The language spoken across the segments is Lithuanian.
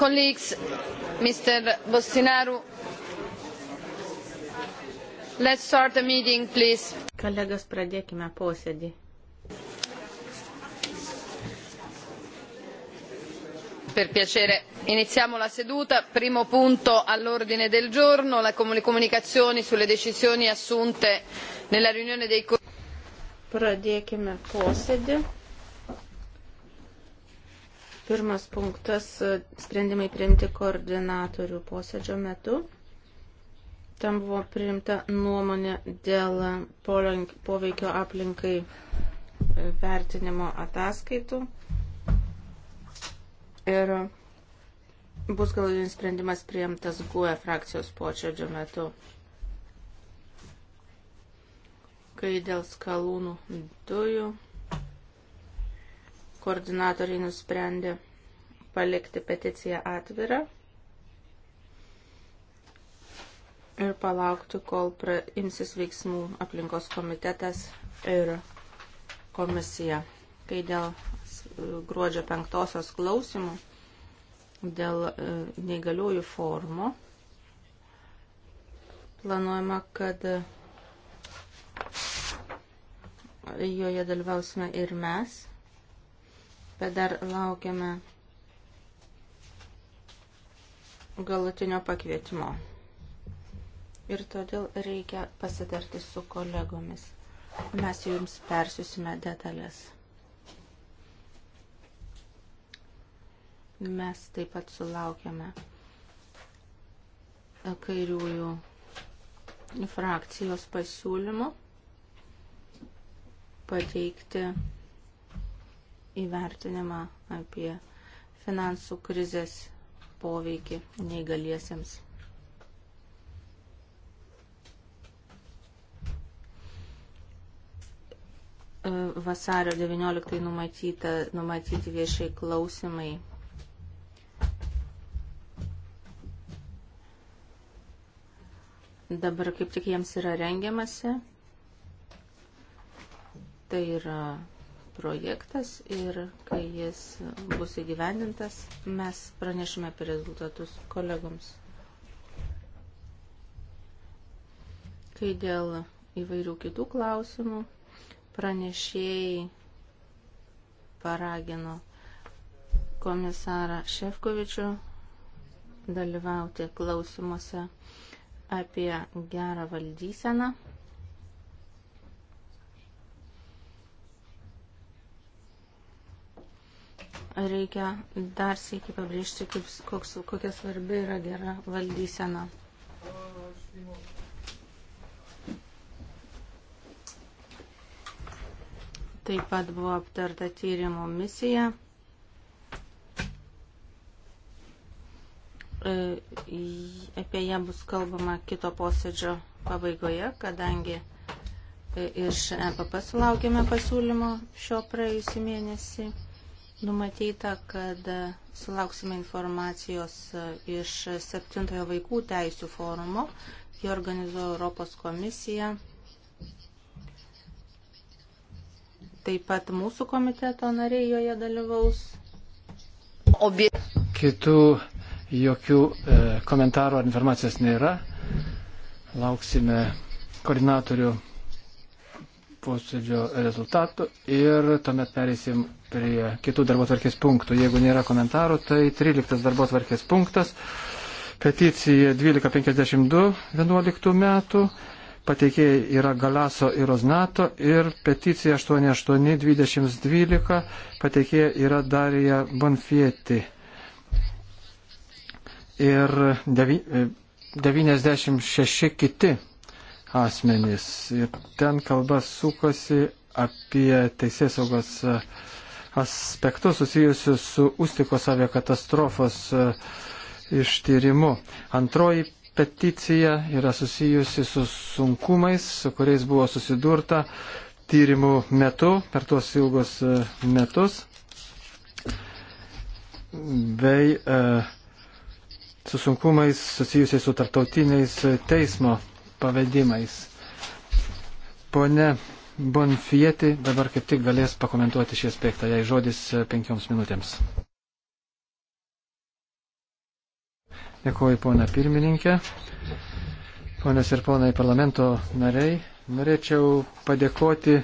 colleagues mr bostinaru let's start the meeting please kolegos pradėkime posėdį per piacere iniziamo la seduta primo punto all'ordine del giorno la com le comunicazioni sulle decisioni assunte nella riunione dei pradėkime posėdį Pirmas punktas - sprendimai priimti koordinatorių posėdžio metu. Tam buvo priimta nuomonė dėl poveikio aplinkai vertinimo ataskaitų. Ir bus galutinis sprendimas priimtas GUE frakcijos posėdžio metu. Kai dėl skalūnų dujų koordinatoriai nusprendė palikti peticiją atvirą ir palaukti, kol pra, imsis veiksmų aplinkos komitetas ir komisija. Kai dėl gruodžio penktosios klausimų, dėl e, neįgaliųjų formų, planuojama, kad e, joje dalyvausime ir mes bet dar laukiame galutinio pakvietimo. Ir todėl reikia pasitarti su kolegomis. Mes jums persiusime detalės. Mes taip pat sulaukėme kairiųjų frakcijos pasiūlymų pateikti įvertinimą apie finansų krizės poveikį neįgaliesiems. E, vasario 19 numatyta, numatyti viešai klausimai. Dabar kaip tik jiems yra rengiamasi. Tai yra projektas ir kai jis bus įgyvendintas, mes pranešime apie rezultatus kolegoms. Kai dėl įvairių kitų klausimų pranešėjai paragino komisarą Šefkovičių dalyvauti klausimuose apie gerą valdyseną. reikia dar sėki pabrėžti, kaip, koks, kokia svarbi yra gera valdysena. Taip pat buvo aptarta tyrimo misija. E, apie ją bus kalbama kito posėdžio pabaigoje, kadangi e, iš EPP sulaukėme pasiūlymo šio praėjusį mėnesį. Numatyta, kad sulauksime informacijos iš 7 vaikų teisų forumo. Jį organizuoja Europos komisija. Taip pat mūsų komiteto nariai joje dalyvaus. Obie... Kitų jokių e, komentarų ar informacijos nėra. Lauksime koordinatorių posėdžio rezultatų ir tuomet perėsim prie kitų darbo tvarkės punktų. Jeigu nėra komentarų, tai 13 darbo tvarkės punktas, peticija 1252-11 metų, pateikėjai yra Galaso ir Oznato ir peticija 88-2012, pateikėjai yra Darija Bonfieti. Ir 96 e, kiti asmenys. Ir ten kalba sukosi apie teisės saugos e, aspektus susijusius su Ustikos aviakatastrofos e, ištyrimu. Antroji peticija yra susijusi su sunkumais, su kuriais buvo susidurta tyrimų metu per tuos ilgus e, metus bei e, su sunkumais susijusiais su tarptautiniais teismo pavedimais. Pone Bonfieti dabar kaip tik galės pakomentuoti šį aspektą, jei žodis e, penkioms minutėms. Dėkuoju, pona pirmininkė. Ponios ir ponai parlamento nariai, norėčiau padėkoti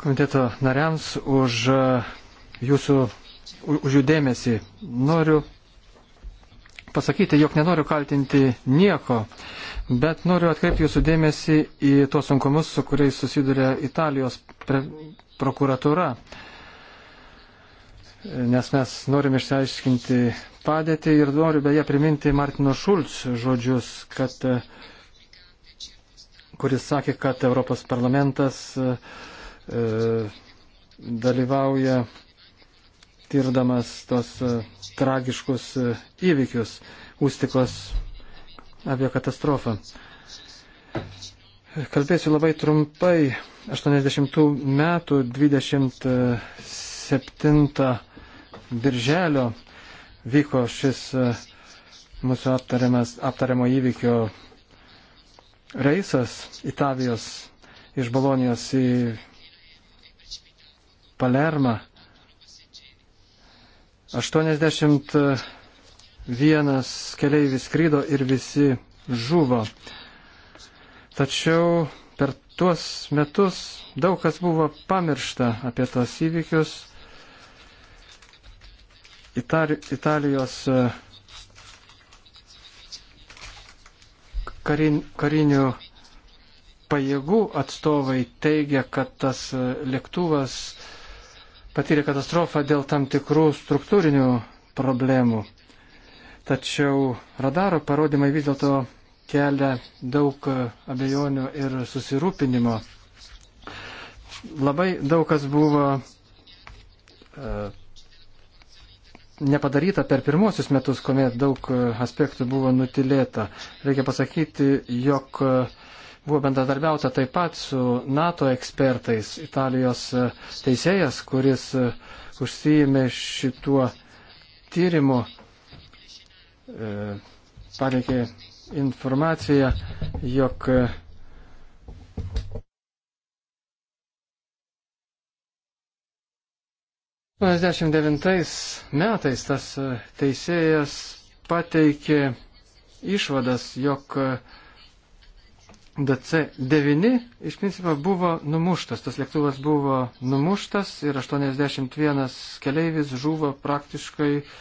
komiteto nariams už e, jūsų, už jų dėmesį. Noriu pasakyti, jog nenoriu kaltinti nieko. Bet noriu atkreipti jūsų dėmesį į tuos sunkumus, su kuriais susiduria Italijos pre... prokuratūra. Nes mes norim išsiaiškinti padėtį ir noriu beje priminti Martino Šulc žodžius, kad, kuris sakė, kad Europos parlamentas e, dalyvauja tirdamas tos e, tragiškus e, įvykius. Ustikos aviakatastrofą. Kalbėsiu labai trumpai. 80 metų 27 birželio vyko šis e, mūsų aptariamo įvykio reisas Italijos iš Bolonijos į Palermą. 80 vienas keleivis skrydo ir visi žuvo. Tačiau per tuos metus daug kas buvo pamiršta apie tos įvykius. Itali Italijos e, karin, karinių pajėgų atstovai teigia, kad tas e, lėktuvas patyrė katastrofą dėl tam tikrų struktūrinių problemų. Tačiau radaro parodymai vis dėlto kelia daug abejonių ir susirūpinimo. Labai daug kas buvo e, nepadaryta per pirmosius metus, kuomet daug aspektų buvo nutilėta. Reikia pasakyti, jog e, buvo bendradarbiauta taip pat su NATO ekspertais, Italijos e, teisėjas, kuris užsijėmė šituo tyrimu E, pareikė informaciją, jog e, Dešimt devintais metais tas e, teisėjas pateikė išvadas, jog DC-9 iš principo buvo numuštas. Tas lėktuvas buvo numuštas ir 81 keleivis žuvo praktiškai uh,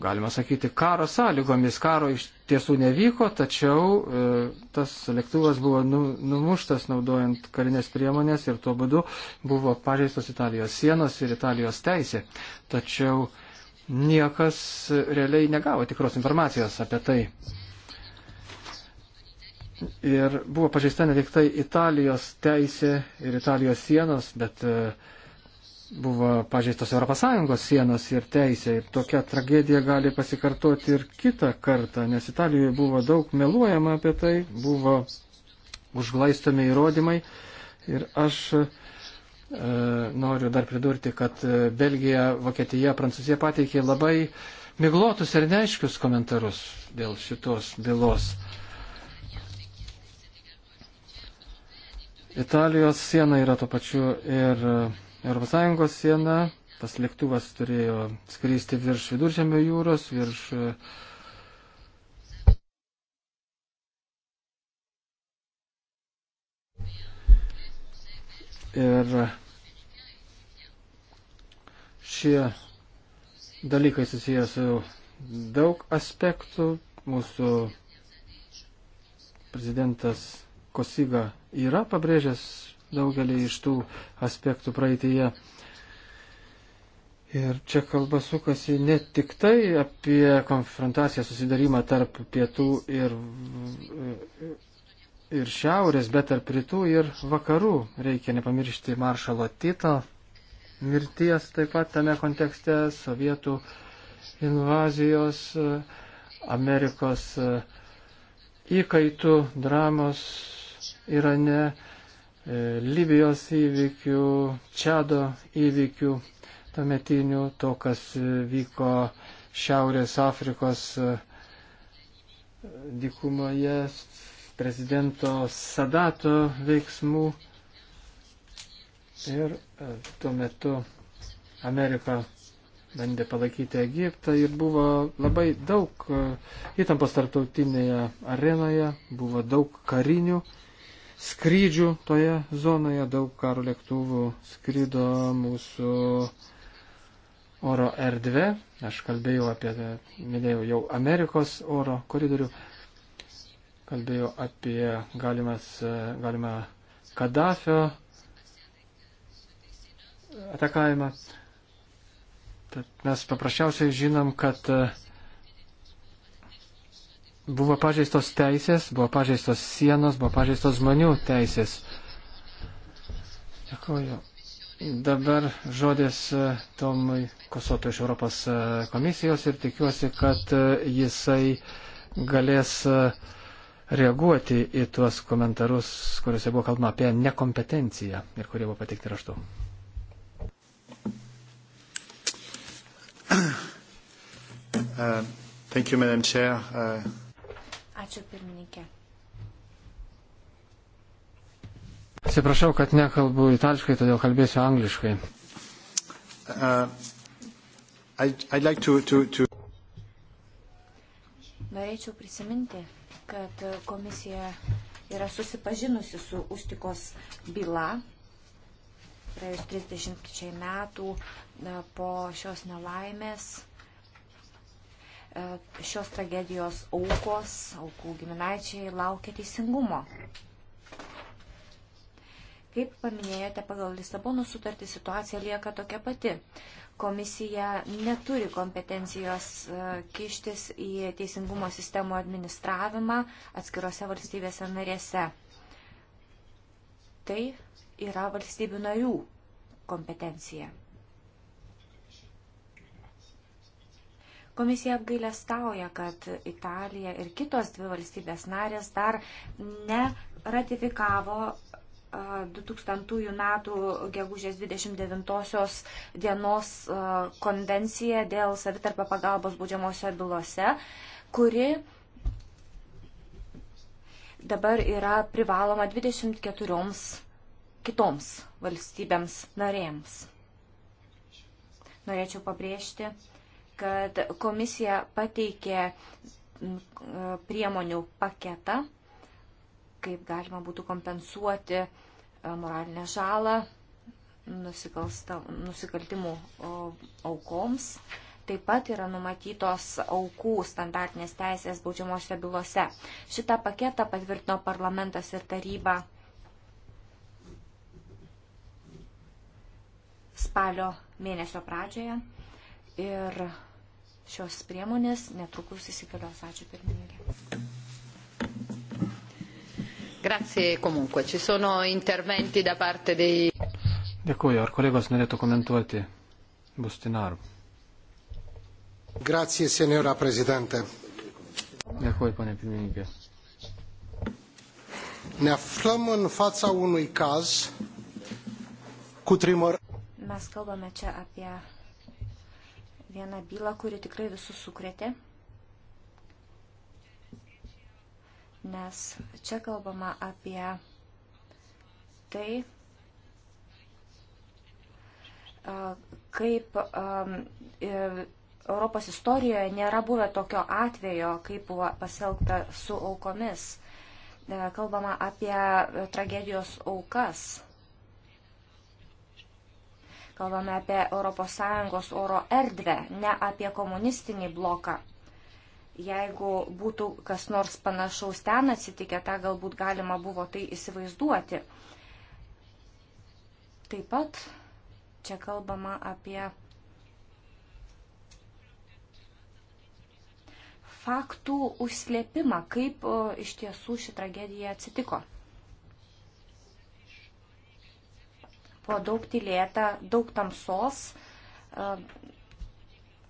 galima sakyti, karo sąlygomis. Karo iš tiesų nevyko, tačiau e, tas lėktuvas buvo nu, numuštas naudojant karinės priemonės ir tuo būdu buvo pažeistos Italijos sienos ir Italijos teisė. Tačiau niekas realiai negavo tikros informacijos apie tai. Ir buvo pažeista ne tik tai Italijos teisė ir Italijos sienos, bet uh, buvo pažeistos ES sienos ir teisė. Ir tokia tragedija gali pasikartoti ir kitą kartą, nes Italijoje buvo daug meluojama apie tai, buvo užglaistomi įrodymai. Ir aš e, noriu dar pridurti, kad e, Belgija, Vokietija, Prancūzija pateikė labai miglotus ir neaiškius komentarus dėl šitos bylos. Italijos siena yra to pačiu ir. E, ES sieną. Tas lėktuvas turėjo skristi virš viduržėmio jūros, virš Ir šie dalykai susiję su daug aspektų. Mūsų prezidentas Kosiga yra pabrėžęs daugelį iš tų aspektų praeitėje. Ir čia kalba sukasi ne tik tai apie konfrontaciją, susidarimą tarp pietų ir, ir šiaurės, bet tarp rytų ir vakarų. Reikia nepamiršti maršalo Tito mirties taip pat tame kontekste, sovietų invazijos, Amerikos įkaitų dramos Irane. Ir E, Libijos įvykių, Čado įvykių, tuometinių, to, kas vyko Šiaurės Afrikos e, dykumoje, prezidento Sadato veiksmų. Ir e, tuo metu Amerika bandė palaikyti Egiptą ir buvo labai daug įtampos tarptautinėje arenoje, buvo daug karinių skrydžių toje zonoje, daug karo lėktuvų skrydo mūsų oro erdvė. Aš kalbėjau apie, minėjau jau Amerikos oro koridorių, kalbėjau apie galimas, galimą Kadafio atakavimą. Tad mes paprasčiausiai žinom, kad uh, Buvo pažeistos teisės, buvo pažeistos sienos, buvo pažeistos žmonių teisės. Dėkuoju. Dabar žodis e, Tomui Kosotui iš Europos e, komisijos ir tikiuosi, kad e, jisai galės reaguoti į tuos komentarus, kuriuose buvo kalbama apie nekompetenciją ir kurie buvo patikti raštu. Uh, thank you, Madam Chair. Uh... Ačiū pirmininkė. Atsiprašau, kad nekalbu itališkai, todėl kalbėsiu angliškai. Uh, I, I'd like to, to, to... Norėčiau prisiminti, kad komisija yra susipažinusi su Ustikos byla praėjus 30 metų po šios nelaimės E, šios tragedijos aukos, aukų giminaičiai laukia teisingumo. Kaip paminėjote, pagal Lisabono sutartį situacija lieka tokia pati. Komisija neturi kompetencijos e, kištis į teisingumo sistemo administravimą atskirose valstybėse narėse. Tai yra valstybių narių kompetencija. Komisija apgailestauja, kad Italija ir kitos dvi valstybės narės dar neratifikavo 2000 metų gegužės 29 dienos konvenciją dėl savitarpio pagalbos būdžiamosios bylose, kuri dabar yra privaloma 24 kitoms valstybėms narėms. Norėčiau pabrėžti, kad komisija pateikė priemonių paketą, kaip galima būtų kompensuoti e, moralinę žalą nusikaltimų aukoms. Taip pat yra numatytos aukų standartinės teisės baudžiamosiose bylose. Šitą paketą patvirtino parlamentas ir taryba spalio mėnesio pradžioje ir šios priemonės netrukus įsigalios. Ačiū pirmininkė. Grazie comunque. Ci sono interventi da parte dei. Dėkuoju. Ar kolegos norėtų komentuoti Bustinaru? Grazie, signora Presidente. Dėkuoju, pane pirmininkė. Ne aflăm în fața unui caz cu trimăr... Mes kalbame čia apie vieną bylą, kuri tikrai visus sukrėtė. Nes čia kalbama apie tai, kaip e, Europos istorijoje nėra buvę tokio atvejo, kaip buvo pasielgta su aukomis. E, kalbama apie tragedijos aukas Kalbame apie ES oro erdvę, ne apie komunistinį bloką. Jeigu būtų kas nors panašaus ten atsitikę, tą galbūt galima buvo tai įsivaizduoti. Taip pat čia kalbama apie faktų užslėpimą, kaip iš tiesų ši tragedija atsitiko. buvo daug tylėta, daug tamsos e,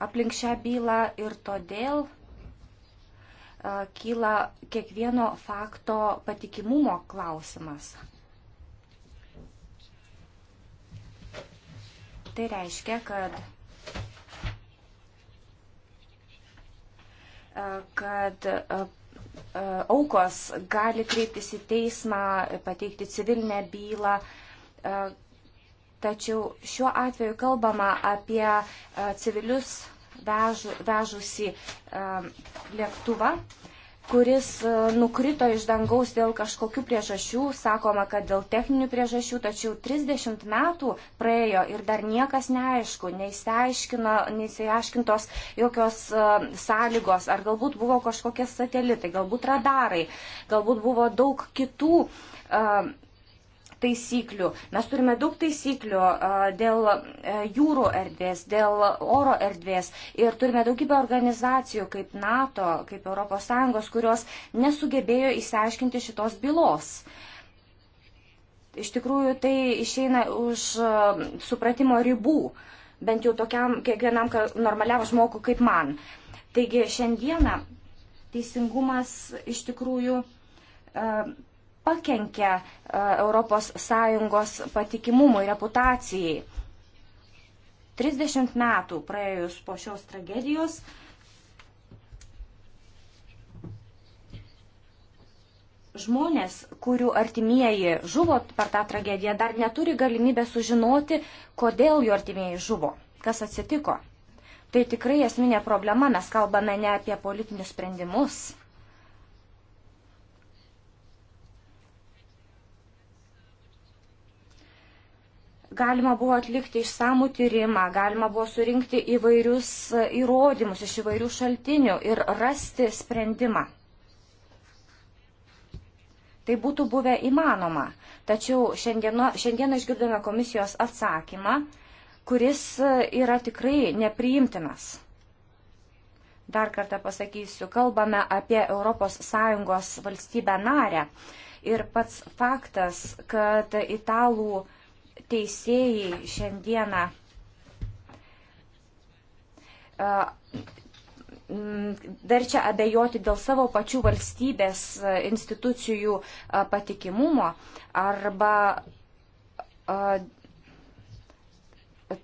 aplink šią bylą ir todėl e, kyla kiekvieno fakto patikimumo klausimas. Tai reiškia, kad e, kad aukos gali kreiptis į teismą, pateikti civilinę bylą, Tačiau šiuo atveju kalbama apie e, civilius vežu, vežusi e, lėktuvą kuris e, nukrito iš dangaus dėl kažkokių priežasčių, sakoma, kad dėl techninių priežasčių, tačiau 30 metų praėjo ir dar niekas neaišku, neįsiaiškintos jokios sąlygos, ar galbūt buvo kažkokie satelitai, galbūt radarai, galbūt buvo daug kitų uh, taisyklių. Mes turime daug taisyklių dėl jūrų erdvės, dėl oro erdvės ir turime daugybę organizacijų kaip NATO, kaip ES, kurios nesugebėjo įsiaiškinti šitos bylos. Iš tikrųjų, tai išeina už supratimo ribų, bent jau tokiam kiekvienam normaliam žmogui kaip man. Taigi šiandieną teisingumas iš tikrųjų pakenkia ES patikimumui, reputacijai. 30 metų praėjus po šios tragedijos žmonės, kurių artimieji žuvo per tą tragediją, dar neturi galimybę sužinoti, kodėl jų artimieji žuvo, kas atsitiko. Tai tikrai esminė problema, mes kalbame ne apie politinius sprendimus. galima buvo atlikti išsamų tyrimą, galima buvo surinkti įvairius e, įrodymus iš įvairių šaltinių ir rasti sprendimą. Tai būtų buvę įmanoma. Tačiau šiandieną, šiandieną išgirdome komisijos atsakymą, kuris e, yra tikrai nepriimtinas. Dar kartą pasakysiu, kalbame apie ES valstybę narę. Ir pats faktas, kad italų uh, teisėjai šiandieną verčia abejoti dėl savo pačių valstybės institucijų patikimumo arba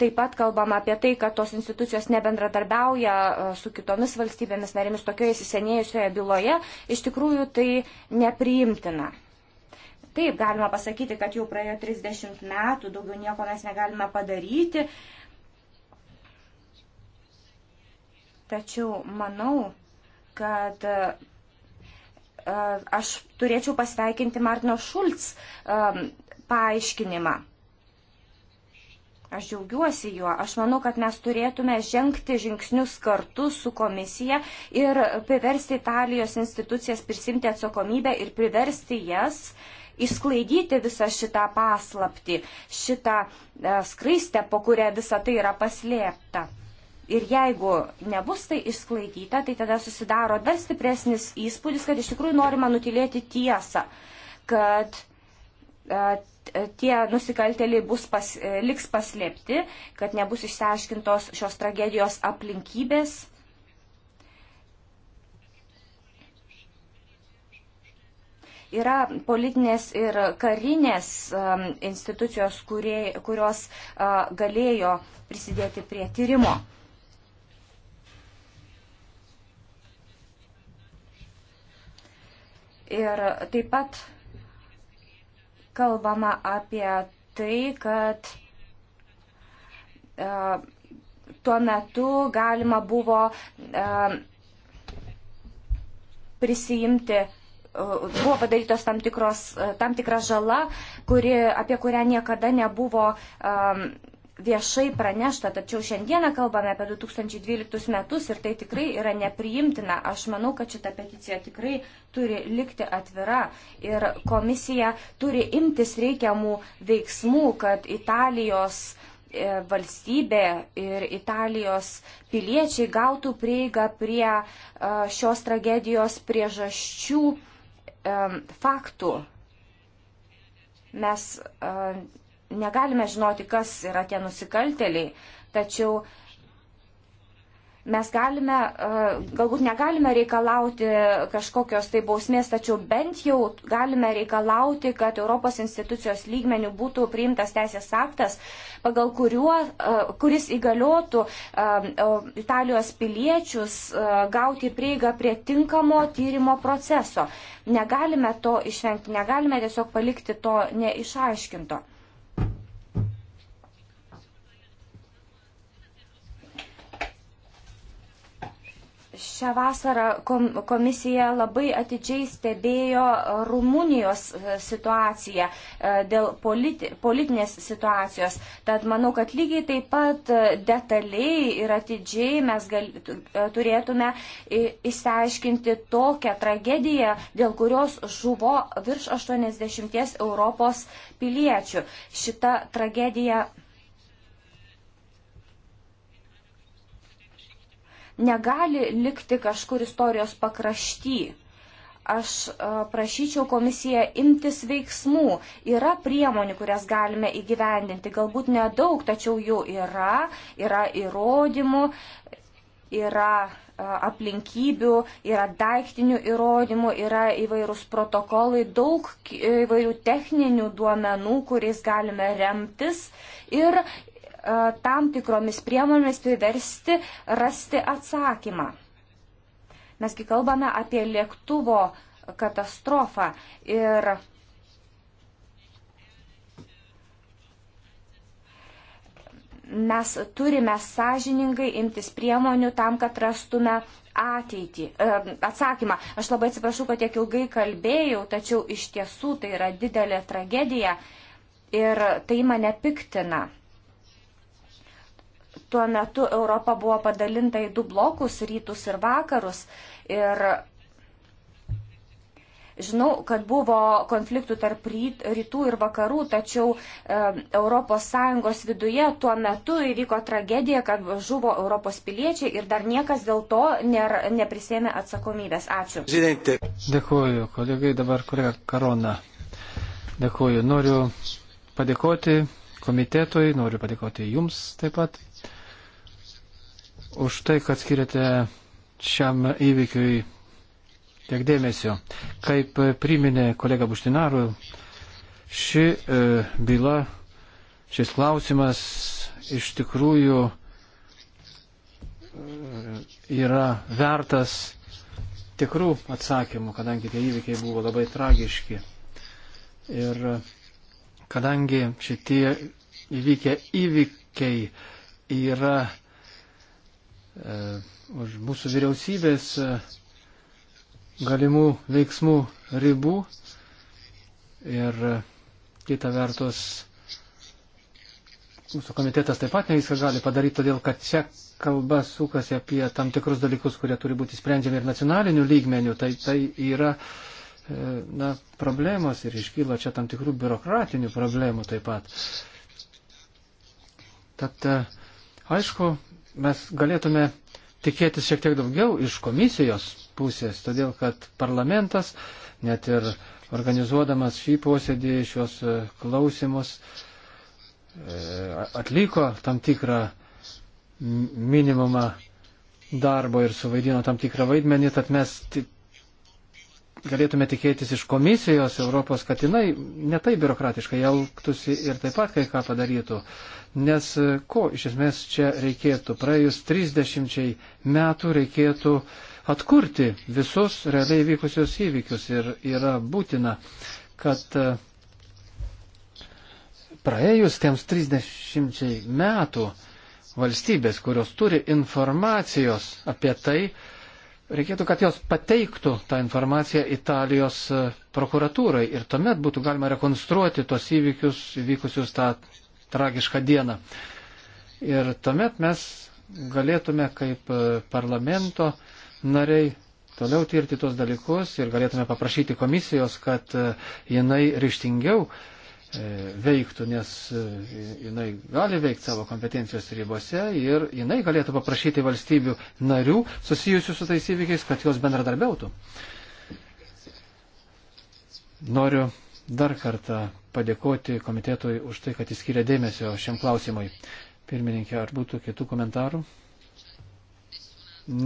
taip pat kalbam apie tai, kad tos institucijos nebendradarbiauja su kitomis valstybėmis narėmis tokioje įsisenėjusioje byloje, iš tikrųjų tai nepriimtina. Taip, galima pasakyti, kad jau praėjo 30 metų, daugiau nieko mes negalime padaryti. Tačiau manau, kad e, aš turėčiau pasveikinti Martino Šulc e, paaiškinimą. Aš džiaugiuosi juo. Aš manau, kad mes turėtume žengti žingsnius kartu su komisija ir priversti Italijos institucijas prisimti atsakomybę ir priversti jas uh, išsklaidyti visą šitą paslapti, šitą e, skraistę, po kurią visa tai yra paslėpta. Ir jeigu nebus tai išsklaidyta, tai tada susidaro dar stipresnis įspūdis, kad iš tikrųjų norima nutilėti tiesą, kad e, tie nusikalteliai bus pas, e, liks paslėpti, kad nebus išsiaiškintos šios tragedijos aplinkybės Yra politinės ir karinės um, institucijos, kurie, kurios uh, galėjo prisidėti prie tyrimo. Ir taip pat kalbama apie tai, kad e, tuo metu galima buvo e, prisijimti buvo padarytos tam, tikros, e, tam tikra žala, kuri, apie kurią niekada nebuvo um, viešai pranešta, tačiau šiandieną kalbame apie 2012 metus ir tai tikrai yra nepriimtina. Aš manau, kad šita peticija tikrai turi likti atvira ir komisija turi imtis reikiamų veiksmų, kad Italijos e, valstybė ir Italijos piliečiai gautų prieigą prie šios tragedijos priežasčių faktų. Mes negalime žinoti, kas yra tie nusikalteliai, tačiau Mes galime, e, galbūt negalime reikalauti kažkokios tai bausmės, tačiau bent jau galime reikalauti, kad Europos institucijos lygmenių būtų priimtas teisės aktas, pagal kuriuo, e, kuris įgaliotų e, Italijos piliečius gauti prieigą prie tinkamo tyrimo proceso. Negalime to išvengti, negalime tiesiog palikti to neišaiškinto. Šią vasarą komisija labai atidžiai stebėjo Rumunijos e, situaciją e, dėl politi politinės situacijos. Tad manau, kad lygiai taip pat e, detaliai ir atidžiai mes gal, turėtume įsiaiškinti tokią tragediją, dėl kurios žuvo virš 80 Europos piliečių. Šita tragedija negali likti kažkur istorijos pakrašty. Aš e, prašyčiau komisiją imtis veiksmų. Yra priemonių, kurias galime įgyvendinti. Galbūt nedaug, tačiau jų yra, yra įrodymų, yra e, aplinkybių, yra daiktinių įrodymų, yra įvairūs protokolai, daug įvairių techninių duomenų, kuriais galime remtis ir E, tam tikromis priemonėmis priversti rasti atsakymą. Mesgi kalbame apie lėktuvo katastrofą ir mes turime sąžiningai imtis priemonių tam, kad rastume ateitį, e, atsakymą. Aš labai atsiprašau, kad tiek ilgai kalbėjau, tačiau iš tiesų tai yra didelė tragedija ir tai mane piktina tuo metu Europa buvo padalinta į du blokus - rytus ir vakarus. Ir žinau, kad buvo konfliktų tarp rytų ir vakarų, tačiau ES viduje tuo metu įvyko tragedija, kad žuvo Europos piliečiai ir dar niekas dėl to nėra, neprisėmė atsakomybės. Ačiū. Žinantė. Dėkuoju, kolegai, dabar kolega Karona. Dėkuoju, noriu padėkoti komitetui, noriu padėkoti jums taip pat už tai, kad skiriate šiam įvykiui tiek dėmesio. Kaip priminė kolega Buštinarų, ši e, byla, šis klausimas iš tikrųjų e, yra vertas tikrų atsakymų, kadangi tie įvykiai buvo labai tragiški. Ir kadangi šitie įvykę įvykiai yra E, už mūsų vyriausybės e, galimų veiksmų ribų ir e, kita vertus mūsų komitetas taip pat ne viską gali padaryti, todėl kad čia kalba sukasi apie tam tikrus dalykus, kurie turi būti sprendžiami ir nacionaliniu lygmeniu. Tai, tai yra na, problemos ir iškyla čia tam tikrų biurokratinių problemų taip pat. Tad aišku, mes galėtume tikėtis šiek tiek daugiau iš komisijos pusės, todėl kad parlamentas net ir organizuodamas šį posėdį, šios e, klausimus, e, atliko tam tikrą minimumą darbo ir suvaidino tam tikrą vaidmenį, tad mes galėtume tikėtis iš komisijos Europos, kad jinai netai biurokratiškai elgtųsi ir taip pat kai ką padarytų. Nes e, ko iš esmės čia reikėtų? Praėjus 30 metų reikėtų atkurti visus realiai vykusius įvykius ir yra būtina, kad e, praėjus tiems 30 metų valstybės, kurios turi informacijos apie tai, Reikėtų, kad jos pateiktų tą informaciją Italijos e, prokuratūrai ir tuomet būtų galima rekonstruoti tos įvykius, įvykusius tą tragišką dieną. Ir tuomet mes galėtume kaip e, parlamento nariai toliau tirti tos dalykus ir galėtume paprašyti komisijos, kad e, jinai ryštingiau uh, E, veiktų, nes e, jinai gali veikti savo kompetencijos ribose ir jinai galėtų paprašyti valstybių narių susijusių su tais įvykiais, kad jos bendradarbiautų. Noriu dar kartą padėkoti komitetui už tai, kad jis skiria dėmesio šiam klausimui. Pirmininkė, ar būtų kitų komentarų?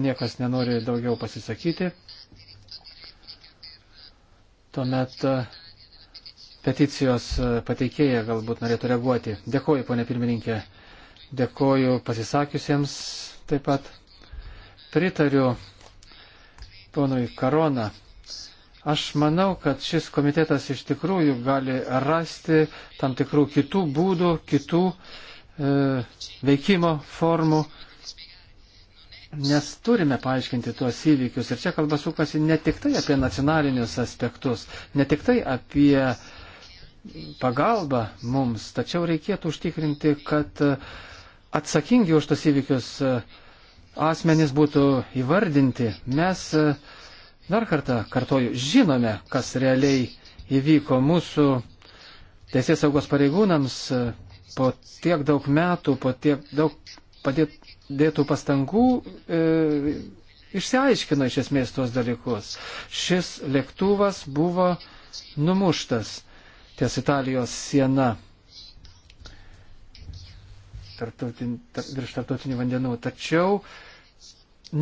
Niekas nenori daugiau pasisakyti. Tuomet uh, peticijos e, pateikėja galbūt norėtų reaguoti. Dėkoju, ponė pirmininkė. Dėkoju pasisakiusiems taip pat. Pritariu ponui Karona. Aš manau, kad šis komitetas iš tikrųjų gali rasti tam tikrų kitų būdų, kitų e, veikimo formų, nes turime paaiškinti tuos įvykius. Ir čia kalba sukasi ne tik tai apie nacionalinius aspektus, ne tik tai apie e, pagalba mums, tačiau reikėtų užtikrinti, kad atsakingi už tos įvykius e, asmenys būtų įvardinti. Mes, e, dar kartą kartoju, žinome, kas realiai įvyko mūsų teisės saugos pareigūnams e, po tiek daug metų, po tiek daug padėtų pastangų. E, Išsiaiškino iš esmės tuos dalykus. Šis lėktuvas buvo numuštas ties Italijos siena tarptautin, tar, virš tarptautinių vandenų. Tačiau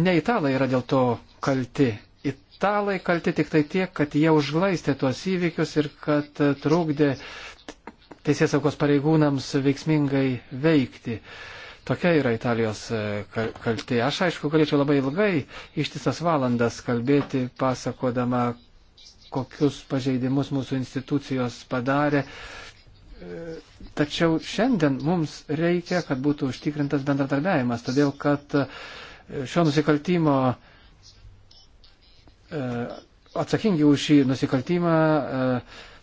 ne italai yra dėl to kalti. Italai kalti tik tai tiek, kad jie užglaistė tuos įvykius ir kad trūkdė teisės saugos pareigūnams veiksmingai veikti. Tokia yra Italijos e, kaltė. Aš aišku galėčiau labai ilgai ištisas valandas kalbėti, pasakodama, kokius pažeidimus mūsų institucijos padarė. Tačiau šiandien mums reikia, kad būtų užtikrintas bendradarbiavimas, todėl kad e, šio nusikaltimo e, atsakingi už šį nusikaltimą e,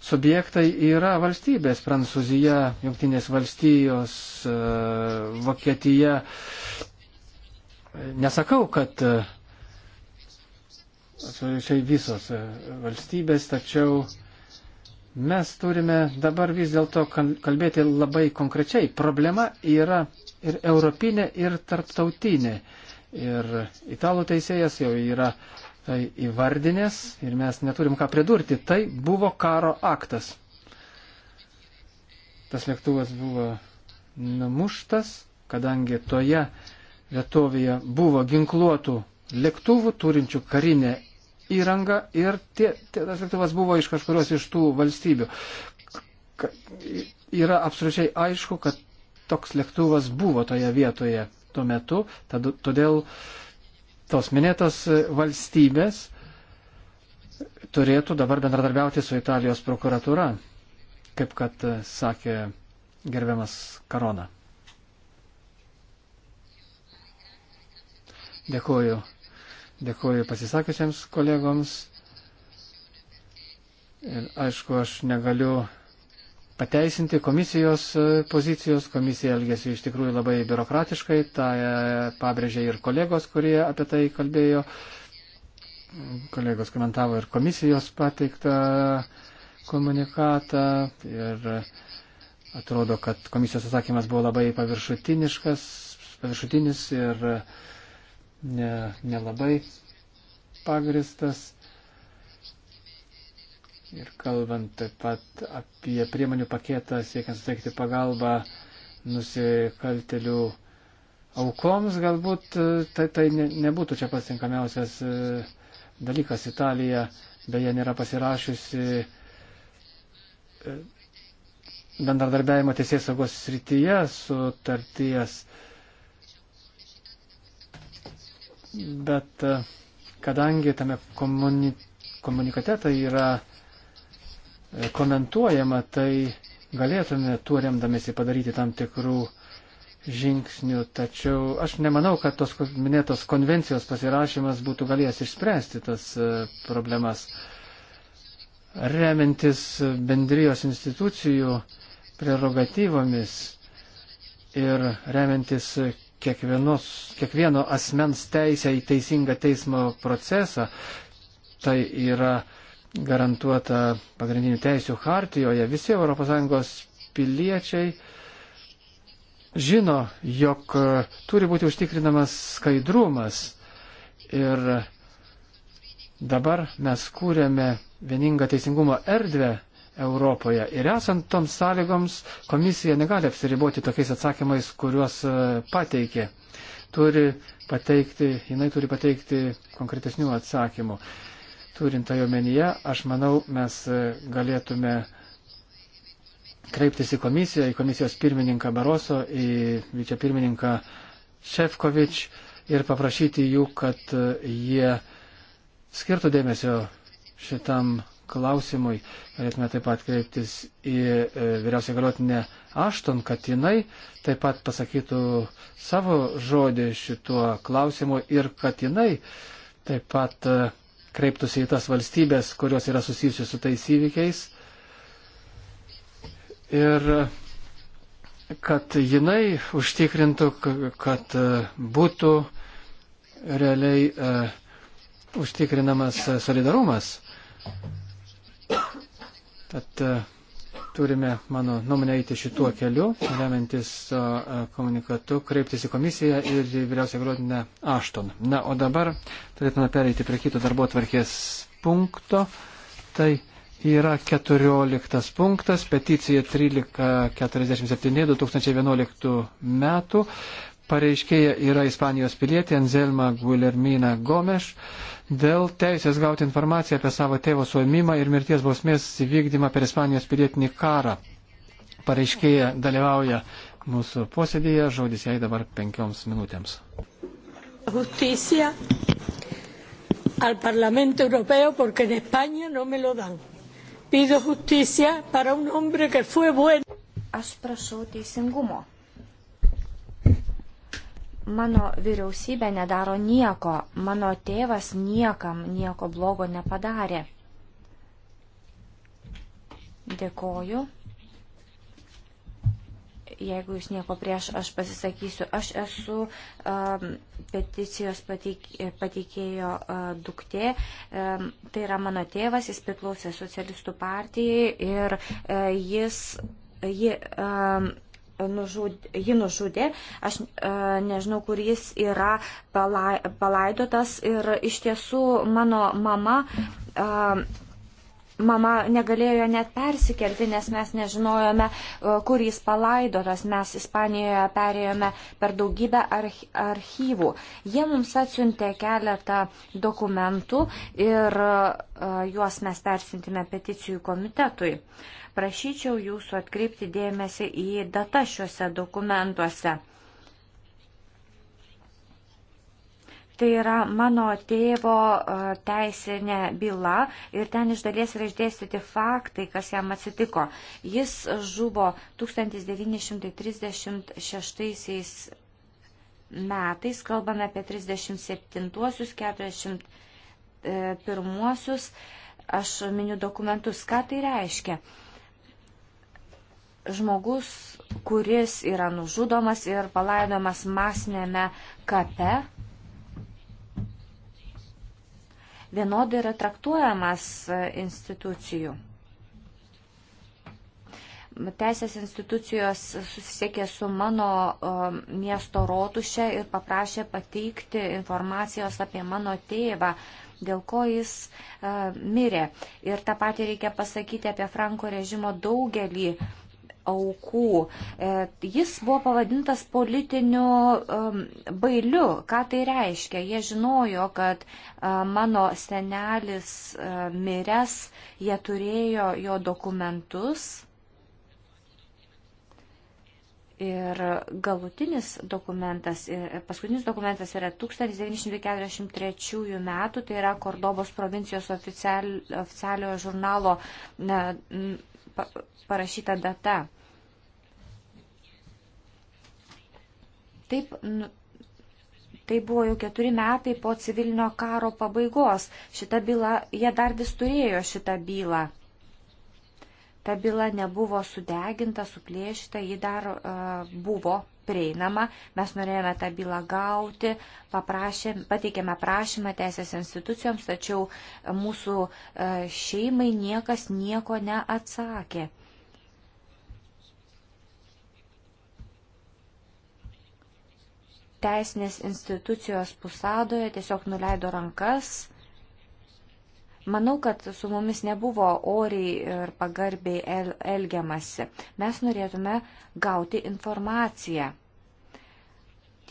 subjektai yra valstybės - Prancūzija, Junktinės valstijos, Vokietija. Nesakau, kad absoliučiai visos e, valstybės, tačiau mes turime dabar vis dėlto kalbėti labai konkrečiai. Problema yra ir europinė, ir tarptautinė. Ir italų teisėjas jau yra tai įvardinės ir mes neturim ką pridurti. Tai buvo karo aktas. Tas lėktuvas buvo numuštas, kadangi toje vietovėje buvo ginkluotų lėktuvų turinčių karinę įrangą ir tie, tie, tas lėktuvas buvo iš kažkurios iš tų valstybių. Ka, yra absoliučiai aišku, kad toks lėktuvas buvo toje vietoje tuo metu, tad, todėl tos minėtos valstybės turėtų dabar bendradarbiauti su Italijos prokuratūra, kaip kad e, sakė gerbiamas Karona. Dėkuoju Dėkuoju pasisakusiems kolegoms. Ir aišku, aš negaliu pateisinti komisijos e, pozicijos. Komisija elgėsi iš tikrųjų labai biurokratiškai, tą e, pabrėžė ir kolegos, kurie apie tai kalbėjo. Kolegos komentavo ir komisijos pateiktą komunikatą. Ir atrodo, kad komisijos atsakymas buvo labai paviršutiniškas, paviršutinis ir uh, ne, nelabai pagristas. Ir kalbant taip pat apie priemonių paketą, siekiant suteikti pagalbą nusikaltelių aukoms, galbūt e, tai, tai ne, nebūtų čia pats tinkamiausias e, dalykas. Italija beje nėra pasirašiusi e, bendradarbiavimo teisės saugos srityje sutarties. tarties bet e, kadangi tame komuni, komunikate tai yra e, komentuojama, tai galėtume tuo remdamėsi padaryti tam tikrų žingsnių, tačiau aš nemanau, kad tos minėtos konvencijos pasirašymas būtų galėjęs išspręsti tas e, problemas. Remiantis bendrijos institucijų prerogatyvomis ir remiantis kiekvienos, kiekvieno asmens teisę į teisingą teismo procesą. Tai yra garantuota pagrindinių teisių hartijoje. Visi ES piliečiai žino, jog e, turi būti užtikrinamas skaidrumas. Ir dabar mes kūrėme vieningą teisingumo erdvę Europoje. Ir esant toms sąlygoms, komisija negali apsiriboti tokiais atsakymais, kuriuos e, pateikė. Turi pateikti, jinai turi pateikti konkretesnių atsakymų. Turint tą tai omenyje, aš manau, mes e, galėtume kreiptis į komisiją, į komisijos pirmininką Baroso, į vicepirmininką Šefkovič ir paprašyti jų, kad e, jie skirtų dėmesio šitam klausimui galėtume taip pat kreiptis į e, vyriausią galiotinę Ašton, kad jinai taip pat pasakytų savo žodį šituo klausimu ir kad jinai taip pat e, kreiptųsi į tas valstybės, kurios yra susijusios su tais įvykiais. Ir e, kad jinai užtikrintų, kad būtų realiai uh, užtikrinamas solidarumas Tad e, turime, mano nuomonė, eiti šituo keliu, remiantis e, e, komunikatu, kreiptis į komisiją ir vyriausią gruodinę Ašton. Na, o dabar turėtume pereiti prie kito darbo tvarkės punkto. Tai yra 14 punktas, peticija 1347 2011 metų pareiškėja yra Ispanijos pilietė Anzelma Guillermina Gomes dėl teisės gauti informaciją apie savo tėvo suėmimą ir mirties bausmės įvykdymą per Ispanijos pilietinį karą. Pareiškėja dalyvauja mūsų posėdėje, žodis jai dabar penkioms minutėms. Justicia al Parlamento Europeo porque en España no me lo dan. Pido justicia para un hombre que fue bueno. Aš prašau teisingumo Mano vyriausybė nedaro nieko, mano tėvas niekam nieko blogo nepadarė. Dėkoju. Jeigu jūs nieko prieš, aš pasisakysiu. Aš esu um, peticijos pateik, pateikėjo uh, duktė. Um, tai yra mano tėvas, jis priklausė socialistų partijai ir uh, jis. Ji, um, nužudė, jį nužudė, aš e, nežinau, kur jis yra palai, palaidotas ir iš tiesų mano mama. E, Mama negalėjo net persikelti, nes mes nežinojome, e, kur jis palaidotas. Mes Ispanijoje perėjome per daugybę archyvų. Jie mums atsiuntė keletą dokumentų ir e, juos mes persintime peticijų komitetui. Uh, prašyčiau jūsų atkreipti dėmesį į datą šiuose dokumentuose. Tai yra mano tėvo e, teisinė byla ir ten iš dalies yra išdėstyti faktai, kas jam atsitiko. Jis žuvo 1936 metais, kalbame apie 37-uosius, 41-uosius, e, aš miniu dokumentus, ką tai reiškia žmogus, kuris yra nužudomas ir palaidomas masinėme kape, vienodai yra traktuojamas e, institucijų. Teisės institucijos susisiekė su mano e, miesto rotuše ir paprašė pateikti informacijos apie mano tėvą, dėl ko jis e, mirė. Ir tą patį reikia pasakyti apie Franko režimo daugelį uh, aukų. E, jis buvo pavadintas politiniu um, bailiu. Ką tai reiškia? Jie žinojo, kad e, mano senelis e, miręs, jie turėjo jo dokumentus. Ir galutinis dokumentas, paskutinis dokumentas yra 1943 metų, tai yra Kordobos provincijos oficial, oficialiojo žurnalo na, parašyta data. Taip, nu, tai buvo jau keturi metai po civilinio karo pabaigos. Šita byla, jie dar vis turėjo šitą bylą. Ta byla nebuvo sudeginta, suplėšyta, ji dar uh, buvo prieinama. Mes norėjome tą bylą gauti, paprašėm, pateikėme prašymą teisės institucijoms, tačiau mūsų e, šeimai niekas nieko neatsakė. teisinės institucijos pusadoje tiesiog nuleido rankas. Manau, kad su mumis nebuvo oriai ir pagarbiai el elgiamasi. Mes norėtume gauti informaciją.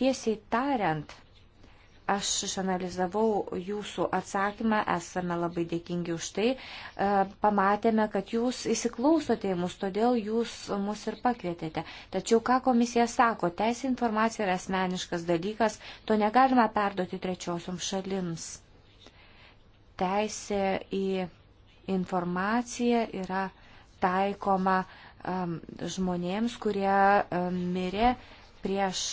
Tiesiai tariant, Aš išanalizavau jūsų atsakymą, esame labai dėkingi už tai. E, pamatėme, kad jūs įsiklausote į mus, todėl jūs mus ir pakvietėte. Tačiau, ką komisija sako, teisė informacija yra asmeniškas dalykas, to negalima perduoti trečiosiom šalims. Teisė į informaciją yra taikoma um, žmonėms, kurie um, mirė prieš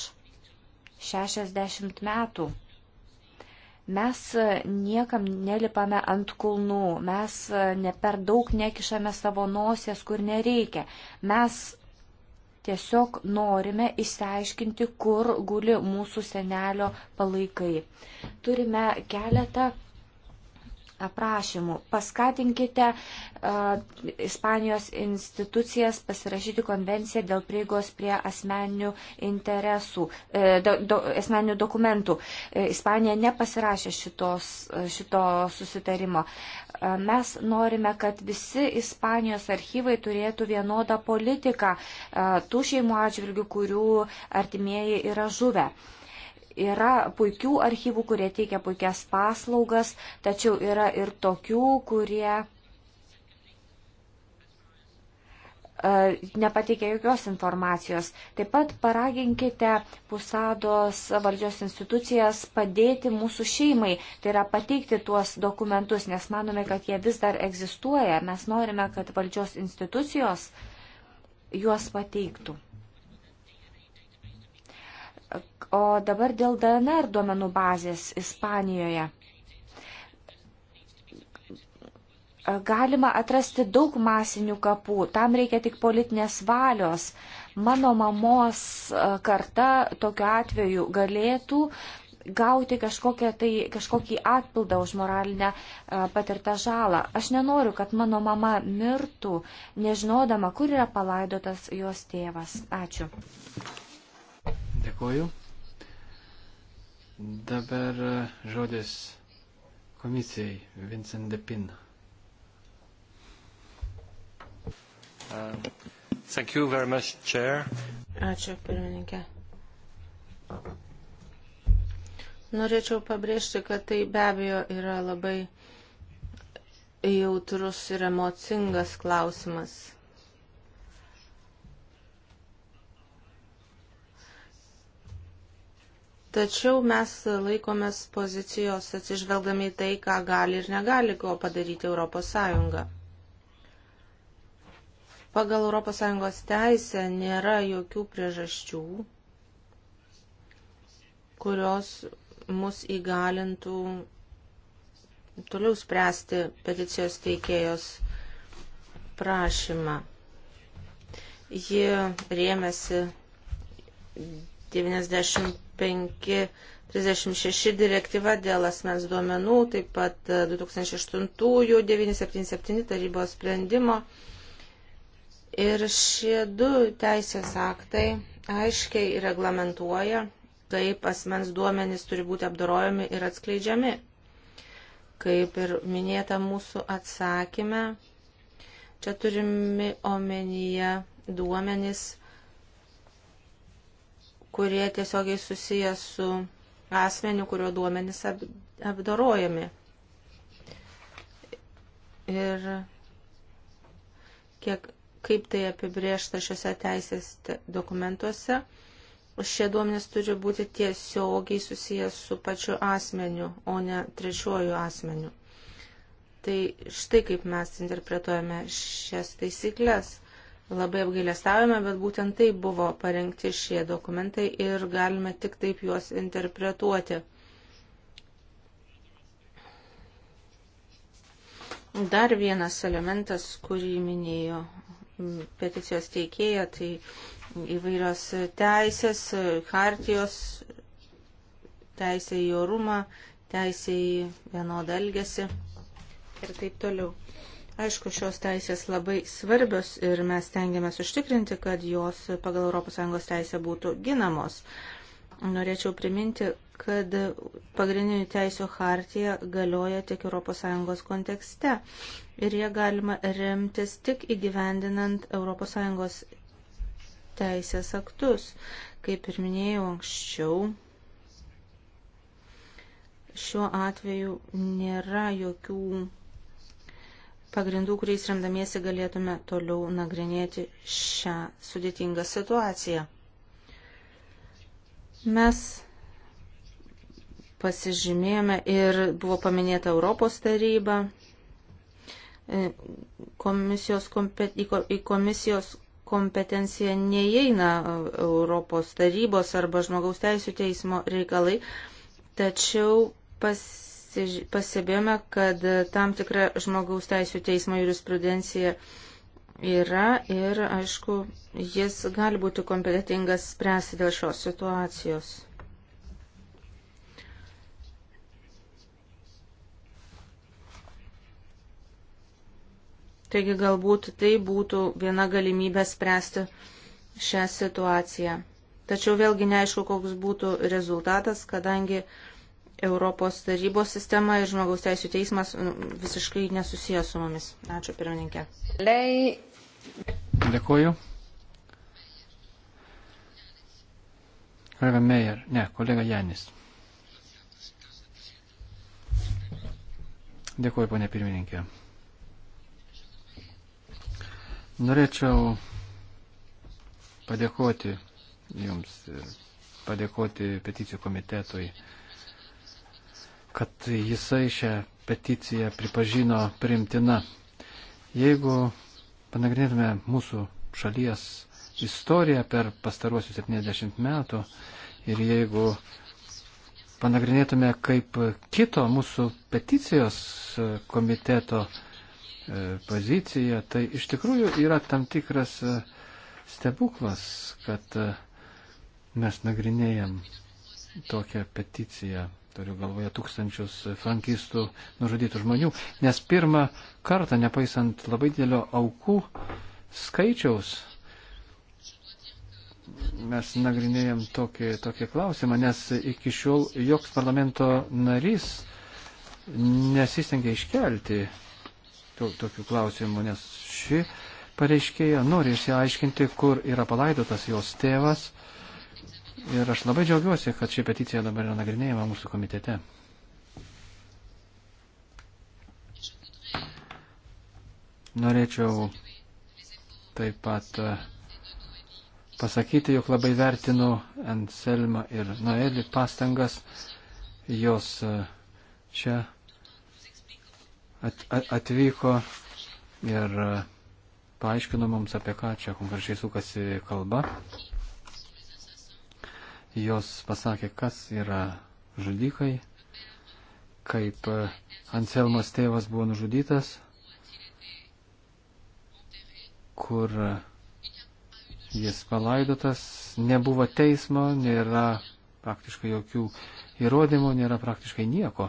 60 metų. Mes e, niekam nelipame ant kulnų, mes e, ne per daug nekišame savo nosies, kur nereikia. Mes tiesiog norime išsiaiškinti, kur guli mūsų senelio palaikai. Turime keletą prašymų. Paskatinkite uh, Ispanijos institucijas pasirašyti konvenciją dėl prieigos prie asmeninių interesų, uh, do, do, asmeninių dokumentų. Uh, Ispanija nepasirašė šitos, uh, šito susitarimo. Uh, mes norime, kad visi Ispanijos archyvai turėtų vienodą politiką uh, tų šeimų atžvilgių, kurių artimieji yra žuvę. Uh, Yra puikių archyvų, kurie teikia puikias paslaugas, tačiau yra ir tokių, kurie e, nepateikia jokios informacijos. Taip pat paraginkite pusados valdžios institucijas padėti mūsų šeimai, tai yra pateikti tuos dokumentus, nes manome, kad jie vis dar egzistuoja. Mes norime, kad valdžios institucijos juos pateiktų. O dabar dėl DNR duomenų bazės Ispanijoje. Galima atrasti daug masinių kapų, tam reikia tik politinės valios. Mano mamos e, karta tokiu atveju galėtų gauti tai, kažkokį atpildą už moralinę e, patirtą žalą. Aš nenoriu, kad mano mama mirtų, nežinodama, kur yra palaidotas jos tėvas. Ačiū. Dėkuoju. Dabar e, žodis komisijai Vincent Depin. Uh, much, chair. Ačiū, pirmininkė. Norėčiau pabrėžti, kad tai be abejo yra labai jautrus ir emocingas klausimas. Tačiau mes laikomės pozicijos atsižvelgdami į tai, ką gali ir negali ko padaryti ES. Pagal ES teisę nėra jokių priežasčių, kurios mus įgalintų toliau spręsti peticijos teikėjos prašymą. Ji rėmėsi 90 536 direktyva dėl asmens duomenų, taip pat 2008-977 e, tarybos sprendimo. Ir šie du teisės aktai aiškiai reglamentuoja, kaip asmens duomenys turi būti apdorojami ir atskleidžiami. Kaip ir minėta mūsų atsakyme, čia turimi omenyje duomenys kurie tiesiogiai susiję su asmeniu, kurio duomenys apdorojami. Ir kiek, kaip tai apibriešta šiuose teisės dokumentuose, šie duomenys turi būti tiesiogiai susijęs su pačiu asmeniu, o ne trečiuoju asmeniu. Tai štai kaip mes interpretuojame šias taisyklės. Labai apgailestavome, bet būtent taip buvo parengti šie dokumentai ir galime tik taip juos interpretuoti. Dar vienas elementas, kurį minėjo peticijos teikėja, tai įvairios teisės, hartijos, teisė į orumą, teisė į vienodą elgesį ir taip toliau. Aišku, šios teisės labai svarbios ir mes tengiamės užtikrinti, kad jos pagal ES teisę būtų ginamos. Norėčiau priminti, kad pagrindinių teisų hartija galioja tik ES kontekste ir jie galima remtis tik įgyvendinant ES teisės aktus. Kaip ir minėjau anksčiau, šiuo atveju nėra jokių pagrindų, kuriais remdamiesi galėtume toliau nagrinėti šią sudėtingą situaciją. Mes pasižymėjome ir buvo paminėta Europos taryba, e, komisijos, į komisijos kompetenciją neįeina e, Europos tarybos arba žmogaus teisų teismo reikalai, tačiau pas, pastebėjome, kad tam tikra žmogaus teisų teismo jurisprudencija yra ir, aišku, jis gali būti kompetitingas spręsti dėl šios situacijos. Taigi galbūt tai būtų viena galimybė spręsti šią situaciją. Tačiau vėlgi neaišku, koks būtų rezultatas, kadangi uh, Europos tarybos sistema ir žmogaus teisų teismas nu, visiškai nesusijęs su mumis. Ačiū pirmininkė. Lei. Dėkuoju. Kolega Meijer, ne, kolega Janis. Dėkuoju, ponė pirmininkė. Norėčiau padėkoti Jums, padėkoti peticijų komitetui kad jisai šią peticiją pripažino primtina. Jeigu panagrinėtume mūsų šalies istoriją per pastaruosius 70 metų ir jeigu panagrinėtume, kaip kito mūsų peticijos e, komiteto e, pozicija, tai iš tikrųjų yra tam tikras e, stebuklas, kad mes nagrinėjam tokią peticiją turiu galvoje tūkstančius frankistų nužudytų žmonių, nes pirmą kartą, nepaisant labai didelio aukų skaičiaus, mes nagrinėjom tokį, tokį klausimą, nes iki šiol joks parlamento narys nesistengia iškelti to, tokių klausimų, nes ši pareiškėja nori išsiaiškinti, kur yra palaidotas jos tėvas. Uh, Ir aš labai džiaugiuosi, kad ši peticija dabar yra nagrinėjama mūsų komitete. Norėčiau taip pat e, pasakyti, jog labai vertinu Anselmą ir Noelį pastangas jos e, čia at, at, atvyko ir e, paaiškino mums, apie ką čia konkrečiai sukasi kalba. Jos pasakė, kas yra žudikai, kaip Anselmos tėvas buvo nužudytas, kur jis palaidotas, nebuvo teismo, nėra praktiškai jokių įrodymų, nėra praktiškai nieko.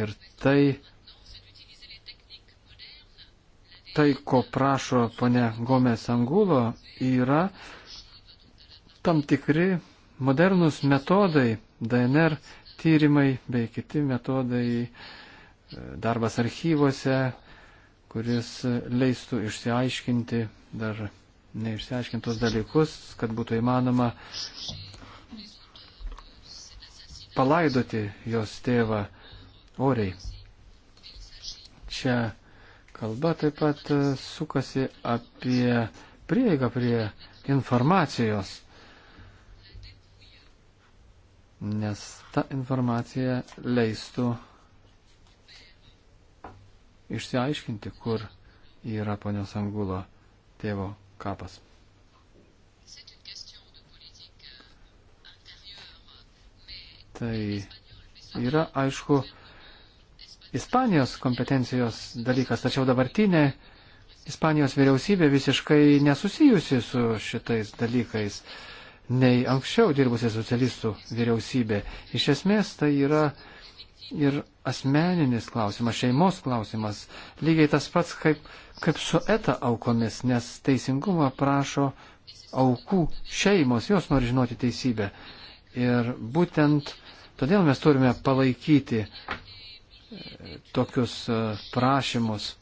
Ir tai, tai ko prašo ponia Gomes Angulo, yra tam tikri Modernus metodai, DNR tyrimai bei kiti metodai, e, darbas archyvose, kuris leistų išsiaiškinti dar neišsiaiškintus dalykus, kad būtų įmanoma palaidoti jos tėvą oriai. Čia kalba taip pat sukasi apie prieigą prie informacijos nes ta informacija leistų išsiaiškinti, kur yra ponios Angulo tėvo kapas. Tai yra, aišku, Ispanijos kompetencijos dalykas, tačiau dabartinė Ispanijos vyriausybė visiškai nesusijusi su šitais dalykais. Uh, nei anksčiau dirbusi socialistų vyriausybė. Iš esmės tai yra ir asmeninis klausimas, šeimos klausimas, lygiai tas pats kaip, kaip su eta aukomis, nes teisingumą prašo aukų šeimos, jos nori žinoti teisybę. Ir būtent todėl mes turime palaikyti e, tokius e, prašymus.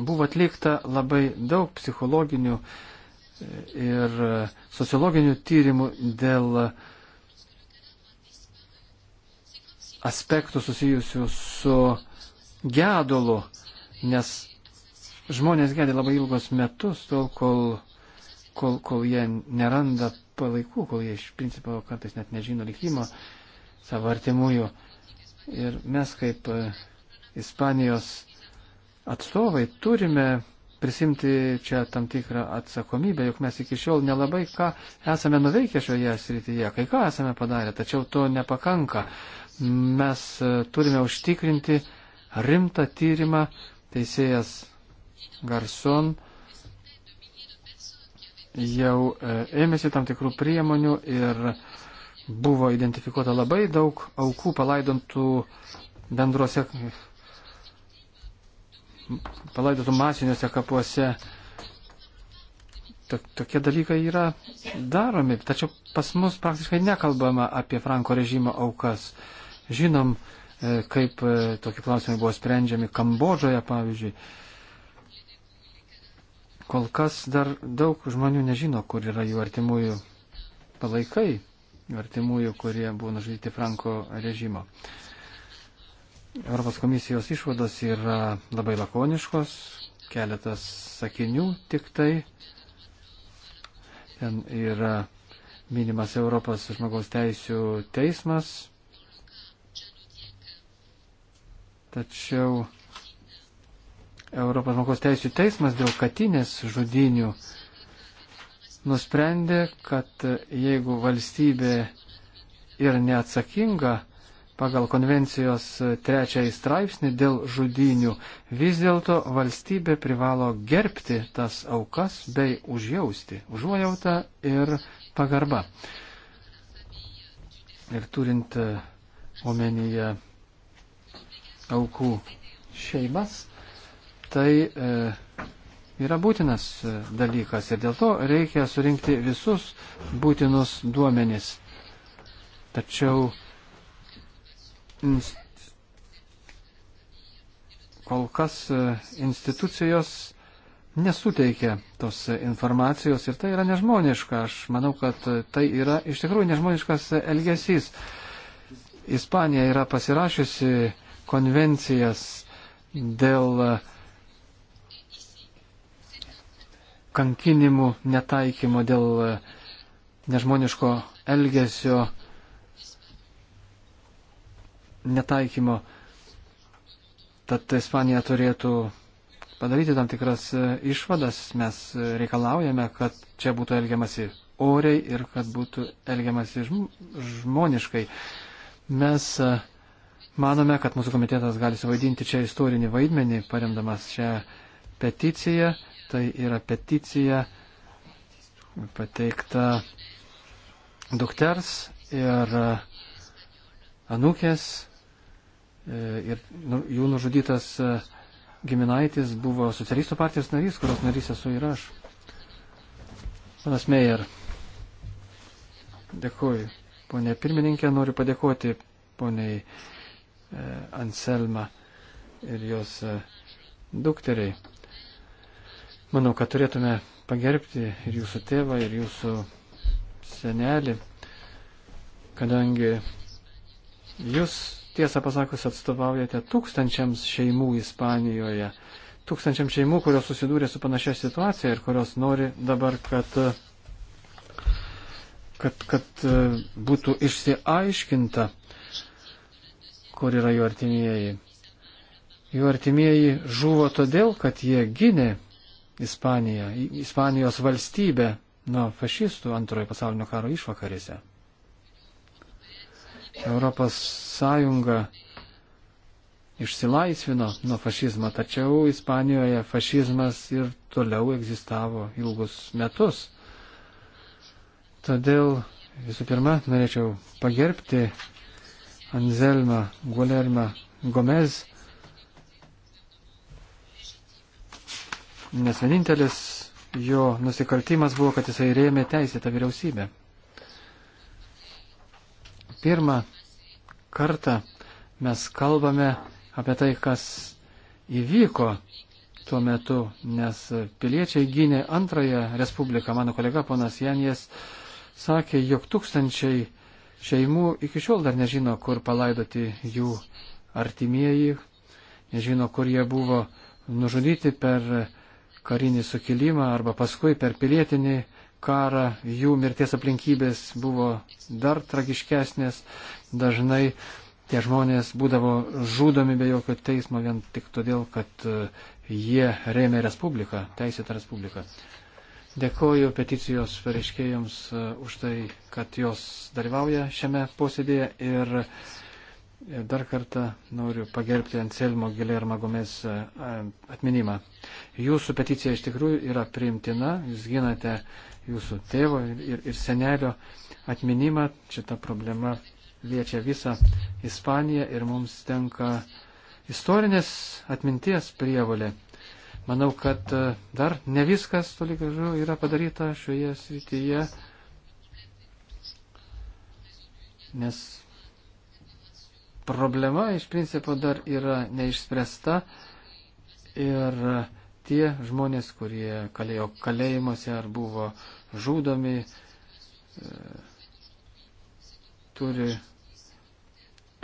Buvo atlikta labai daug psichologinių uh, ir e, sociologinių tyrimų dėl aspektų susijusių su gedulu, nes žmonės gedi labai ilgos metus, tol kol, kol, kol jie neranda palaikų, kol jie iš principo kartais net nežino likimo savo artimųjų. Ir mes kaip e, Ispanijos atstovai turime prisimti čia tam tikrą atsakomybę, juk mes iki šiol nelabai ką esame nuveikę šioje srityje, kai ką esame padarę, tačiau to nepakanka. Mes e, turime užtikrinti rimtą tyrimą teisėjas Garson jau e, ėmėsi tam tikrų priemonių ir buvo identifikuota labai daug aukų palaidontų bendrose palaidotų masiniuose kapuose. Tokie dalykai yra daromi, tačiau pas mus praktiškai nekalbama apie Franko režimo aukas. Žinom, e, kaip e, tokie klausimai buvo sprendžiami Kambodžoje, pavyzdžiui. Kol kas dar daug žmonių nežino, kur yra jų artimųjų palaikai, jų artimųjų, kurie buvo nužudyti Franko režimo. Uh, Europos komisijos išvados yra labai lakoniškos, keletas sakinių tik tai. Ten yra minimas Europos žmogaus teisų teismas. Tačiau Europos žmogaus teisų teismas dėl katinės žudinių nusprendė, kad jeigu valstybė yra neatsakinga pagal konvencijos trečiąjį straipsnį dėl žudinių, vis dėlto valstybė privalo gerbti tas aukas bei užjausti, užuojautą ir pagarbą. Ir turint e, omenyje aukų šeimas, tai e, yra būtinas e, dalykas ir dėl to reikia surinkti visus būtinus duomenis. Tačiau kol kas e, institucijos nesuteikia tos informacijos ir tai yra nežmoniška. Aš manau, kad tai yra iš tikrųjų nežmoniškas elgesys. Ispanija yra pasirašiusi konvencijas dėl kankinimų netaikymo, dėl nežmoniško elgesio netaikymo. Tad Ispanija turėtų padaryti tam tikras e, išvadas. Mes e, reikalaujame, kad čia būtų elgiamasi oriai ir kad būtų elgiamasi žmoniškai. Mes e, manome, kad mūsų komitetas gali suvaidinti čia istorinį vaidmenį, paremdamas šią peticiją. Tai yra peticija pateikta dukters ir anūkės E, ir nu, jų nužudytas e, giminaitis buvo socialistų partijos narys, kurios narys esu ir aš. Panas Meijer, dėkuoju. Pone pirmininkė, noriu padėkoti poniai e, Anselma ir jos dukteriai. Manau, kad turėtume pagerbti ir jūsų tėvą, ir jūsų senelį, kadangi jūs tiesą pasakus, atstovaujate tūkstančiams šeimų Ispanijoje, tūkstančiams šeimų, kurios susidūrė su panašia situacija ir kurios nori dabar, kad, kad, kad e, būtų išsiaiškinta, kur yra jų artimieji. Jų artimieji žuvo todėl, kad jie gynė Ispaniją, Ispanijos valstybę nuo fašistų antrojo pasaulinio karo išvakarėse. Europos Sąjunga išsilaisvino nuo fašizmo, tačiau Ispanijoje fašizmas ir toliau egzistavo ilgus metus. Todėl visų pirma norėčiau pagerbti Anzelmą Gulermą Gomez, nes vienintelis jo nusikaltimas buvo, kad jisai rėmė teisėtą vyriausybę pirmą kartą mes kalbame apie tai, kas įvyko tuo metu, nes piliečiai gynė antrąją respubliką. Mano kolega ponas Janijas sakė, jog tūkstančiai šeimų iki šiol dar nežino, kur palaidoti jų artimieji, nežino, kur jie buvo nužudyti per karinį sukilimą arba paskui per pilietinį uh, karą, jų mirties aplinkybės buvo dar tragiškesnės. Dažnai tie žmonės būdavo žudomi be jokio teismo vien tik todėl, kad e, jie rėmė Respubliką, teisėtą Respubliką. Dėkoju peticijos pareiškėjams e, už tai, kad jos dalyvauja šiame posėdėje ir e, dar kartą noriu pagerbti Anselmo Gilerma Gomes atminimą. Jūsų peticija iš tikrųjų yra priimtina, jūs ginate jūsų tėvo ir, ir, ir senelio atminimą. Šita problema liečia visą Ispaniją ir mums tenka istorinės atminties prievalė. Manau, kad e, dar ne viskas toli gražu yra padaryta šioje srityje, nes problema iš principo dar yra neišspręsta ir uh, tie žmonės, kurie kalėjo kalėjimuose ar buvo žudomi, e, turi,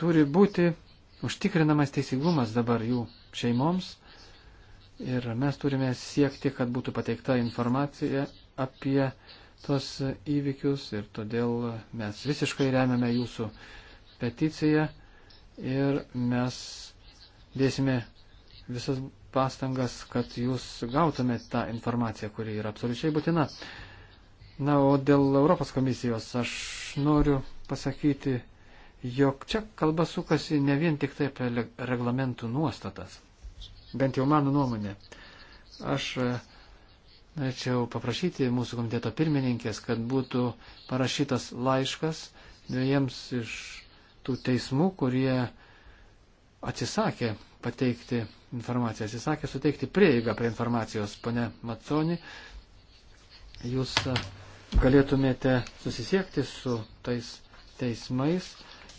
turi būti užtikrinamas teisingumas dabar jų šeimoms. Ir mes turime siekti, kad būtų pateikta informacija apie tos įvykius ir todėl mes visiškai remiame jūsų peticiją ir mes dėsime visas pastangas, kad jūs gautumėte tą informaciją, kuri yra absoliučiai būtina. Na, o dėl Europos komisijos aš noriu pasakyti, jog čia kalba sukasi ne vien tik tai apie reglamentų nuostatas. Bent jau mano nuomonė. Aš e, norėčiau paprašyti mūsų komiteto pirmininkės, kad būtų parašytas laiškas dviejiems iš tų teismų, kurie atsisakė pateikti informaciją. Jis sakė suteikti prieigą prie informacijos, pone Matsoni. Jūs e, galėtumėte susisiekti su tais teismais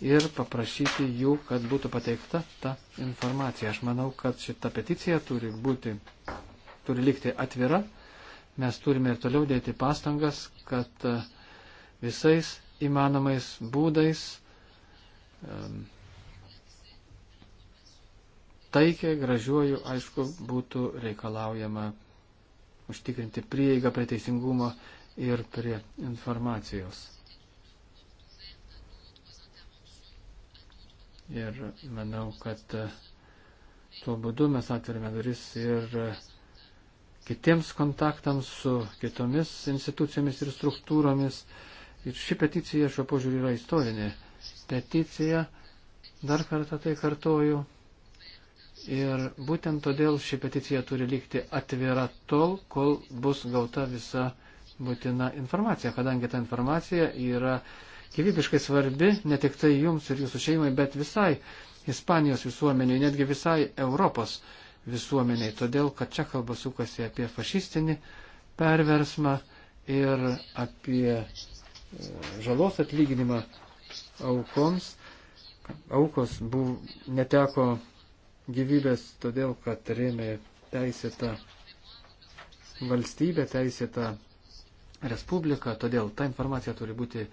ir paprašyti jų, kad būtų pateikta ta informacija. Aš manau, kad šita peticija turi būti, turi likti atvira. Mes turime ir toliau dėti pastangas, kad e, visais įmanomais būdais um, taikiai, gražiuoju, aišku, būtų reikalaujama užtikrinti prieigą prie teisingumo ir prie informacijos. Ir manau, kad e, tuo būdu mes atverime duris ir e, kitiems kontaktams su kitomis institucijomis ir struktūromis. Ir ši peticija šiuo požiūriu yra istorinė peticija. Dar kartą tai kartoju. Ir būtent todėl ši peticija turi likti atvira tol, kol bus gauta visa būtina informacija, kadangi ta informacija yra gyvybiškai svarbi ne tik tai jums ir jūsų šeimai, bet visai Ispanijos visuomeniai, netgi visai Europos visuomeniai, todėl kad čia kalba sukasi apie fašistinį perversmą ir apie e, žalos atlyginimą aukoms. Aukos buvo, neteko gyvybės, todėl kad rėmė teisėtą valstybę, teisėtą respubliką, todėl ta informacija turi būti e,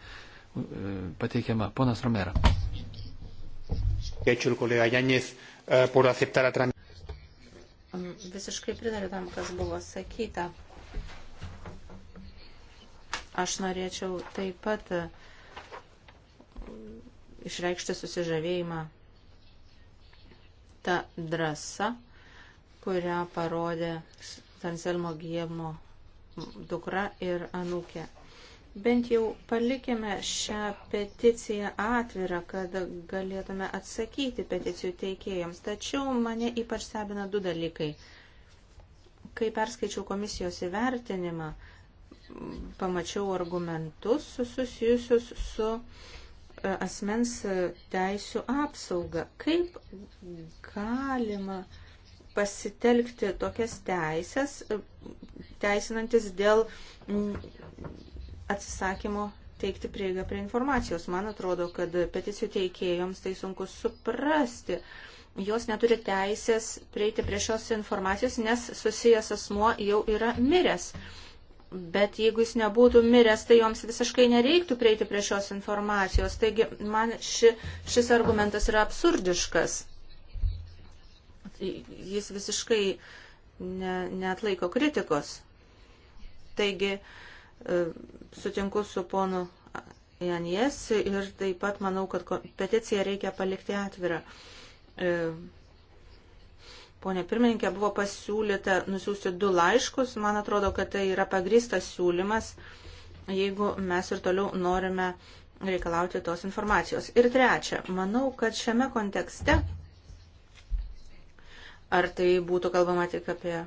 pateikiama. Ponas Romera. Eh, visiškai pritariu tam, kas buvo sakyta. Aš norėčiau taip pat e, išreikšti susižavėjimą ta drąsa, kurią parodė Tanselmo Giemo dukra ir anūkė. Bent jau palikime šią peticiją atvirą, kad galėtume atsakyti peticijų teikėjams. Tačiau mane ypač stebina du dalykai. Kai perskaičiau komisijos įvertinimą, pamačiau argumentus susijusius su E, asmens e, teisų apsaugą. Kaip galima pasitelkti tokias teisės, e, teisinantis dėl atsisakymo teikti prieigą prie informacijos. Man atrodo, kad peticijų teikėjoms tai sunku suprasti. Jos neturi teisės prieiti prie šios informacijos, nes susijęs asmuo jau yra miręs. Uh, bet jeigu jis nebūtų miręs, tai joms visiškai nereiktų prieiti prie šios informacijos. Taigi man ši, šis argumentas yra absurdiškas. Jis visiškai ne, neatlaiko kritikos. Taigi e, sutinku su ponu Janies ir taip pat manau, kad peticiją reikia palikti atvirą. E, ponė pirmininkė, buvo pasiūlyta nusiųsti du laiškus. Man atrodo, kad tai yra pagristas siūlymas, jeigu mes ir toliau norime reikalauti tos informacijos. Ir trečia, manau, kad šiame kontekste, ar tai būtų kalbama tik apie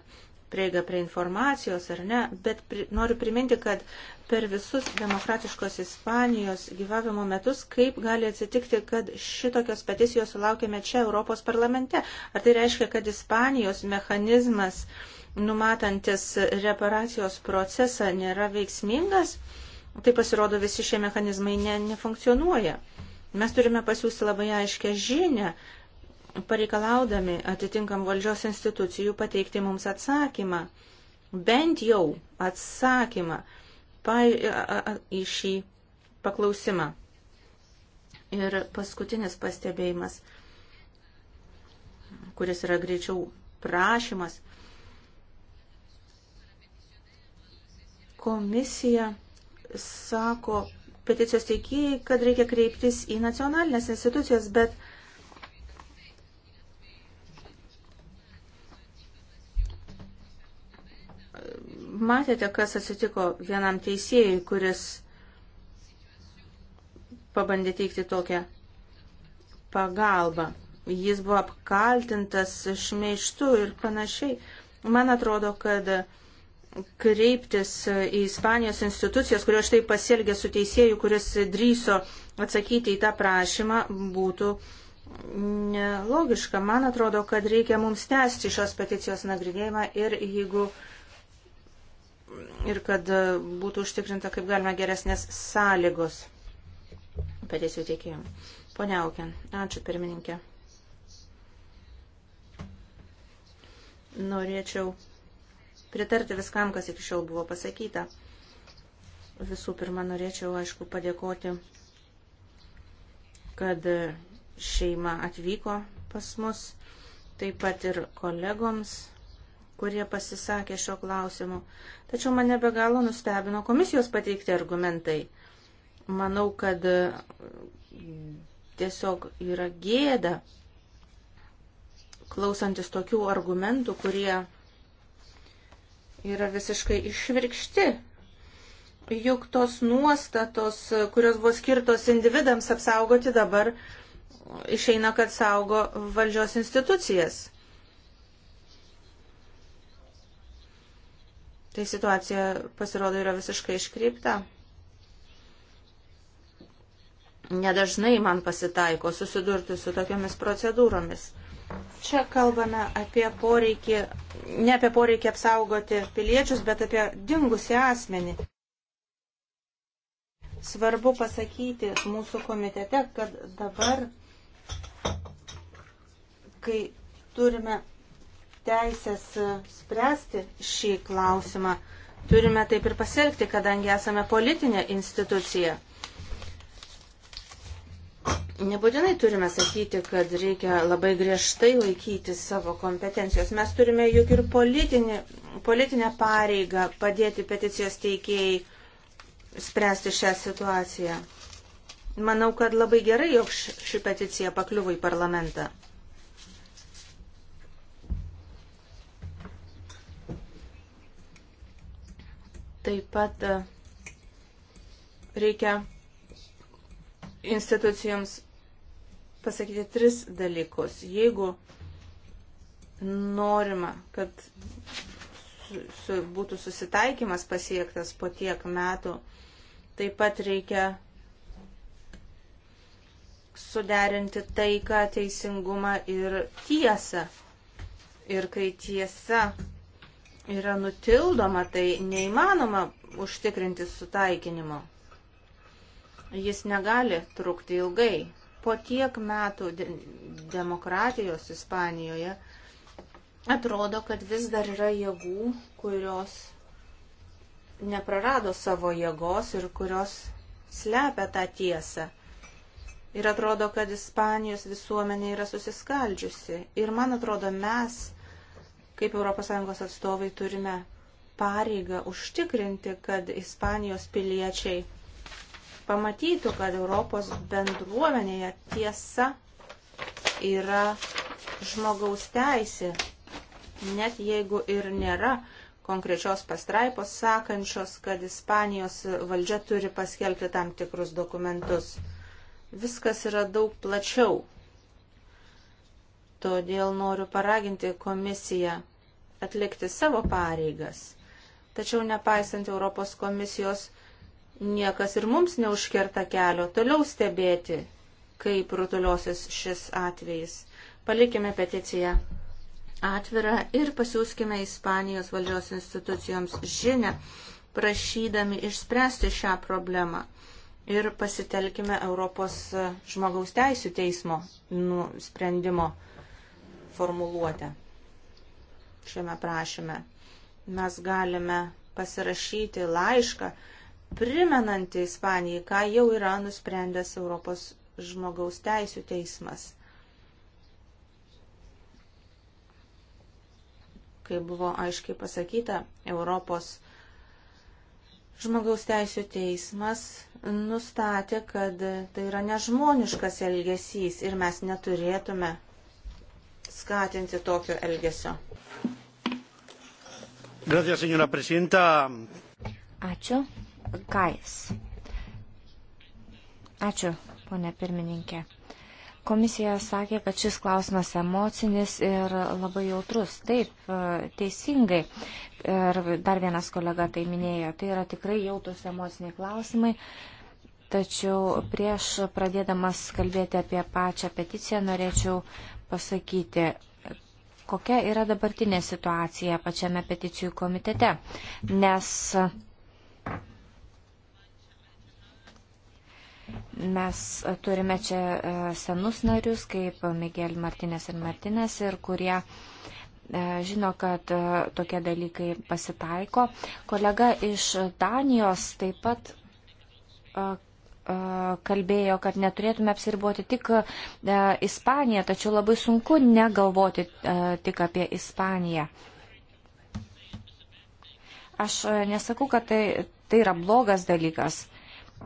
prieigą prie informacijos ar ne, bet pri, noriu priminti, kad per visus demokratiškos Ispanijos gyvavimo metus, kaip gali atsitikti, kad šitokios peticijos sulaukėme čia Europos parlamente. Ar tai reiškia, kad Ispanijos mechanizmas numatantis reparacijos procesą nėra veiksmingas? Tai pasirodo, visi šie mechanizmai ne, nefunkcionuoja. Mes turime pasiūsti labai aiškę žinę, pareikalaudami atitinkam valdžios institucijų pateikti mums atsakymą, bent jau atsakymą pa, a, a, į šį paklausimą. Ir paskutinis pastebėjimas, kuris yra greičiau prašymas. Komisija sako peticijos teikėjai, kad reikia kreiptis į nacionalinės institucijas, bet Matėte, kas atsitiko vienam teisėjui, kuris pabandė teikti tokią pagalbą. Jis buvo apkaltintas šmeištu ir panašiai. Man atrodo, kad kreiptis į Ispanijos institucijas, kurio štai pasielgė su teisėju, kuris drįso atsakyti į tą prašymą, būtų logiška. Man atrodo, kad reikia mums tęsti šios peticijos nagrinėjimą ir jeigu uh, ir kad e, būtų užtikrinta kaip galima geresnės sąlygos peticijų teikėjom. Pone Aukien, ačiū pirmininkė. Norėčiau pritarti viskam, kas iki šiol buvo pasakyta. Visų pirma, norėčiau, aišku, padėkoti, kad šeima atvyko pas mus, taip pat ir kolegoms, kurie pasisakė šio klausimu. Tačiau mane be galo nustebino komisijos pateikti argumentai. Manau, kad mm, tiesiog yra gėda klausantis tokių argumentų, kurie yra visiškai išvirkšti. Juk tos nuostatos, kurios buvo skirtos individams apsaugoti, dabar išeina, kad saugo valdžios institucijas. Tai situacija pasirodo yra visiškai iškreipta. Nedažnai man pasitaiko susidurti su tokiamis procedūromis. Čia kalbame apie poreikį, ne apie poreikį apsaugoti piliečius, bet apie dingusi asmenį. Svarbu pasakyti mūsų komitete, kad dabar, kai turime teisės e, spręsti šį klausimą, turime taip ir pasielgti, kadangi esame politinė institucija. Nebūtinai turime sakyti, kad reikia labai griežtai laikyti savo kompetencijos. Mes turime juk ir politinį, politinę pareigą padėti peticijos teikėjai spręsti šią situaciją. Manau, kad labai gerai, jog ši peticija pakliuvo į parlamentą. Taip pat e, reikia institucijoms pasakyti tris dalykus. Jeigu norima, kad su, su, būtų susitaikymas pasiektas po tiek metų, taip pat reikia suderinti taiką, teisingumą ir tiesą. Ir kai tiesa yra nutildoma, tai neįmanoma užtikrinti sutaikinimo. Jis negali trukti ilgai. Po tiek metų de demokratijos Ispanijoje atrodo, kad vis dar yra jėgų, kurios neprarado savo jėgos ir kurios slepia tą tiesą. Ir atrodo, kad Ispanijos visuomenė yra susiskaldžiusi. Ir man atrodo, mes Kaip ES atstovai turime pareigą užtikrinti, kad Ispanijos piliečiai pamatytų, kad Europos bendruomenėje tiesa yra žmogaus teisė, net jeigu ir nėra konkrečios pastraipos sakančios, kad Ispanijos valdžia turi paskelbti tam tikrus dokumentus. Viskas yra daug plačiau. Todėl noriu paraginti komisiją atlikti savo pareigas. Tačiau nepaisant Europos komisijos, niekas ir mums neužkerta kelio toliau stebėti, kaip rutuliosis šis atvejis. Palikime peticiją atvirą ir pasiūskime Ispanijos valdžios institucijoms žinę, prašydami išspręsti šią problemą. Ir pasitelkime Europos žmogaus teisų teismo nu, sprendimo formuluotę šiame prašyme. Mes galime pasirašyti laišką, primenantį Ispanijai, ką jau yra nusprendęs Europos žmogaus teisų teismas. Kai buvo aiškiai pasakyta, Europos žmogaus teisų teismas nustatė, kad tai yra nežmoniškas elgesys ir mes neturėtume skatinti tokio elgesio. Gracias, señora presidenta. Ačiū. Gais. Ačiū, ponė pirmininkė. Komisija sakė, kad šis klausimas emocinis ir labai jautrus. Taip, e, teisingai. Ir dar vienas kolega tai minėjo. Tai yra tikrai jautrus emociniai klausimai. Tačiau prieš pradėdamas kalbėti apie pačią peticiją norėčiau pasakyti, kokia yra dabartinė situacija pačiame peticijų komitete, nes mes turime čia e, senus narius, kaip Miguel Martinės ir Martinės, ir kurie e, žino, kad e, tokie dalykai pasitaiko. Kolega iš Danijos taip pat kalbėjo, kad neturėtume apsiriboti tik Ispaniją, tačiau labai sunku negalvoti tik apie Ispaniją. Aš nesakau, kad tai, tai yra blogas dalykas,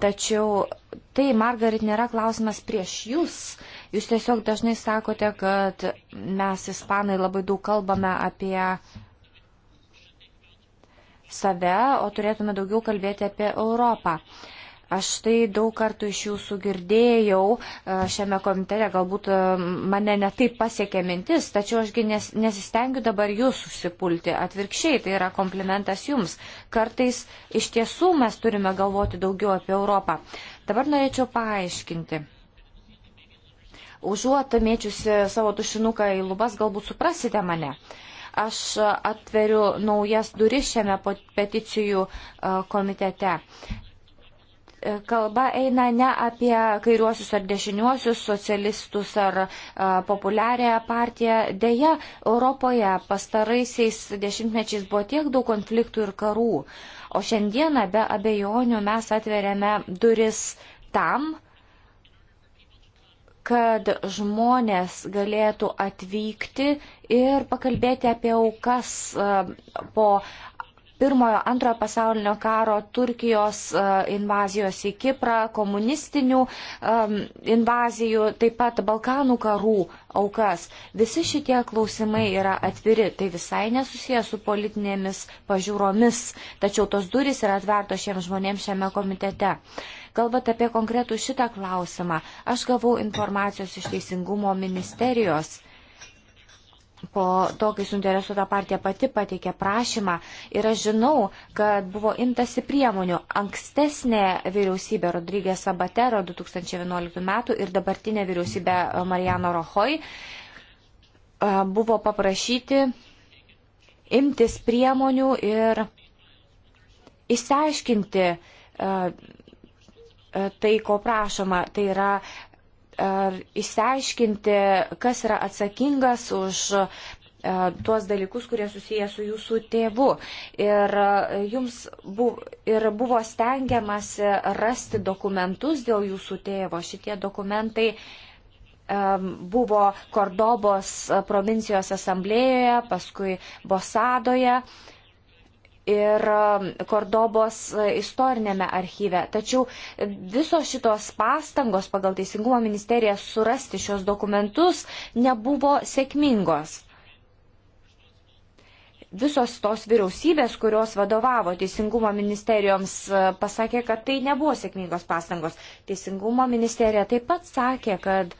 tačiau tai, Margarit, nėra klausimas prieš jūs. Jūs tiesiog dažnai sakote, kad mes, Ispanai, labai daug kalbame apie save, o turėtume daugiau kalbėti apie Europą. Uh, Aš tai daug kartų iš jūsų girdėjau e, šiame komitete, galbūt e, mane netaip pasiekė mintis, tačiau ašgi nes, nesistengiu dabar jūs susipulti. Atvirkščiai, tai yra komplimentas jums. Kartais iš tiesų mes turime galvoti daugiau apie Europą. Dabar norėčiau paaiškinti. Užuot mėčiusi savo tušinuką į lubas, galbūt suprasite mane aš atveriu naujas duris šiame peticijų e, komitete kalba eina ne apie kairiuosius ar dešiniuosius, socialistus ar populiariąją partiją. Deja, Europoje pastaraisiais dešimtmečiais buvo tiek daug konfliktų ir karų, o šiandieną be abejonių mes atveriame duris tam, kad žmonės galėtų atvykti ir pakalbėti apie aukas po pirmojo, antrojo pasaulinio karo, Turkijos e, invazijos į Kiprą, komunistinių invazijų, taip pat Balkanų karų aukas. Visi šitie klausimai yra atviri, tai visai nesusijęs su politinėmis pažiūromis, tačiau tos durys yra atvertos šiems žmonėms šiame komitete. Kalbant apie konkretų šitą klausimą, aš gavau informacijos iš Teisingumo ministerijos po to, kai suinteresuota partija pati pateikė prašymą ir aš žinau, kad buvo imtasi priemonių. Ankstesnė vyriausybė Rodrygės Sabatero 2011 metų ir dabartinė vyriausybė Marijano Rohoj buvo paprašyti imtis priemonių ir išsiaiškinti tai, ko prašoma. Tai yra ar išsiaiškinti, kas yra atsakingas už e, tuos dalykus, kurie susiję su jūsų tėvu. Ir e, jums buvo, ir buvo stengiamasi rasti dokumentus dėl jūsų tėvo. Šitie dokumentai um, buvo Kordobos provincijos asamblėjoje, paskui Bosadoje. Uh, ir um, Kordobos uh, istorinėme archyve. Tačiau uh, visos šitos pastangos pagal Teisingumo ministeriją surasti šios dokumentus nebuvo sėkmingos. Visos tos vyriausybės, kurios vadovavo Teisingumo ministerijoms, uh, pasakė, kad tai nebuvo sėkmingos pastangos. Teisingumo ministerija taip pat sakė, kad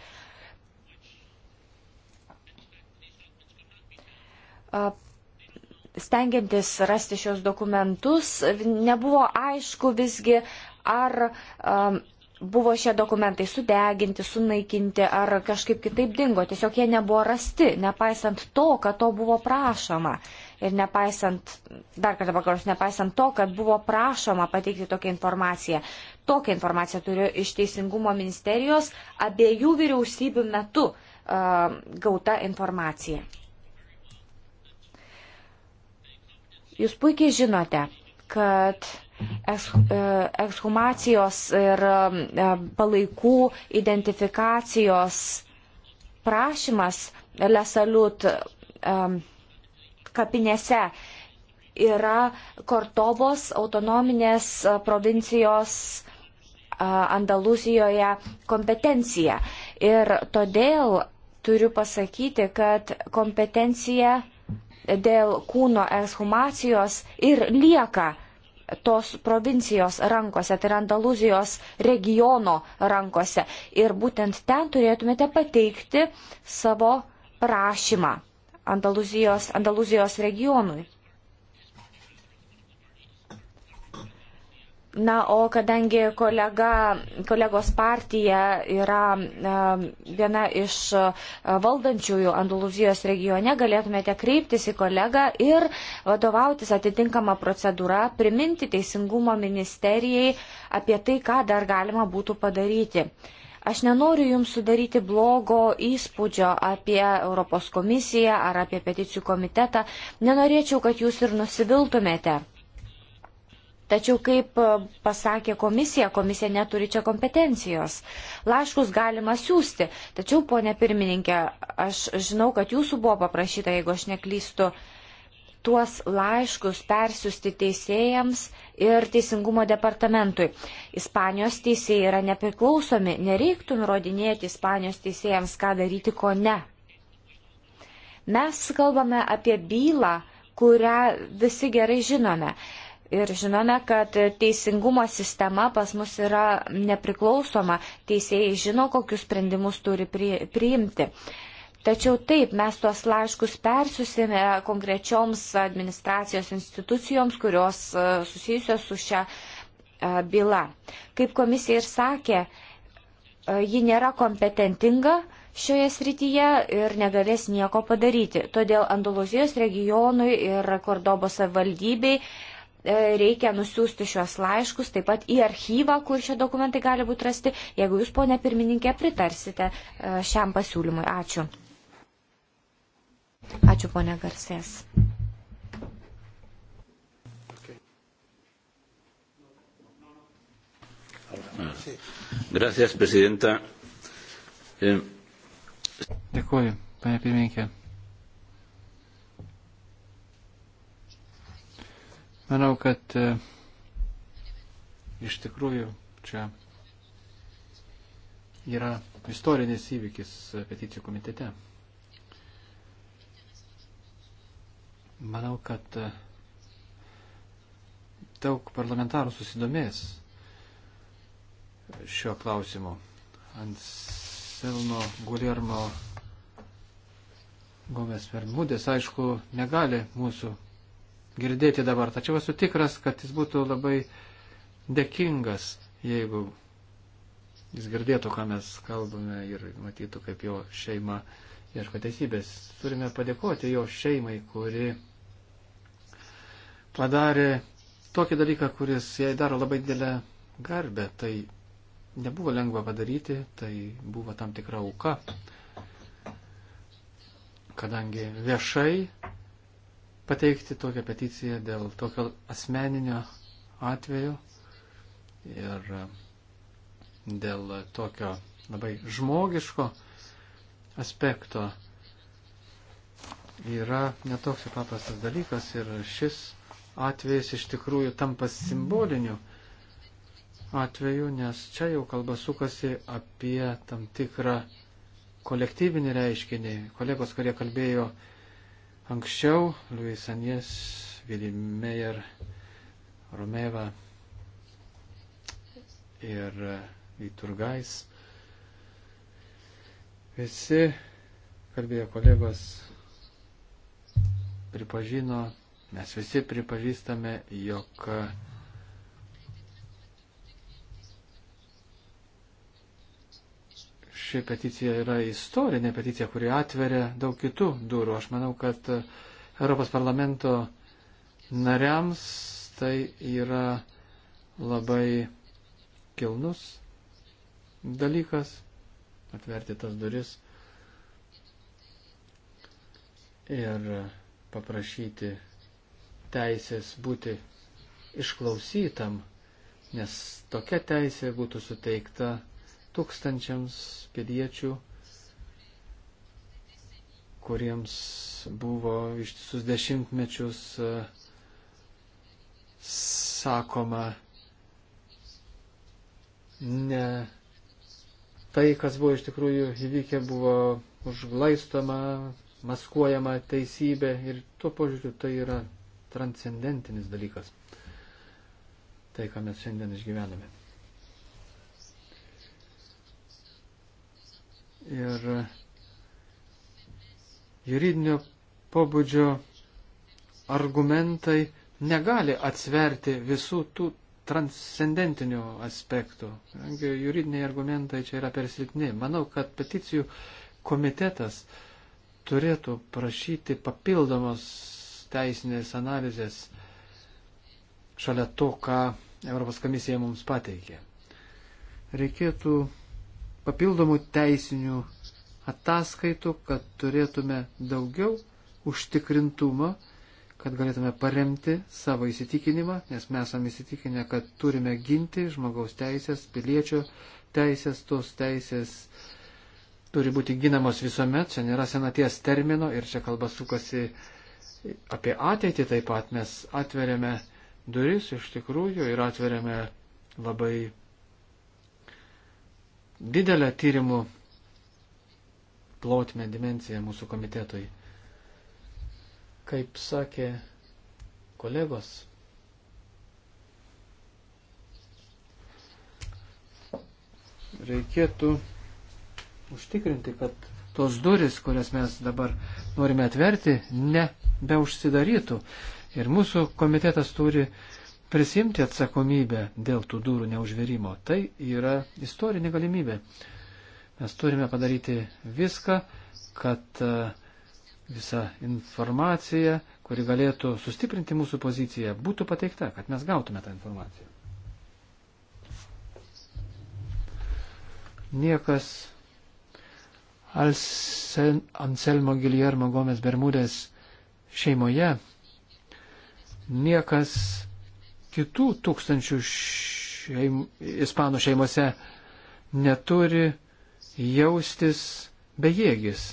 stengiantis rasti šios dokumentus, nebuvo aišku visgi, ar um, buvo šie dokumentai sudeginti, sunaikinti ar kažkaip kitaip dingo. Tiesiog jie nebuvo rasti, nepaisant to, kad to buvo prašoma. Ir nepaisant, dar kartą pakarosiu, nepaisant to, kad buvo prašoma pateikti tokią informaciją. Tokią informaciją turiu iš Teisingumo ministerijos abiejų vyriausybių metu uh, gauta informacija. Jūs puikiai žinote, kad e, ekshumacijos ir e, palaikų identifikacijos prašymas Lesaliut e, kapinėse yra Kortovos autonominės provincijos Andaluzijoje kompetencija. Ir todėl turiu pasakyti, kad kompetencija dėl kūno ekshumacijos ir lieka tos provincijos rankose, tai yra Andaluzijos regiono rankose. Ir būtent ten turėtumėte pateikti savo prašymą Andaluzijos, Andaluzijos regionui. Na, o kadangi kolega, kolegos partija yra e, viena iš e, valdančiųjų Andaluzijos regione, galėtumėte kreiptis į kolegą ir vadovautis atitinkama procedūra, priminti Teisingumo ministerijai apie tai, ką dar galima būtų padaryti. Aš nenoriu Jums sudaryti blogo įspūdžio apie Europos komisiją ar apie peticijų komitetą. Nenorėčiau, kad Jūs ir nusiviltumėte. Tačiau, kaip e, pasakė komisija, komisija neturi čia kompetencijos. Laiškus galima siūsti. Tačiau, ponė pirmininkė, aš žinau, kad jūsų buvo paprašyta, jeigu aš neklystu, tuos laiškus persiųsti teisėjams ir Teisingumo departamentui. Ispanijos teisėjai yra nepriklausomi, nereiktų nurodinėti Ispanijos teisėjams, ką daryti, ko ne. Mes kalbame apie bylą, kurią visi gerai žinome. Ir žinome, kad teisingumo sistema pas mus yra nepriklausoma, teisėjai žino, kokius sprendimus turi priimti. Tačiau taip, mes tuos laiškus persiusime konkrečioms administracijos institucijoms, kurios e, susijusios su šia e, byla. Kaip komisija ir sakė, e, ji nėra kompetentinga šioje srityje ir negalės nieko padaryti. Todėl Andaluzijos regionui ir Kordobo savivaldybei E, reikia nusiųsti šios laiškus taip pat į archyvą, kur šie dokumentai gali būti rasti, jeigu jūs, ponė pirmininkė, pritarsite e, šiam pasiūlymui. Ačiū. Ačiū, ponė Garsės. Gracias, presidenta. Eh, Dėkuoju, panė pirmininkė. Manau, kad e, iš tikrųjų čia yra istorinis įvykis peticijų komitete. Manau, kad e, daug parlamentarų susidomės šio klausimu. Anselmo Guliermo Gomes Vermudės, aišku, negali mūsų girdėti dabar, tačiau esu tikras, kad jis būtų labai dėkingas, jeigu jis girdėtų, ką mes kalbame ir matytų, kaip jo šeima ieško teisybės. Turime padėkoti jo šeimai, kuri padarė tokį dalyką, kuris jai daro labai didelę garbę. Tai nebuvo lengva padaryti, tai buvo tam tikra auka, kadangi viešai pateikti tokią peticiją dėl tokio asmeninio atvejo ir e, dėl tokio labai žmogiško aspekto yra netoks paprastas dalykas ir šis atvejis iš tikrųjų tampa simboliniu atveju, nes čia jau kalba sukasi apie tam tikrą kolektyvinį reiškinį. Kolegos, kurie kalbėjo Anksčiau Luis Anės, Vilimejer, Romeva ir e, Vyturgais visi kalbėjo kolegos pripažino, mes visi pripažįstame, jog ši peticija yra istorinė peticija, kuri atveria daug kitų durų. Aš manau, kad Europos parlamento nariams tai yra labai kilnus dalykas atverti tas duris ir paprašyti teisės būti išklausytam, nes tokia teisė būtų suteikta tūkstančiams piliečių, kuriems buvo ištisus dešimtmečius e, sakoma ne tai, kas buvo iš tikrųjų įvykę, buvo užglaistoma, maskuojama teisybė ir tuo požiūriu tai yra transcendentinis dalykas. Tai, ką mes šiandien išgyvename. ir e, juridinio pobūdžio argumentai negali atsverti visų tų transcendentinių aspektų. Juridiniai argumentai čia yra persilpni. Manau, kad peticijų komitetas turėtų prašyti papildomos teisinės analizės šalia to, ką Europos komisija mums pateikė. Reikėtų papildomų teisinių ataskaitų, kad turėtume daugiau užtikrintumo, kad galėtume paremti savo įsitikinimą, nes mes esame įsitikinę, kad turime ginti žmogaus teisės, piliečio teisės, tos teisės turi būti ginamos visuomet, čia nėra senaties termino ir čia kalba sukasi apie ateitį taip pat, mes atveriame duris iš tikrųjų ir atveriame labai didelę tyrimų plotmę dimenciją mūsų komitetui. Kaip sakė kolegos, reikėtų užtikrinti, kad tos duris, kurias mes dabar norime atverti, ne be užsidarytų. Ir mūsų komitetas turi uh, prisimti atsakomybę dėl tų durų neužverimo. Tai yra istorinė galimybė. Mes turime padaryti viską, kad e, visa informacija, kuri galėtų sustiprinti mūsų poziciją, būtų pateikta, kad mes gautume tą informaciją. Niekas Alsen, Anselmo Giljermo Gomes Bermudės šeimoje, niekas kitų tūkstančių šeim, ispanų šeimose neturi jaustis bejėgis.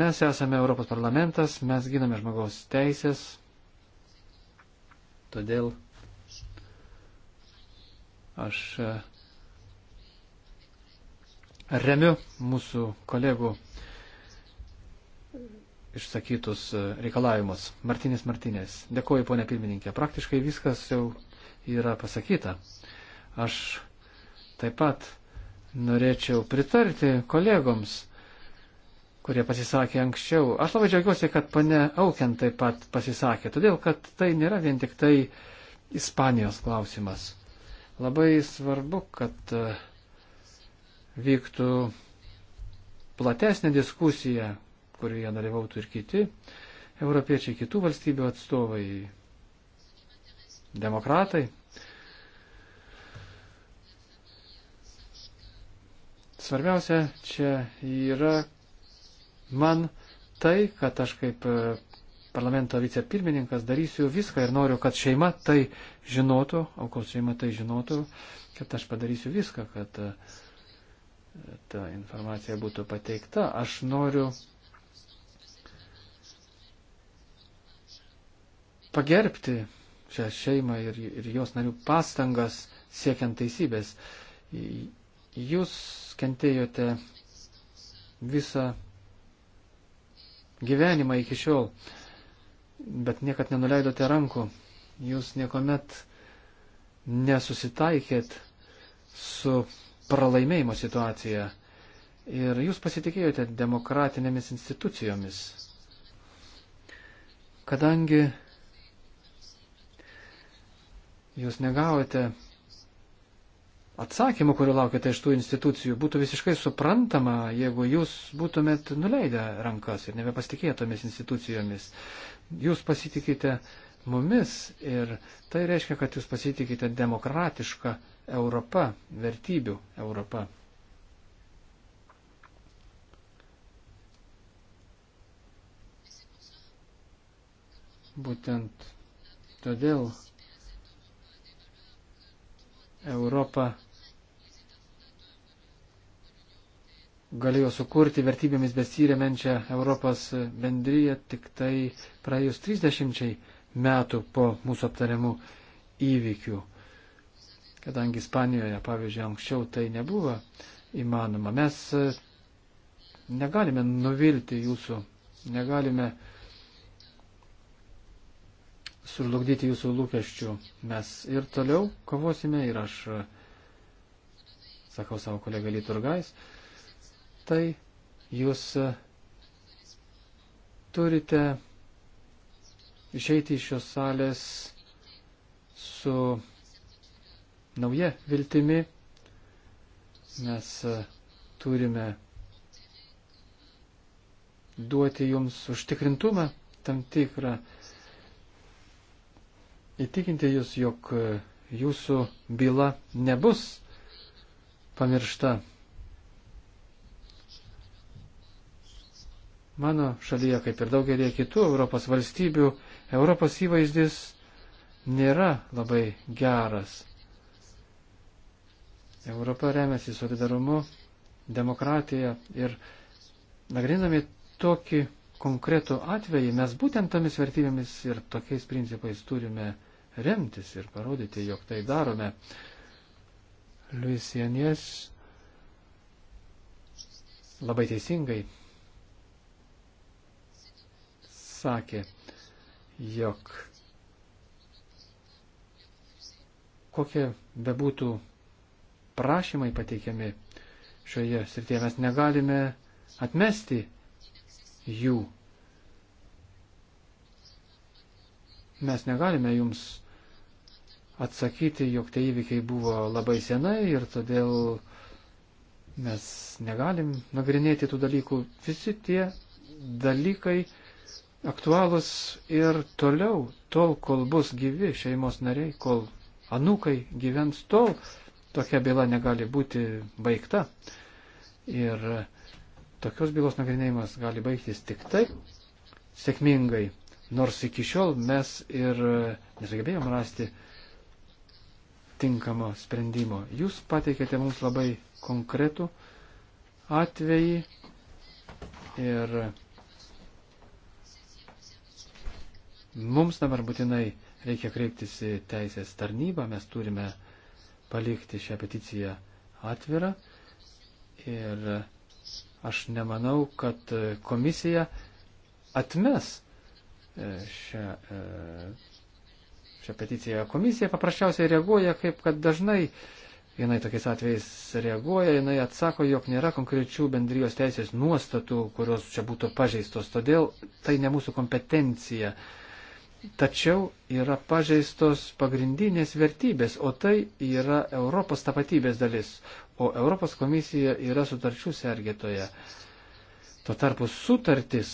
Mes esame Europos parlamentas, mes giname žmogaus teisės, todėl aš e, remiu mūsų kolegų išsakytus e, reikalavimus. Martinės Martinės. Dėkuoju, ponė pirmininkė. Praktiškai viskas jau yra pasakyta. Aš taip pat norėčiau pritarti kolegoms, kurie pasisakė anksčiau. Aš labai džiaugiuosi, kad pane Auken taip pat pasisakė, todėl kad tai nėra vien tik tai Ispanijos klausimas. Labai svarbu, kad e, vyktų platesnė diskusija, kurioje dalyvautų ir kiti europiečiai, kitų valstybių atstovai, demokratai. Svarbiausia čia yra man tai, kad aš kaip e, parlamento vicepirmininkas darysiu viską ir noriu, kad šeima tai žinotų, aukos šeima tai žinotų, kad aš padarysiu viską, kad e, ta informacija būtų pateikta. Aš noriu pagerbti šią šeimą ir, ir jos narių pastangas siekiant teisybės. Jūs kentėjote visą gyvenimą iki šiol, bet niekad nenuleidote rankų. Jūs niekuomet nesusitaikėt su pralaimėjimo situacija ir jūs pasitikėjote demokratinėmis institucijomis. Kadangi jūs negavote atsakymų, kurių laukite iš tų institucijų, būtų visiškai suprantama, jeigu jūs būtumėt nuleidę rankas ir nebepasitikėtomis institucijomis. Jūs pasitikite mumis ir tai reiškia, kad jūs pasitikite demokratišką Europą, vertybių Europą. Būtent todėl Europa galėjo sukurti vertybėmis besiremenčią Europos bendryją tik tai praėjus 30 metų po mūsų aptariamų įvykių. Kadangi Ispanijoje, pavyzdžiui, anksčiau tai nebuvo įmanoma. Mes negalime nuvilti jūsų, negalime uh, sulugdyti jūsų lūkesčių. Mes ir toliau kovosime ir aš e, sakau savo kolegą Liturgais, tai jūs e, turite išeiti iš šios salės su nauja viltimi. Mes e, turime duoti jums užtikrintumą tam tikrą įtikinti jūs, jog e, jūsų byla nebus pamiršta. Mano šalyje, kaip ir daugelie kitų Europos valstybių, Europos įvaizdis nėra labai geras. Europa remiasi solidarumu, demokratija ir nagrinami tokį konkretų atvejį mes būtent tomis vertybėmis ir tokiais principais turime remtis ir parodyti, jog tai darome. Liusienies labai teisingai sakė, jog kokie bebūtų prašymai pateikiami šioje srityje, mes negalime atmesti jų. Mes negalime jums atsakyti, jog tie įvykiai buvo labai senai ir todėl mes negalim nagrinėti tų dalykų. Visi tie dalykai aktualūs ir toliau, tol, kol bus gyvi šeimos nariai, kol anūkai gyvens, tol tokia byla negali būti baigta. Ir tokios bylos nagrinėjimas gali baigtis tik taip sėkmingai. Nors iki šiol mes ir nesugebėjom rasti uh, tinkamo sprendimo. Jūs pateikėte mums labai konkretų atvejį ir mums dabar būtinai reikia kreiptis į teisės tarnybą, mes turime palikti šią peticiją atvirą ir aš nemanau, kad komisija atmes e, šią e, šią peticiją. Komisija paprasčiausiai reaguoja, kaip kad dažnai jinai tokiais atvejais reaguoja, jinai atsako, jog nėra konkrečių bendrijos teisės nuostatų, kurios čia būtų pažeistos, todėl tai ne mūsų kompetencija. Tačiau yra pažeistos pagrindinės vertybės, o tai yra Europos tapatybės dalis, o Europos komisija yra sutarčių sergėtoje. Tuo tarpu sutartis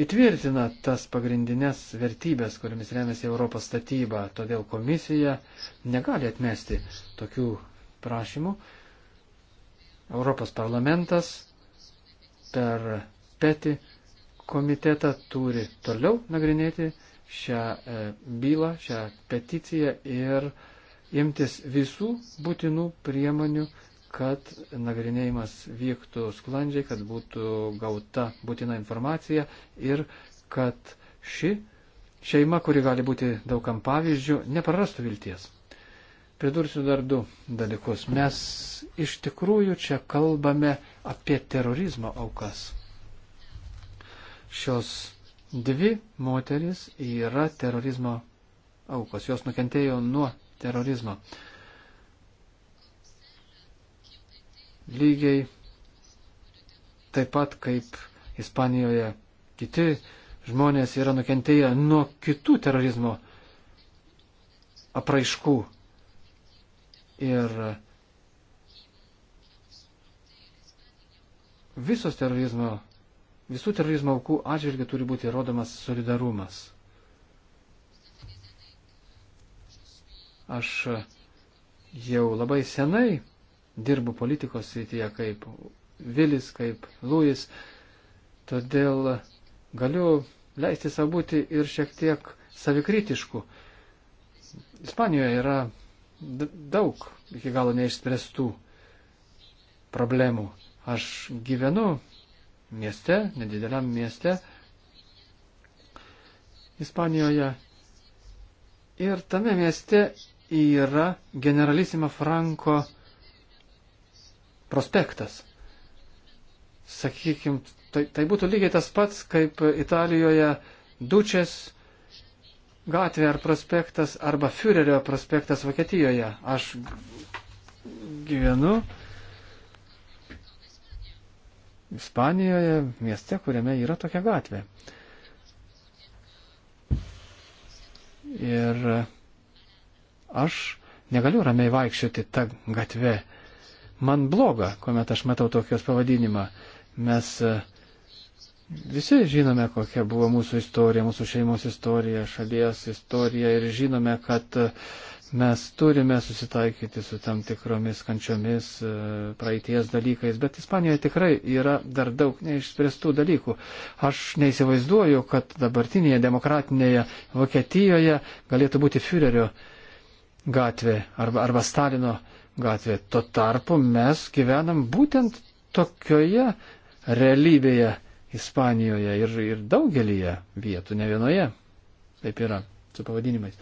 įtvirtina tas pagrindinės vertybės, kuriamis remiasi Europos statyba. Todėl komisija negali atmesti tokių prašymų. Europos parlamentas per peti komitetą turi toliau nagrinėti šią e, bylą, šią peticiją ir imtis visų būtinų priemonių kad nagrinėjimas vyktų sklandžiai, kad būtų gauta būtina informacija ir kad ši šeima, kuri gali būti daugam pavyzdžių, neprarastų vilties. Pridursiu dar du dalykus. Mes iš tikrųjų čia kalbame apie terorizmo aukas. Šios dvi moteris yra terorizmo aukos. Jos nukentėjo nuo terorizmo. Uh, lygiai taip pat kaip Ispanijoje kiti žmonės yra nukentėję nuo kitų terorizmo apraiškų. Ir visos terorizmo, visų terorizmo aukų atžvilgių turi būti rodomas solidarumas. Aš jau labai senai dirbu politikos srityje kaip Vilis, kaip Lūis, todėl galiu leisti savo būti ir šiek tiek savikritišku. Ispanijoje yra daug iki galo neišspręstų problemų. Aš gyvenu mieste, nedideliam mieste Ispanijoje ir tame mieste yra generalisima Franko prospektas. Sakykime, tai, tai būtų lygiai tas pats, kaip Italijoje Dučės gatvė ar prospektas arba Führerio prospektas Vokietijoje. Aš gyvenu Ispanijoje, mieste, kuriame yra tokia gatvė. Ir aš negaliu ramiai vaikščioti tą gatvę man bloga, kuomet aš matau tokios pavadinimą. Mes e, visi žinome, kokia buvo mūsų istorija, mūsų šeimos istorija, šalies istorija ir žinome, kad e, mes turime susitaikyti su tam tikromis kančiomis, e, praeities dalykais, bet Ispanijoje tikrai yra dar daug neišspręstų dalykų. Aš neįsivaizduoju, kad dabartinėje demokratinėje Vokietijoje galėtų būti Führerio gatvė arba, arba Stalino gatvė gatvė. Tuo tarpu mes gyvenam būtent tokioje realybėje Ispanijoje ir, ir daugelyje vietų, ne vienoje. Taip yra, su pavadinimais.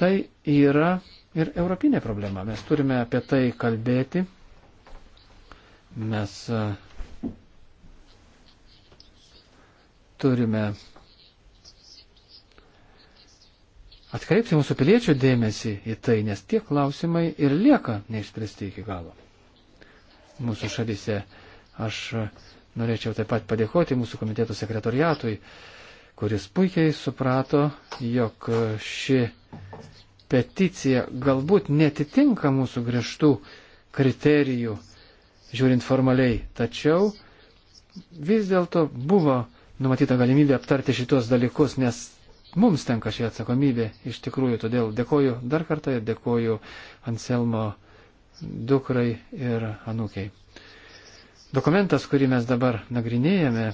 Tai yra ir europinė problema. Mes turime apie tai kalbėti. Mes e, turime atkreipti mūsų piliečių dėmesį į tai, nes tie klausimai ir lieka neišspręsti iki galo. Mūsų šalyse aš norėčiau taip pat padėkoti mūsų komiteto sekretoriatui, kuris puikiai suprato, jog ši peticija galbūt netitinka mūsų griežtų kriterijų, žiūrint formaliai, tačiau vis dėlto buvo numatyta galimybė aptarti šitos dalykus, nes mums tenka šį atsakomybę iš tikrųjų. Todėl dėkoju dar kartą ir dėkoju Anselmo dukrai ir anūkiai. Dokumentas, kurį mes dabar nagrinėjame,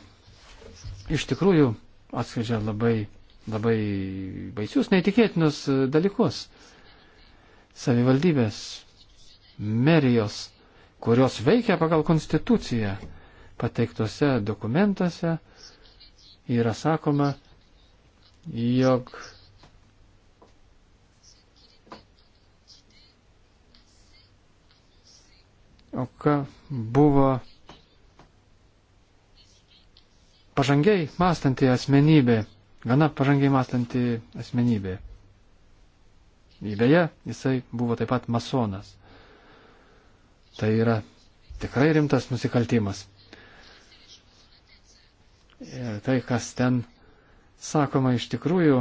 iš tikrųjų atskleidžia labai, labai baisius, neįtikėtinus dalykus. Savivaldybės, merijos, kurios veikia pagal konstituciją, pateiktose dokumentuose yra sakoma, jog auka buvo pažangiai mąstanti asmenybė, gana pažangiai mąstanti asmenybė. Įbeje, jisai buvo taip pat masonas. Tai yra tikrai rimtas nusikaltimas. Ir tai, kas ten sakoma iš tikrųjų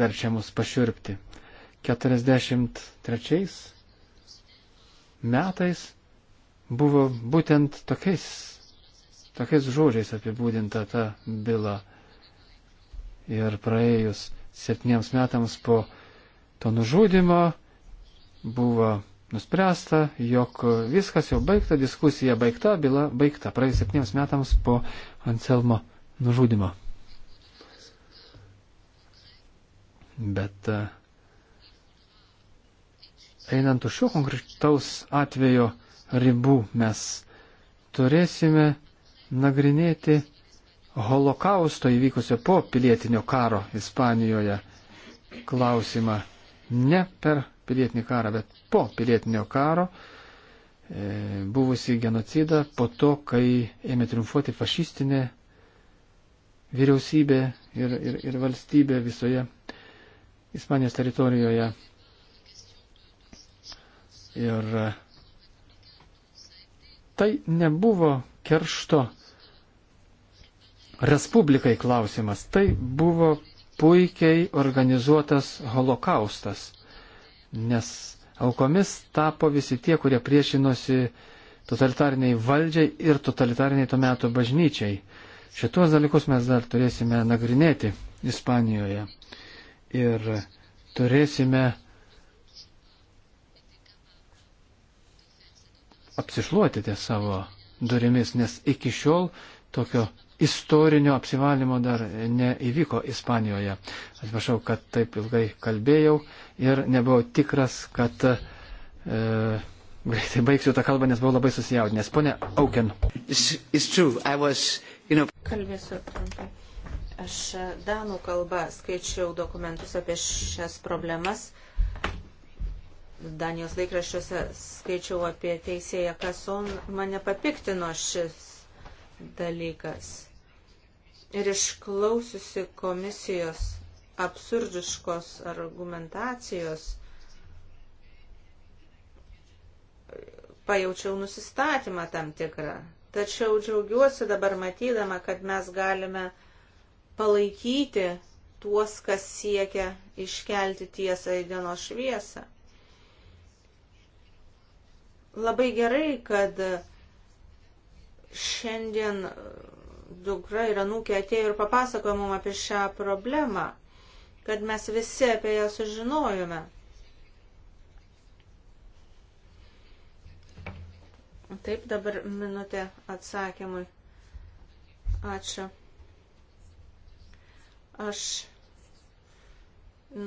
verčia mus pašiurpti. 43 metais buvo būtent tokiais, tokiais žodžiais apibūdinta ta byla. Ir praėjus septyniems metams po to nužudimo buvo nuspręsta, jog viskas jau baigta, diskusija baigta, byla baigta praėjus septyniems metams po Anselmo nužudimo. Bet e, einant už šio konkretaus atvejo ribų mes turėsime nagrinėti holokausto įvykusio po pilietinio karo Ispanijoje klausimą ne per pilietinį karą, bet po pilietinio karo, e, buvusi genocidą, po to, kai ėmė triumfuoti fašistinė vyriausybė ir, ir, ir valstybė visoje Ispanijos teritorijoje. Ir e, tai nebuvo keršto Respublikai klausimas. Tai buvo puikiai organizuotas holokaustas nes aukomis tapo visi tie, kurie priešinosi totalitariniai valdžiai ir totalitariniai to meto bažnyčiai. Šitos dalykus mes dar turėsime nagrinėti Ispanijoje ir turėsime apsišluoti ties savo durimis, nes iki šiol tokio istorinio apsivalymo dar neįvyko Ispanijoje. Atsiprašau, kad taip ilgai kalbėjau ir nebuvau tikras, kad e, greitai baigsiu tą kalbą, nes buvau labai susijaudinęs. Pone Auken. You know... Kalbėsiu trumpai. Aš Danų kalbą skaičiau dokumentus apie šias problemas. Danijos laikraščiuose skaičiau apie teisėją Kason. Mane papiktino šis dalykas. Ir išklausiusi komisijos absurdiškos argumentacijos, pajaučiau nusistatymą tam tikrą. Tačiau džiaugiuosi dabar matydama, kad mes galime palaikyti tuos, kas siekia iškelti tiesą į dienos šviesą. Labai gerai, kad Šiandien e, dukra ir anūkė atėjo ir papasakojo mums apie šią problemą, kad mes visi apie ją sužinojome. Taip, dabar minutė atsakymui. Ačiū. Aš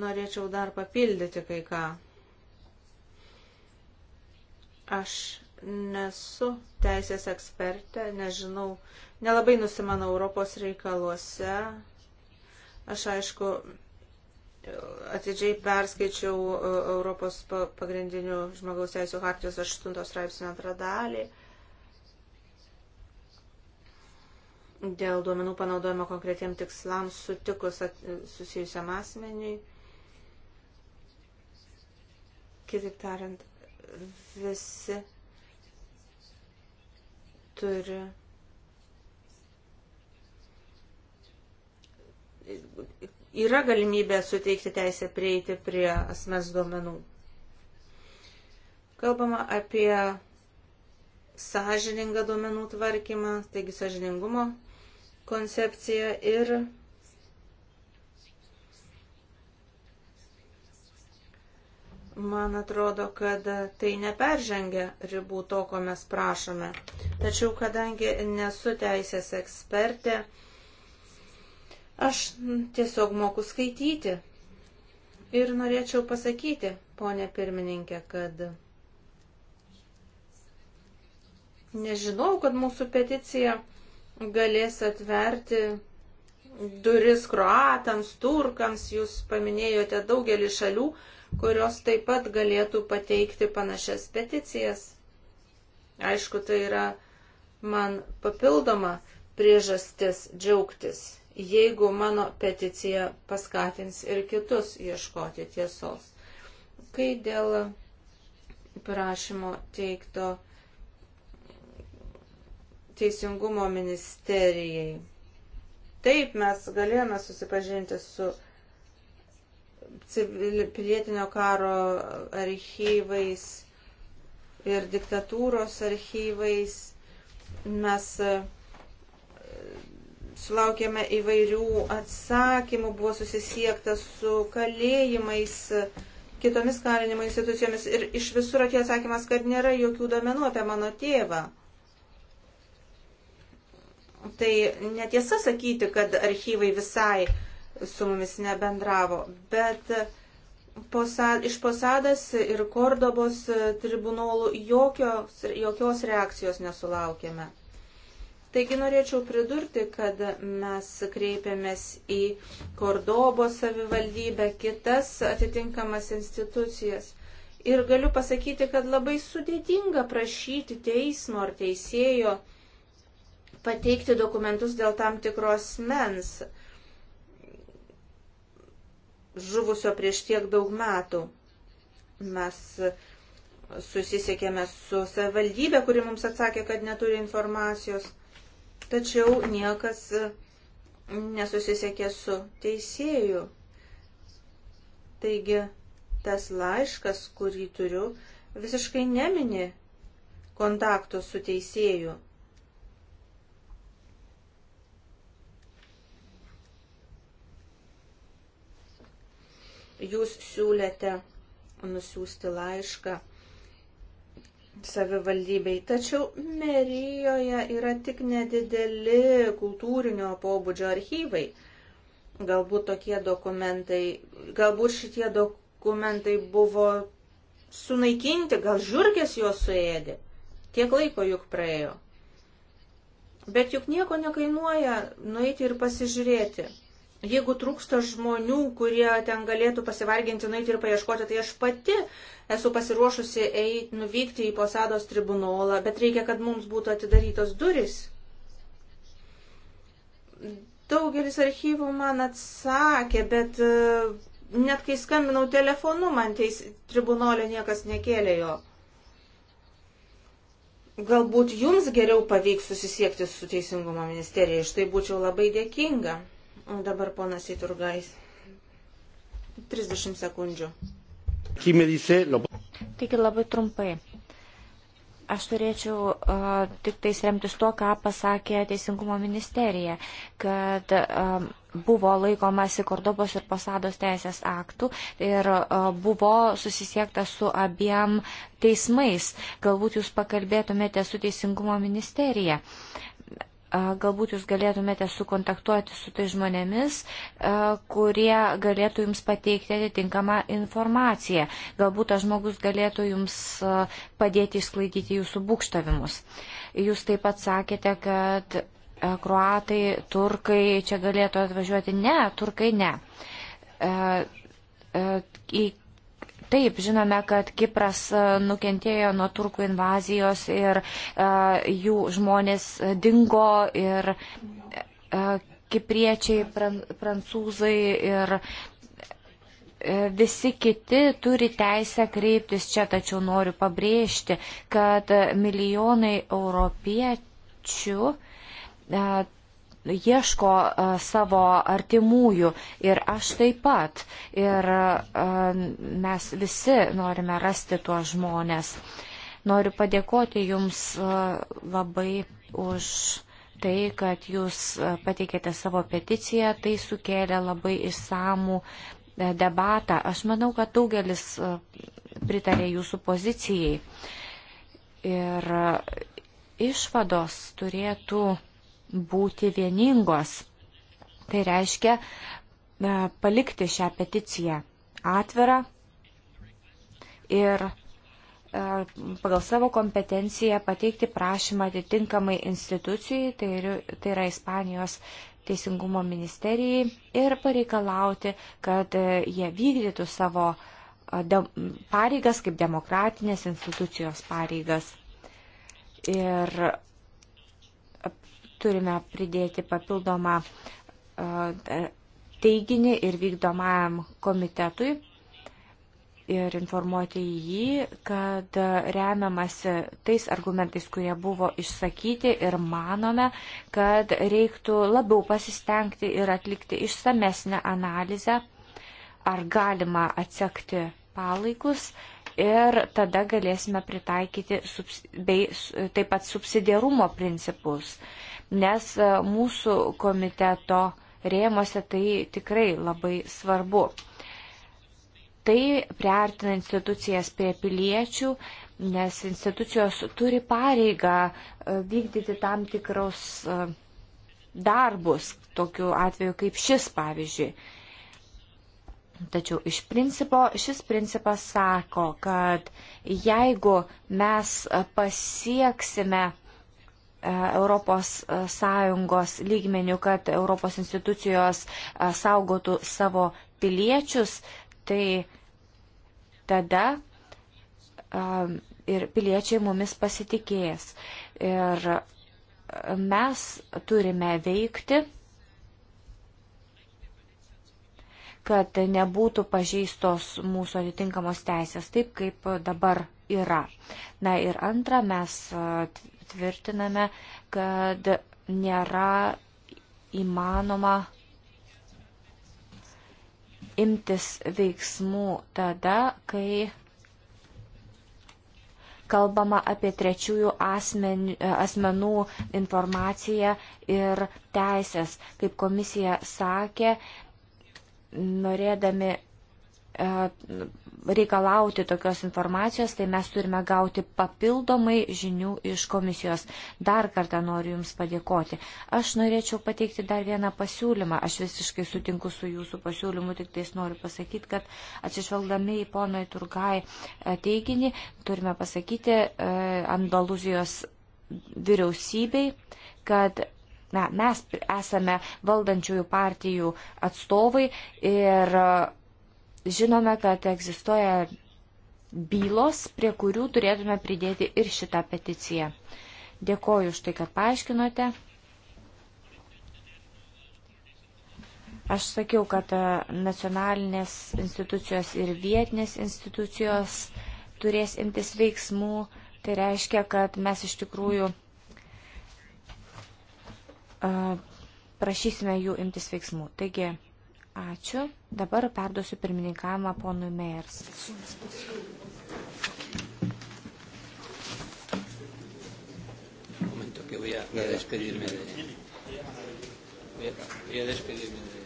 norėčiau dar papildyti kai ką. Aš nesu teisės ekspertė, nežinau, nelabai nusimanau Europos reikaluose. Aš aišku, atidžiai perskaičiau e, Europos pagrindinių žmogaus teisų hartijos 8 straipsnio antrą dalį dėl duomenų panaudojimo konkretiem tikslams sutikus susijusiam asmeniui. Kitaip tariant, visi turi yra galimybė suteikti teisę prieiti prie asmens duomenų. Kalbama apie sąžiningą duomenų tvarkymą, taigi sąžiningumo koncepciją ir Man atrodo, kad tai neperžengia ribų to, ko mes prašome. Tačiau, kadangi nesu teisės ekspertė, aš tiesiog moku skaityti. Ir norėčiau pasakyti, ponė pirmininkė, kad nežinau, kad mūsų peticija galės atverti duris kroatams, turkams, jūs paminėjote daugelį šalių kurios taip pat galėtų pateikti panašias peticijas. Aišku, tai yra man papildoma priežastis džiaugtis, jeigu mano peticija paskatins ir kitus ieškoti tiesos. Kai dėl prašymo teikto Teisingumo ministerijai. Taip mes galėjome susipažinti su pilietinio karo archyvais ir diktatūros archyvais. Mes e, sulaukėme įvairių atsakymų, buvo susisiekta su kalėjimais, kitomis kalinimo institucijomis ir iš visur atėjo atsakymas, kad nėra jokių domenų apie mano tėvą. Tai netiesa sakyti, kad archyvai visai su mumis nebendravo, bet posad, iš posadas ir Kordobos tribunolų jokios, jokios reakcijos nesulaukėme. Taigi norėčiau pridurti, kad mes kreipiamės į Kordobos savivaldybę, kitas atitinkamas institucijas. Ir galiu pasakyti, kad labai sudėtinga prašyti teismo ar teisėjo pateikti dokumentus dėl tam tikros mens žuvusio prieš tiek daug metų. Mes susisiekėme su savivaldybė, kuri mums atsakė, kad neturi informacijos, tačiau niekas e, nesusisiekė su teisėju. Taigi tas laiškas, kurį turiu, visiškai nemini kontakto su teisėju. Jūs siūlėte nusiųsti laišką savivaldybei, tačiau Merijoje yra tik nedideli kultūrinio pobūdžio archyvai. Galbūt tokie dokumentai, galbūt šitie dokumentai buvo sunaikinti, gal žurkės juos suėdė. Tiek laiko juk praėjo. Bet juk nieko nekainuoja nueiti ir pasižiūrėti. Jeigu trūksta žmonių, kurie ten galėtų pasivarginti, nueiti ir paieškoti, tai aš pati esu pasiruošusi eit, nuvykti į posados tribunolą, bet reikia, kad mums būtų atidarytos duris. Daugelis archyvų man atsakė, bet e, net kai skambinau telefonu, man teis tribunolė niekas nekėlė jo. Galbūt jums geriau pavyks susisiekti su Teisingumo ministerija, iš tai būčiau labai dėkinga. Dabar ponas Įturgais. 30 sekundžių. Taigi labai trumpai. Aš turėčiau uh, tik tais remtis tuo, ką pasakė Teisingumo ministerija, kad um, buvo laikomasi Kordobos ir Posados teisės aktų ir uh, buvo susisiekta su abiem teismais. Galbūt jūs pakalbėtumėte su Teisingumo ministerija. Uh, Galbūt jūs galėtumėte sukontaktuoti su tai žmonėmis, kurie galėtų jums pateikti atitinkamą informaciją. Galbūt tas žmogus galėtų jums padėti išsklaidyti jūsų būkštavimus. Jūs taip pat sakėte, kad kruatai, turkai čia galėtų atvažiuoti. Ne, turkai ne. Į Taip, žinome, kad Kipras e, nukentėjo nuo turkų invazijos ir e, jų žmonės e, dingo ir kipriečiai, prancūzai ir visi kiti turi teisę kreiptis čia, tačiau noriu pabrėžti, kad milijonai europiečių ieško e, savo artimųjų ir aš taip pat. Ir e, mes visi norime rasti tuos žmonės. Noriu padėkoti Jums e, labai už tai, kad Jūs pateikėte savo peticiją. Tai sukėlė labai išsamų debatą. Aš manau, kad daugelis pritarė Jūsų pozicijai. Ir išvados turėtų būti vieningos. Tai reiškia e, palikti šią peticiją atvirą ir e, pagal savo kompetenciją pateikti prašymą atitinkamai institucijai, tai, tai yra Ispanijos teisingumo ministerijai, ir pareikalauti, kad e, jie vykdytų savo pareigas kaip demokratinės institucijos pareigas. Ir turime pridėti papildomą e, teiginį ir vykdomajam komitetui ir informuoti jį, kad remiamasi tais argumentais, kurie buvo išsakyti ir manome, kad reiktų labiau pasistengti ir atlikti išsamesnę analizę, ar galima atsekti palaikus ir tada galėsime pritaikyti bei taip pat subsidiarumo principus. Uh, nes e, mūsų komiteto rėmose tai tikrai labai svarbu. Tai priartina institucijas prie piliečių, nes institucijos turi pareigą e, vykdyti tam tikrus e, darbus, tokiu atveju kaip šis pavyzdžiui. Tačiau iš principo šis principas sako, kad jeigu mes pasieksime ES e, lygmenių, kad Europos institucijos e, saugotų savo piliečius, tai tada e, ir piliečiai mumis pasitikės. Ir mes turime veikti, kad nebūtų pažeistos mūsų atitinkamos teisės taip, kaip dabar yra. Na ir antra, mes tvirtiname, kad nėra įmanoma imtis veiksmų tada, kai kalbama apie trečiųjų asmen, asmenų informaciją ir teisės. Kaip komisija sakė, norėdami e, reikalauti tokios informacijos, tai mes turime gauti papildomai žinių iš komisijos. Dar kartą noriu Jums padėkoti. Aš norėčiau pateikti dar vieną pasiūlymą. Aš visiškai sutinku su Jūsų pasiūlymu, tik tais noriu pasakyti, kad atsižvelgdami į ponai Turgai e, teiginį, turime pasakyti e, Andaluzijos vyriausybei, kad na, mes esame valdančiųjų partijų atstovai ir žinome, kad egzistuoja bylos, prie kurių turėtume pridėti ir šitą peticiją. Dėkoju už tai, kad paaiškinote. Aš sakiau, kad e, nacionalinės institucijos ir vietinės institucijos turės imtis veiksmų. Tai reiškia, kad mes iš tikrųjų e, prašysime jų imtis veiksmų. Taigi, Ačiū. Dabar perduosiu pirmininkavimą ponui Meirs. Momento que voy a, voy a despedirme de. Voy a, voy a despedirme de.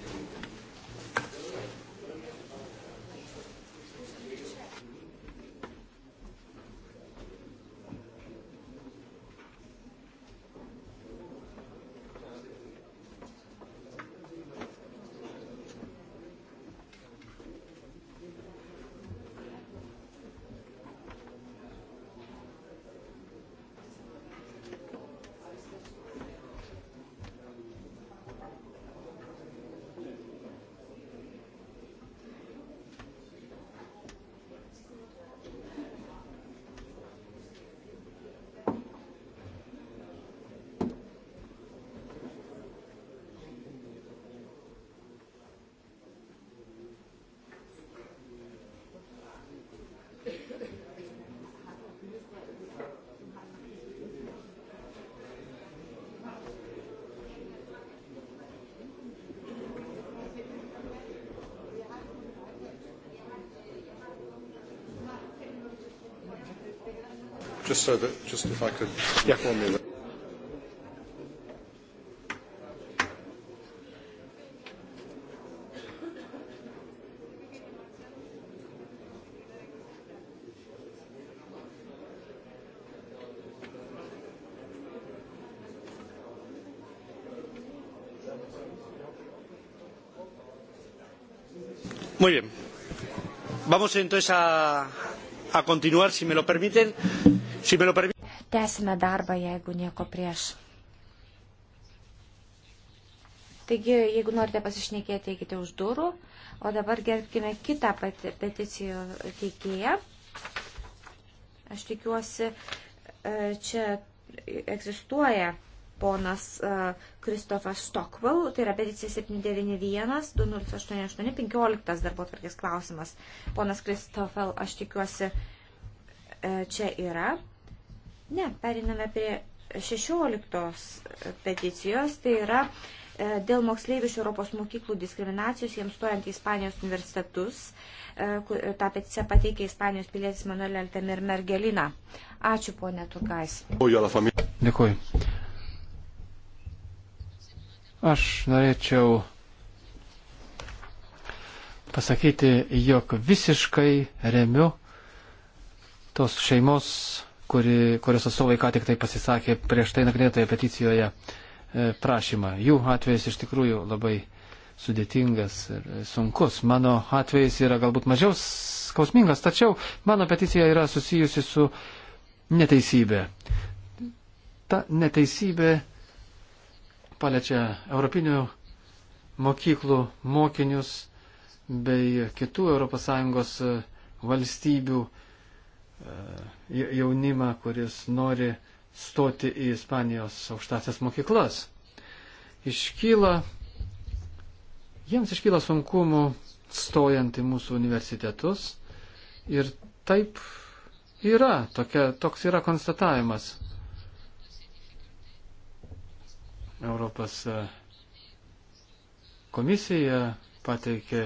Just so that, just if I could yeah. inform you. Muy bien. Vamos entonces a, a continuar, si me lo permiten Tęsime darbą, jeigu nieko prieš. Taigi, jeigu norite pasišnekėti, eikite už durų. O dabar gerbkime kitą peticijų teikėją. Aš tikiuosi, e, čia egzistuoja ponas Kristofas e, Stockwell, tai yra peticija 791 2088 15 darbo tvarkės klausimas. Ponas Kristofel, aš tikiuosi, e, čia yra. Ne, periname prie 16 peticijos, tai yra e, dėl moksleivių iš Europos mokyklų diskriminacijos jiems stojant į Ispanijos universitetus. E, Ta peticija pateikė Ispanijos pilietis Manuel Altemir Mergelina. Ačiū, ponė Turkais. Dėkuoju. Aš norėčiau pasakyti, jog visiškai remiu tos šeimos kuri, kurios atstovai ką tik tai pasisakė prieš tai nagrinėtoje peticijoje e, prašymą. Jų atvejas iš tikrųjų labai sudėtingas ir sunkus. Mano atvejas yra galbūt mažiau skausmingas, tačiau mano peticija yra susijusi su neteisybė. Ta neteisybė paliečia Europinių mokyklų mokinius bei kitų ES e, valstybių jaunimą, kuris nori stoti į Ispanijos aukštasias mokyklas. Iškyla, jiems iškyla sunkumų stojant į mūsų universitetus ir taip yra, tokia, toks yra konstatavimas. Europos e, komisija pateikė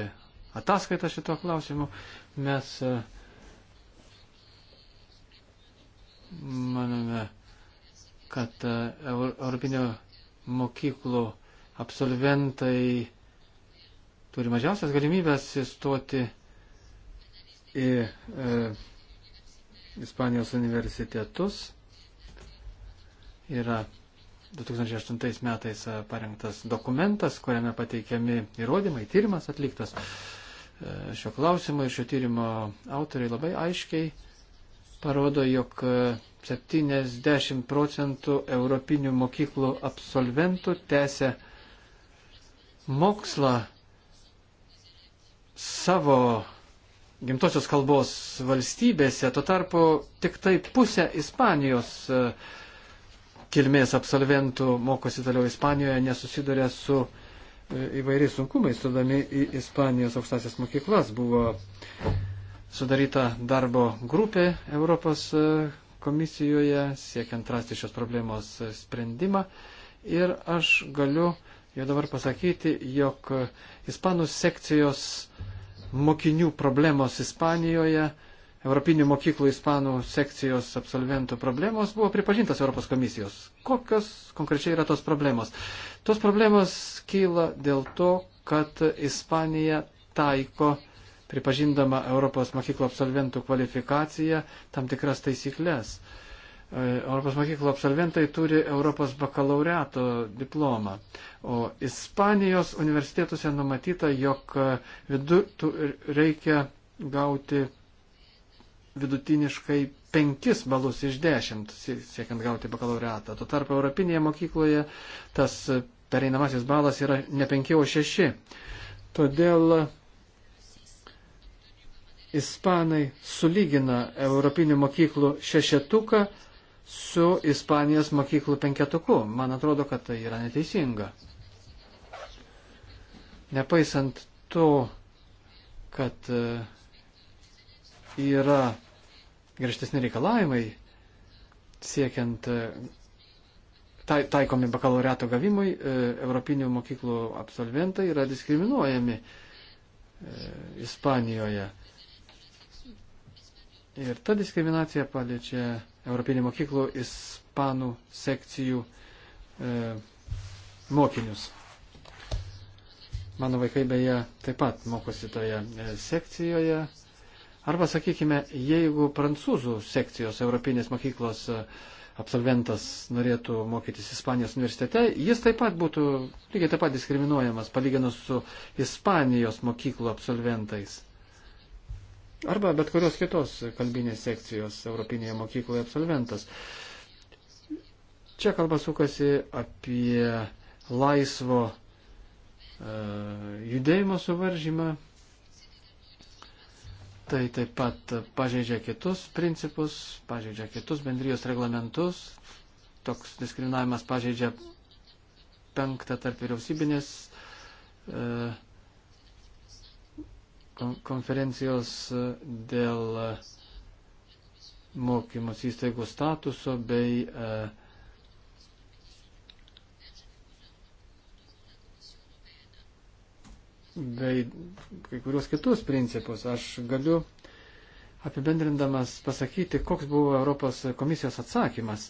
ataskaitą šito klausimu. Mes uh, manome, kad e, Europinio mokyklų absolventai turi mažiausias galimybės įstoti į e, Ispanijos universitetus. Yra 2008 metais e, parengtas dokumentas, kuriame pateikiami įrodymai, tyrimas atliktas. E, šio klausimo ir šio tyrimo autoriai labai aiškiai parodo, jog 70 e, procentų europinių mokyklų absolventų tęsia mokslą savo gimtosios kalbos valstybėse, tuo tarpu tik tai pusė Ispanijos e, kilmės absolventų mokosi toliau Ispanijoje, nesusiduria su e, įvairiais sunkumais, sudami į Ispanijos aukštasias mokyklas. Buvo uh, sudaryta darbo grupė Europos e, komisijoje, siekiant rasti šios problemos e, sprendimą. Ir aš galiu jau dabar pasakyti, jog Ispanų sekcijos mokinių problemos Ispanijoje, Europinių mokyklų Ispanų sekcijos absolventų problemos buvo pripažintas Europos komisijos. Kokios konkrečiai yra tos problemos? Tos problemos kyla dėl to, kad Ispanija taiko pripažindama Europos mokyklų absolventų kvalifikaciją tam tikras taisyklės. E, Europos mokyklų absolventai turi Europos bakalaureato diplomą, o Ispanijos universitetuose numatyta, jog vidu, tu, reikia gauti vidutiniškai penkis balus iš dešimt, siekiant gauti bakalaureatą. Tuo tarpu Europinėje mokykloje tas pereinamasis balas yra ne penki, o šeši. Todėl Ispanai sulygina Europinių mokyklų šešetuką su Ispanijos mokyklų penketuku. Man atrodo, kad tai yra neteisinga. Nepaisant to, kad e, yra griežtesni reikalavimai siekiant e, tai, taikomi bakalaureato gavimui, e, Europinių mokyklų absolventai yra diskriminuojami Ispanijoje. Ir ta diskriminacija paliečia Europinį mokyklų ispanų sekcijų e, mokinius. Mano vaikai beje taip pat mokosi toje e, sekcijoje. Arba, sakykime, jeigu prancūzų sekcijos Europinės mokyklos e, absolventas norėtų mokytis Ispanijos universitete, jis taip pat būtų lygiai taip pat diskriminuojamas palyginus su Ispanijos mokyklų absolventais arba bet kurios kitos kalbinės sekcijos Europinėje mokykloje absolventas. Čia kalba sukasi apie laisvo e, judėjimo suvaržymą. Tai taip pat pažeidžia kitus principus, pažeidžia kitus bendrijos reglamentus. Toks diskriminavimas pažeidžia penktą tarp vyriausybinės e, konferencijos e, dėl e, mokymos įstaigų statuso bei e, bei kai kuriuos kitus principus. Aš galiu apibendrindamas pasakyti, koks buvo Europos komisijos atsakymas.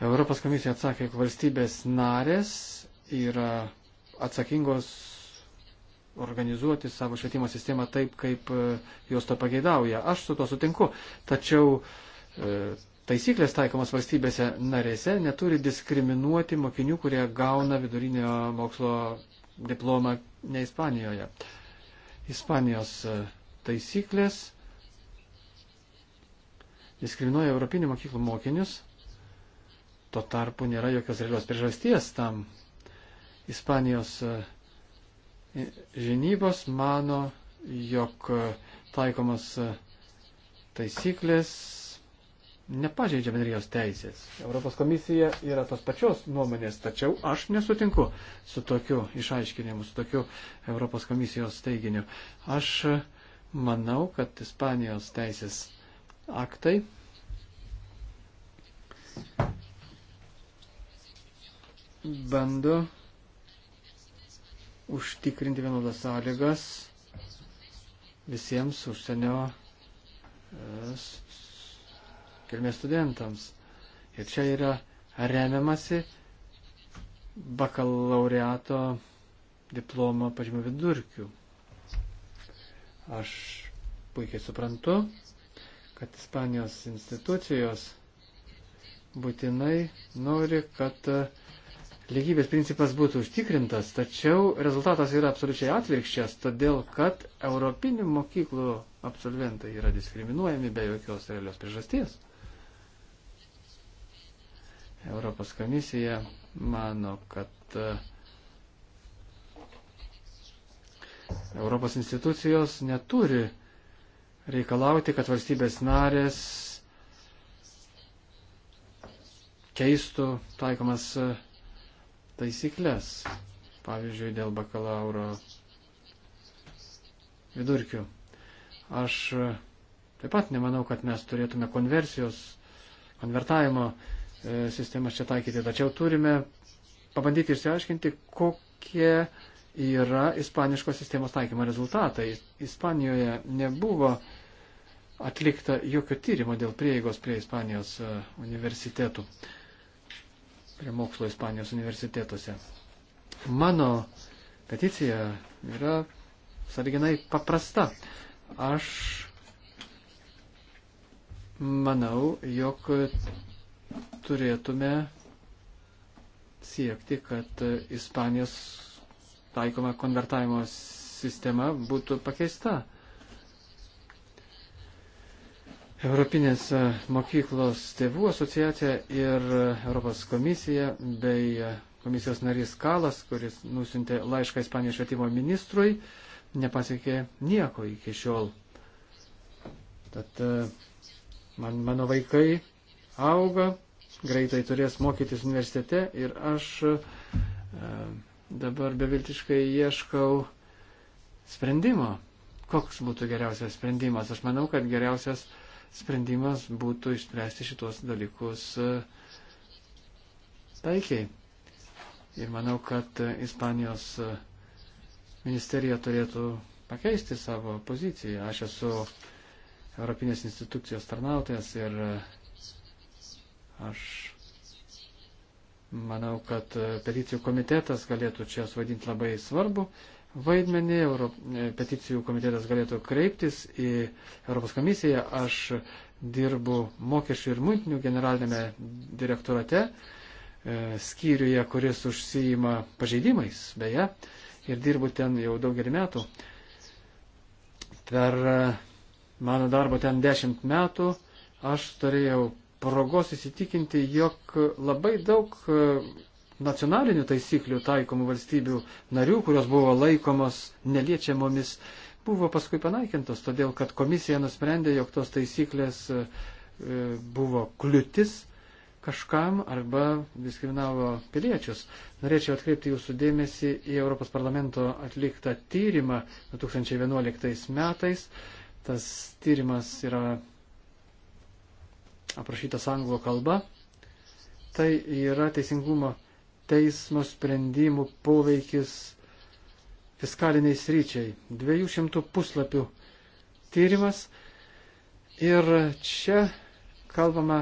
Europos komisija atsakė, kad valstybės narės yra atsakingos organizuoti savo švietimo sistemą taip, kaip e, jos to pageidauja. Aš su to sutinku. Tačiau e, taisyklės taikomas valstybėse narėse neturi diskriminuoti mokinių, kurie gauna vidurinio mokslo diplomą ne Ispanijoje. Ispanijos e, taisyklės diskriminuoja Europinių mokyklų mokinius, tuo tarpu nėra jokios realios priežasties tam. Ispanijos uh, žinybos mano, jog taikomas taisyklės nepažeidžia bendrijos teisės. Europos komisija yra tos pačios nuomonės, tačiau aš nesutinku su tokiu išaiškinimu, su tokiu Europos komisijos teiginiu. Aš manau, kad Ispanijos teisės aktai bando užtikrinti vienodas sąlygas visiems užsienio e, kilmės studentams. Ir čia yra remiamasi bakalaureato diplomo pažymų vidurkių. Aš puikiai suprantu, kad Ispanijos institucijos būtinai nori, kad uh, lygybės principas būtų užtikrintas, tačiau rezultatas yra absoliučiai atvirkščias, todėl kad europinių mokyklų absolventai yra diskriminuojami be jokios realios priežasties. Europos komisija mano, kad e, Europos institucijos neturi reikalauti, kad valstybės narės keistų taikomas e, taisyklės, pavyzdžiui, dėl bakalauro vidurkių. Aš taip pat nemanau, kad mes turėtume konversijos, konvertavimo e, sistemas čia taikyti, tačiau turime pabandyti išsiaiškinti, kokie yra ispaniškos sistemos taikymo rezultatai. Ispanijoje nebuvo atlikta jokio tyrimo dėl prieigos prie Ispanijos e, universitetų. E, prie mokslo Ispanijos universitetuose. Mano peticija yra sarginai paprasta. Aš manau, jog turėtume siekti, kad Ispanijos taikoma konvertavimo sistema būtų pakeista. Europinės e, mokyklos tėvų asociacija ir e, Europos komisija bei e, komisijos narys Kalas, kuris nusintė laišką Ispanijos švietimo ministrui, nepasiekė nieko iki šiol. Tad man, mano vaikai auga, greitai turės mokytis universitete ir aš dabar beviltiškai ieškau sprendimo. Koks būtų geriausias sprendimas? Aš manau, kad geriausias sprendimas sprendimas būtų išspręsti šitos dalykus e, taikiai. Ir manau, kad Ispanijos e, ministerija turėtų pakeisti savo poziciją. Aš esu Europinės institucijos tarnautojas ir e, aš manau, kad peticijų komitetas galėtų čia suvaidinti labai svarbu vaidmenį, Euro, e, peticijų komitetas galėtų kreiptis į Europos komisiją. Aš dirbu mokesčių ir muitinių generalinėme direktorate e, skyriuje, kuris užsijima pažeidimais, beje, ir dirbu ten jau daugelį metų. Per e, mano darbo ten dešimt metų aš turėjau progos įsitikinti, jog labai daug nacionalinių taisyklių taikomų valstybių narių, kurios buvo laikomos neliečiamomis, buvo paskui panaikintos, todėl kad komisija nusprendė, jog tos taisyklės e, buvo kliūtis kažkam arba diskriminavo piliečius. Norėčiau atkreipti jūsų dėmesį į Europos parlamento atliktą tyrimą 2011 metais. Tas tyrimas yra aprašytas anglo kalba. Tai yra teisingumo teismo sprendimų poveikis fiskaliniai sryčiai. 200 puslapių tyrimas. Ir čia kalbama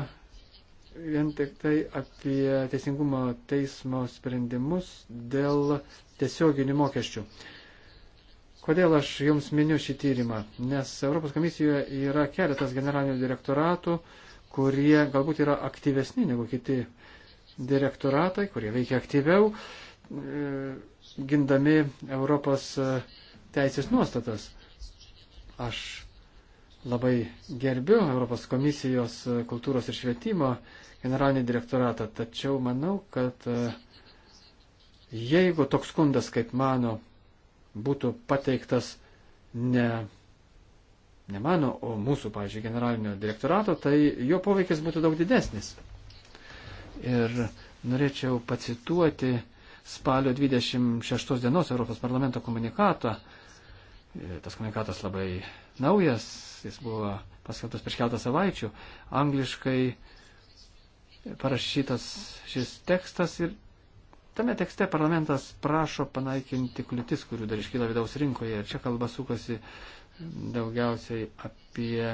vien tik tai apie teisingumo teismo sprendimus dėl tiesioginių mokesčių. Kodėl aš jums miniu šį tyrimą? Nes Europos komisijoje yra keletas generalinių direktoratų, kurie galbūt yra aktyvesni negu kiti direktoratai, kurie veikia aktyviau, e, gindami Europos e, teisės nuostatas. Aš labai gerbiu Europos komisijos e, kultūros ir švietimo generalinį direktoratą, tačiau manau, kad jeigu toks skundas, kaip mano, būtų pateiktas ne, ne mano, o mūsų, pavyzdžiui, generalinio direktorato, tai jo poveikis būtų daug didesnis. Ir norėčiau pacituoti spalio 26 dienos Europos parlamento komunikatą. Tas komunikatas labai naujas, jis buvo paskelbtas prieš keltą savaičių. Angliškai parašytas šis tekstas ir tame tekste parlamentas prašo panaikinti kliūtis, kurių dar iškyla vidaus rinkoje. Ir čia kalba sukasi daugiausiai apie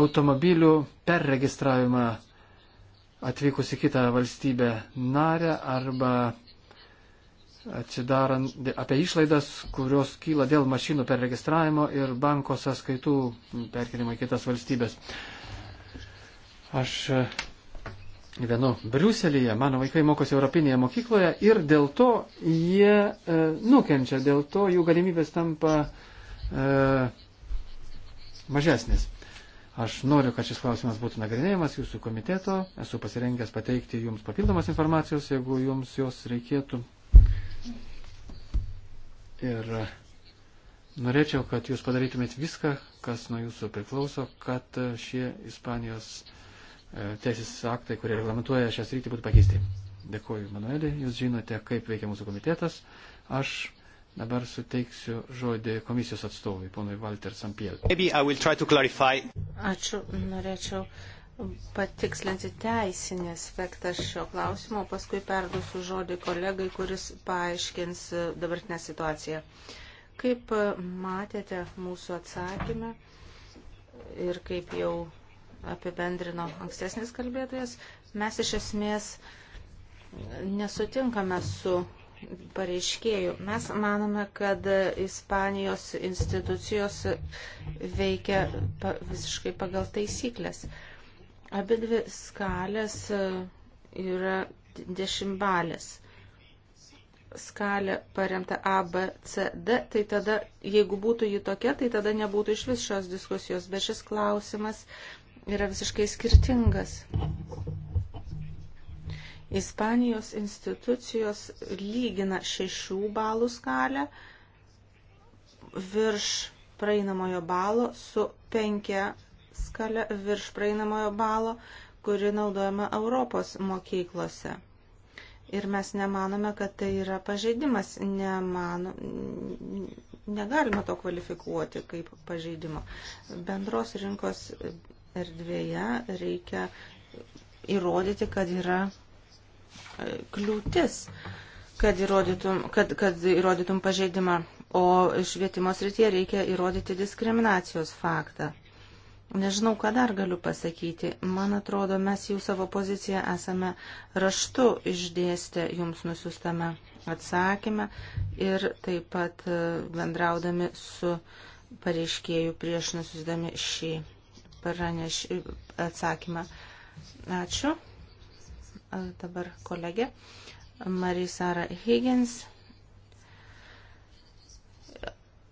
automobilių perregistravimą atvykus į kitą valstybę narę arba atsidarant apie išlaidas, kurios kyla dėl mašinų perregistravimo ir banko sąskaitų perkelimo į kitas valstybės. Aš e, gyvenu Briuselėje, mano vaikai mokosi Europinėje mokykloje ir dėl to jie e, nukenčia, dėl to jų galimybės tampa e, mažesnės. Aš noriu, kad šis klausimas būtų nagrinėjimas jūsų komiteto. Esu pasirengęs pateikti jums papildomas informacijos, jeigu jums jos reikėtų. Ir norėčiau, kad jūs padarytumėt viską, kas nuo jūsų priklauso, kad šie Ispanijos e, teisės aktai, kurie reglamentuoja šią sritį, būtų pakeisti. Dėkuoju, Manuelį. Jūs žinote, kaip veikia mūsų komitetas. Aš Dabar suteiksiu žodį komisijos atstovui, ponui Walter Sampiel. Ačiū, norėčiau patikslinti teisinį aspektą šio klausimo, paskui perduosiu žodį kolegai, kuris paaiškins dabartinę situaciją. Kaip matėte mūsų atsakymę ir kaip jau apibendrino ankstesnis kalbėtojas, mes iš esmės nesutinkame su pareiškėjų. Mes manome, kad Ispanijos institucijos veikia pa, visiškai pagal taisyklės. Abi dvi skalės e, yra dešimbalės. Skalė paremta A, B, C, D, tai tada, jeigu būtų ji tokia, tai tada nebūtų iš vis šios diskusijos, bet šis klausimas yra visiškai skirtingas. Ispanijos institucijos lygina šešių balų skalę virš praeinamojo balo su penkia skale virš praeinamojo balo, kuri naudojama Europos mokyklose. Ir mes nemanome, kad tai yra pažeidimas, Nemano, negalima to kvalifikuoti kaip pažeidimo. Bendros rinkos erdvėje reikia įrodyti, kad yra kliūtis, kad įrodytum, kad, kad įrodytum pažeidimą, o švietimo srityje reikia įrodyti diskriminacijos faktą. Nežinau, ką dar galiu pasakyti. Man atrodo, mes jau savo poziciją esame raštu išdėstę jums nusiustame atsakymę ir taip pat e, bendraudami su pareiškėjų prieš nusiusdami šį praneš, atsakymą. Ačiū dabar kolegė Marisara Higgins,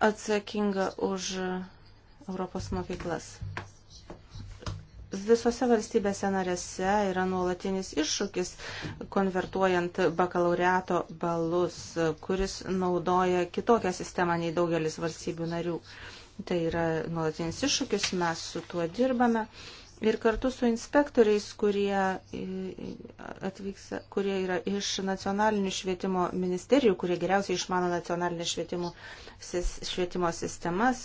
atsakinga už Europos mokyklas. Visose valstybėse narėse yra nuolatinis iššūkis konvertuojant bakalaureato balus, kuris naudoja kitokią sistemą nei daugelis valstybių narių. Tai yra nuolatinis iššūkis, mes su tuo dirbame. Uh, Ir kartu su inspektoriais, kurie, atvyks, kurie yra iš nacionalinių švietimo ministerijų, kurie geriausiai išmano nacionalinę švietimo, švietimo sistemas,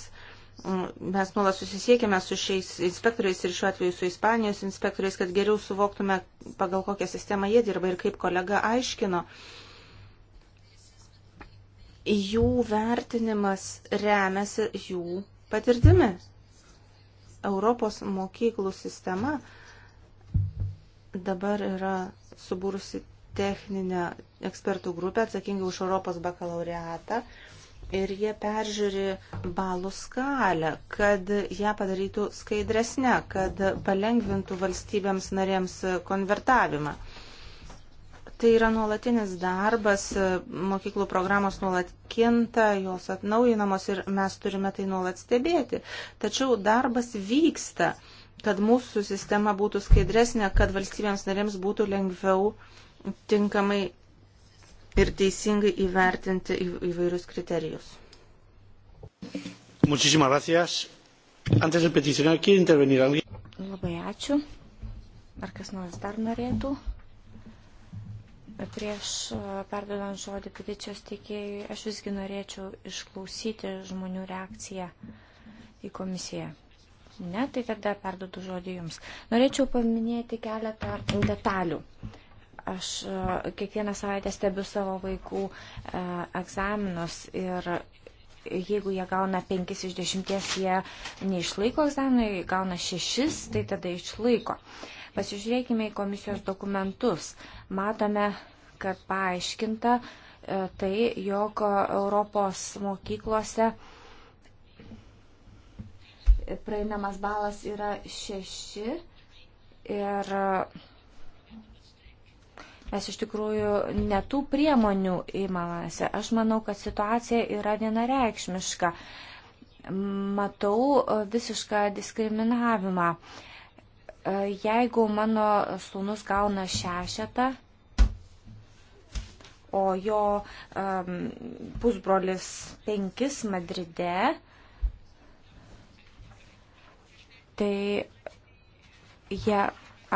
mm, mes nuolat susisiekime su šiais inspektoriais ir šiuo atveju su Ispanijos inspektoriais, kad geriau suvoktume, pagal kokią sistemą jie dirba ir kaip kolega aiškino jų vertinimas remiasi jų patirtimi. Europos mokyklų sistema dabar yra subūrusi techninę ekspertų grupę atsakingą už Europos bakalaureatą ir jie peržiūri balų skalę, kad ją padarytų skaidresnę, kad palengvintų valstybėms narėms konvertavimą. Tai yra nuolatinis darbas, e, mokyklų programos nuolat kinta, jos atnaujinamos ir mes turime tai nuolat stebėti. Tačiau darbas vyksta, kad mūsų sistema būtų skaidresnė, kad valstybėms narėms būtų lengviau tinkamai ir teisingai įvertinti įvairius kriterijus. Muchísimas gracias. Antes del peticionario, ¿quiere intervenir alguien? Labai ačiū. Ar kas nors dar norėtų? Prieš perdodant žodį peticijos teikėjui, aš visgi norėčiau išklausyti žmonių reakciją į komisiją. Ne, tai tada perdodu žodį jums. Norėčiau paminėti keletą detalių. Aš kiekvieną savaitę stebiu savo vaikų egzaminus ir jeigu jie gauna 5 iš 10, jie neišlaiko egzaminui, gauna 6, tai tada išlaiko. Uh, Pasižiūrėkime į komisijos dokumentus. Matome, kad paaiškinta e, tai, jog Europos mokyklose praeinamas balas yra šeši ir mes iš tikrųjų netų priemonių įmamasi. Aš manau, kad situacija yra vienareikšmiška. Matau visišką diskriminavimą. Uh, E, jeigu mano sūnus gauna šešetą, o jo um, pusbrolis penkis Madride, tai jie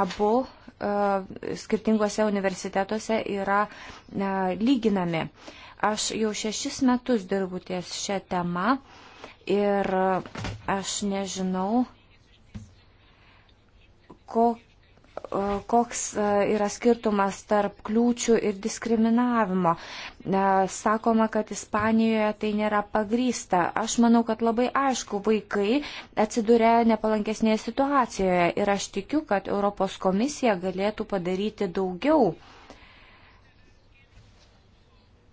abu uh, skirtinguose universitetuose yra uh, lyginami. Aš jau šešis metus dirbu ties šią temą ir aš nežinau, uh, ko, koks e, yra skirtumas tarp kliūčių ir diskriminavimo. E, sakoma, kad Ispanijoje tai nėra pagrysta. Aš manau, kad labai aišku, vaikai atsiduria nepalankesnėje situacijoje ir aš tikiu, kad Europos komisija galėtų padaryti daugiau.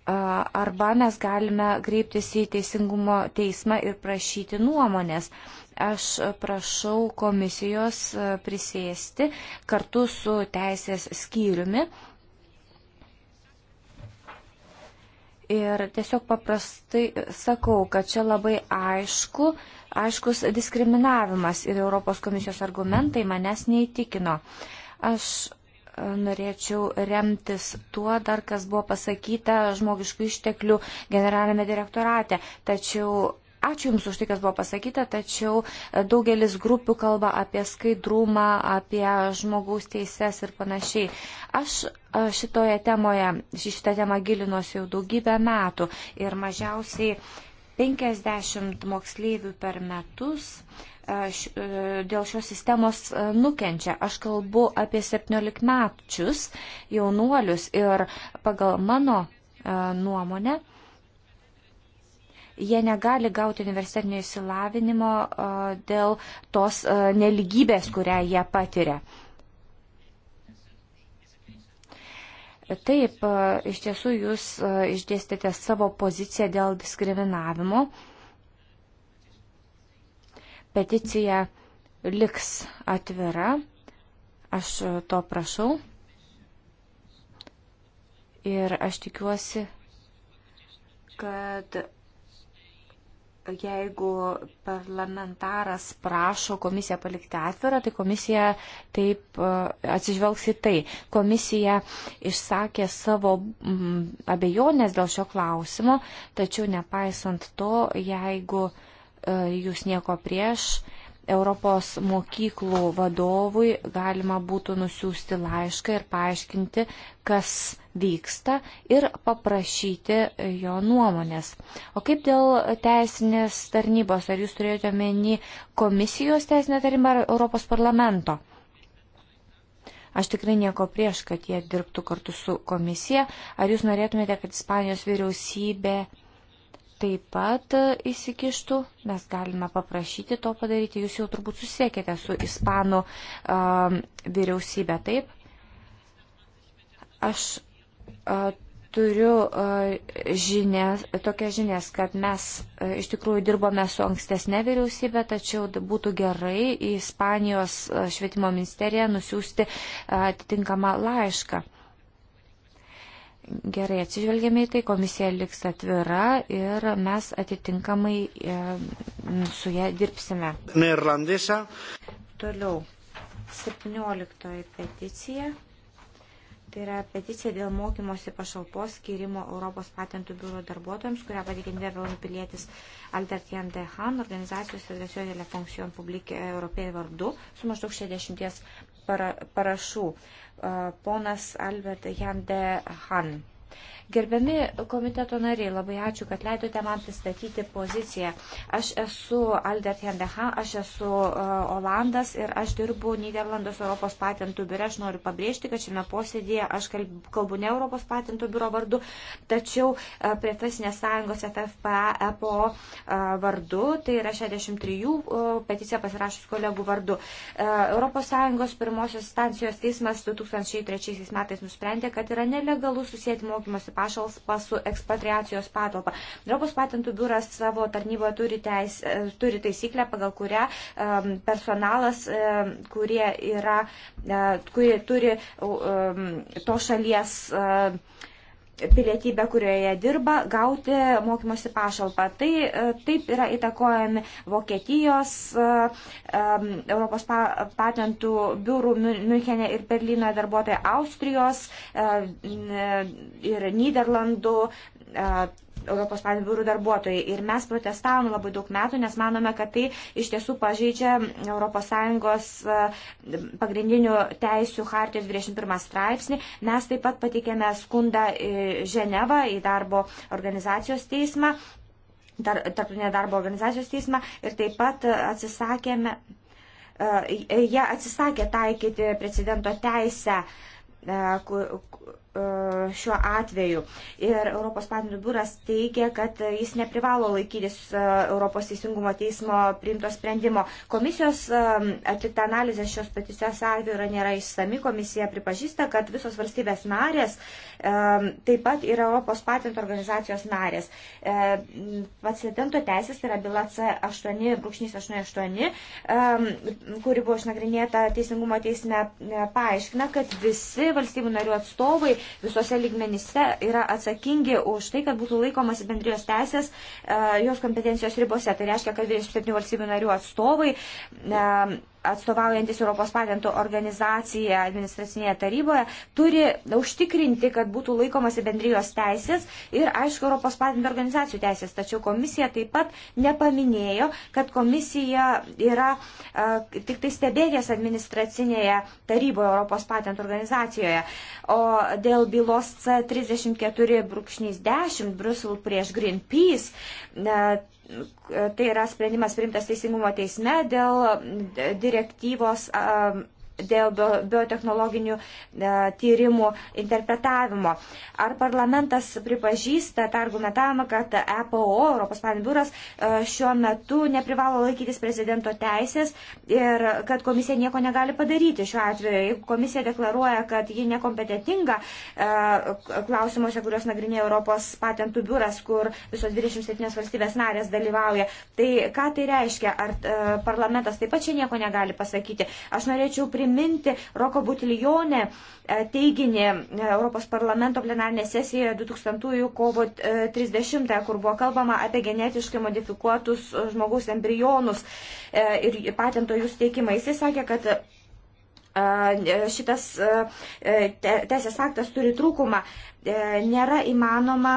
E, arba mes galime kreiptis į Teisingumo teismą ir prašyti nuomonės. Aš prašau komisijos e, prisėsti kartu su teisės skyriumi. Ir tiesiog paprastai e, sakau, kad čia labai aišku, aiškus diskriminavimas ir Europos komisijos argumentai manęs neįtikino. Aš e, norėčiau remtis tuo dar, kas buvo pasakyta žmogiškų išteklių generalinėme direktorate. Tačiau Ačiū Jums už tai, kas buvo pasakyta, tačiau e, daugelis grupių kalba apie skaidrumą, apie žmogaus teises ir panašiai. Aš e, šitoje temoje, šitą temą gilinuosi jau daugybę metų ir mažiausiai 50 moksleivių per metus e, dėl šios sistemos nukenčia. Aš kalbu apie 17 mečius jaunuolius ir pagal mano nuomonę, Jie negali gauti universitetinio įsilavinimo dėl tos neligybės, kurią jie patiria. Taip, iš tiesų jūs išdėstėte savo poziciją dėl diskriminavimo. Peticija liks atvira. Aš to prašau. Ir aš tikiuosi, kad jeigu parlamentaras prašo komisiją palikti atvirą, tai komisija taip e, atsižvelgs į tai. Komisija išsakė savo mm, abejonės dėl šio klausimo, tačiau nepaisant to, jeigu e, jūs nieko prieš, Europos mokyklų vadovui galima būtų nusiųsti laišką ir paaiškinti, kas vyksta ir paprašyti jo nuomonės. O kaip dėl teisinės tarnybos? Ar jūs turėjote meni komisijos teisinę tarnybą ar Europos parlamento? Aš tikrai nieko prieš, kad jie dirbtų kartu su komisija. Ar jūs norėtumėte, kad Ispanijos vyriausybė taip pat e, įsikištų, mes galime paprašyti to padaryti, jūs jau turbūt susiekėte su Ispanų uh, vyriausybė, taip? Aš uh, turiu uh, žinias, tokias žinias, kad mes uh, iš tikrųjų dirbome su ankstesne vyriausybė, tačiau būtų gerai į Ispanijos uh, švietimo ministeriją nusiųsti uh, atitinkamą laišką. Uh, gerai atsižvelgėme į tai, komisija liks atvira ir mes atitinkamai e, su ją dirbsime. Neerlandesa. Toliau. 17 peticija. Tai yra peticija dėl mokymosi pašalpos skirimo Europos patentų biuro darbuotojams, kurią pateikė Niderlandų pilietis Albert Jan Dehan, organizacijos Federacijos de la Fonction Publique Europėje vardu, su maždaug 60 para, parašų. Ponas Albert Jan de Han. Gerbiami komiteto nariai, labai ačiū, kad leidote man pristatyti poziciją. Aš esu Aldert Hendeha, aš esu uh, Olandas ir aš dirbu Niderlandos Europos patentų biure. Aš noriu pabrėžti, kad šiame posėdėje aš kalbu ne Europos patentų biuro vardu, tačiau uh, profesinės sąjungos FFPA EPO uh, e, vardu, tai yra 63 uh, peticiją pasirašus kolegų vardu. Uh, Europos sąjungos pirmosios stancijos teismas 2003 metais nusprendė, kad yra nelegalų susėtimo mokymosi pašalpą su ekspatriacijos patalpa. Europos patentų biuras savo tarnyboje turi, teis, e, turi taisyklę, pagal kurią personalas, e, kurie yra, e, kurie turi to šalies pilietybę, kurioje dirba, gauti mokymosi pašalpą. Tai e, taip yra įtakojami Vokietijos, e, e, Europos patentų biurų Münchenė ir Berlynoje darbuotojai Austrijos ir Niderlandų Europos patentų biurų darbuotojai. Ir mes protestavome labai daug metų, nes manome, kad tai iš tiesų pažeidžia ES e, pagrindinių teisių hartijos 21 straipsnį. Mes taip pat patikėme skundą į Ženevą, į darbo organizacijos teismą, dar, tarptautinę darbo organizacijos teismą ir taip pat atsisakėme. E, jie atsisakė taikyti precedento teisę e, E, šiuo atveju. Ir Europos patentų biuras teigia, kad jis neprivalo laikytis e, Europos teisingumo teismo priimto sprendimo. Komisijos e, atlikta analizė šios peticijos atveju yra nėra išsami. Komisija pripažįsta, kad visos valstybės narės taip pat yra Europos patentų organizacijos narės. Paciento teisės yra byla C8.88, kuri buvo išnagrinėta teisingumo teisme, paaiškina, kad visi valstybių narių atstovai visose lygmenyse yra atsakingi už tai, kad būtų laikomasi bendrijos teisės e, jos kompetencijos ribose. Tai reiškia, kad 27 valstybių narių atstovai e, atstovaujantis Europos patentų organizaciją administracinėje taryboje, turi užtikrinti, kad būtų laikomasi bendrijos teisės ir, aišku, Europos patentų organizacijų teisės. Tačiau komisija taip pat nepaminėjo, kad komisija yra a, e, tik tai stebėjas administracinėje taryboje Europos patentų organizacijoje. O dėl bylos C34-10 Brussel prieš Greenpeace. A, e, Tai yra sprendimas primtas Teisingumo teisme dėl direktyvos dėl biotechnologinių e, tyrimų interpretavimo. Ar parlamentas pripažįsta tą argumentavimą, kad EPO, Europos patent biuras, e, šiuo metu neprivalo laikytis prezidento teisės ir kad komisija nieko negali padaryti šiuo atveju. Jeigu komisija deklaruoja, kad ji nekompetentinga e, klausimuose, kuriuos nagrinėja Europos patentų biuras, kur visos 27 valstybės narės dalyvauja, tai ką tai reiškia? Ar parlamentas taip pat čia nieko negali pasakyti? Aš norėčiau priminti priminti Roko Butilijonę e, teiginį e, Europos parlamento plenarinė sesija 2000 kovo 30, e, kur buvo kalbama apie genetiškai modifikuotus žmogaus embrionus ir patento jų steikimą. Jis sakė, kad šitas teisės aktas turi trūkumą. Nėra įmanoma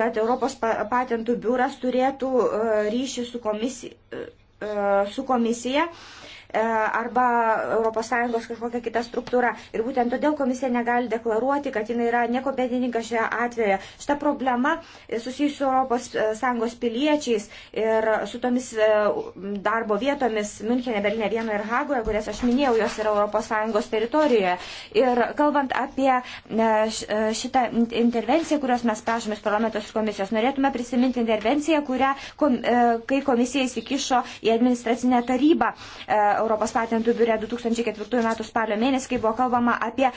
kad Europos patentų biuras turėtų ryšį su komisija su komisija E, arba ES kažkokia kita struktūra. Ir būtent todėl komisija negali deklaruoti, kad jinai yra nekompetininga šioje atveju. Šita problema susijusi su ES piliečiais ir su tomis e, darbo vietomis Münchenė, Berlinė, Vieno ir Hagoje, kurias aš minėjau, jos yra ES teritorijoje. Ir kalbant apie e, šitą intervenciją, kurios mes prašome iš parlamentos komisijos, norėtume prisiminti intervenciją, kurią, kai komisija įsikišo į administracinę tarybą Europos patentų biure 2004 m. spalio mėnesį, kai buvo kalbama apie e,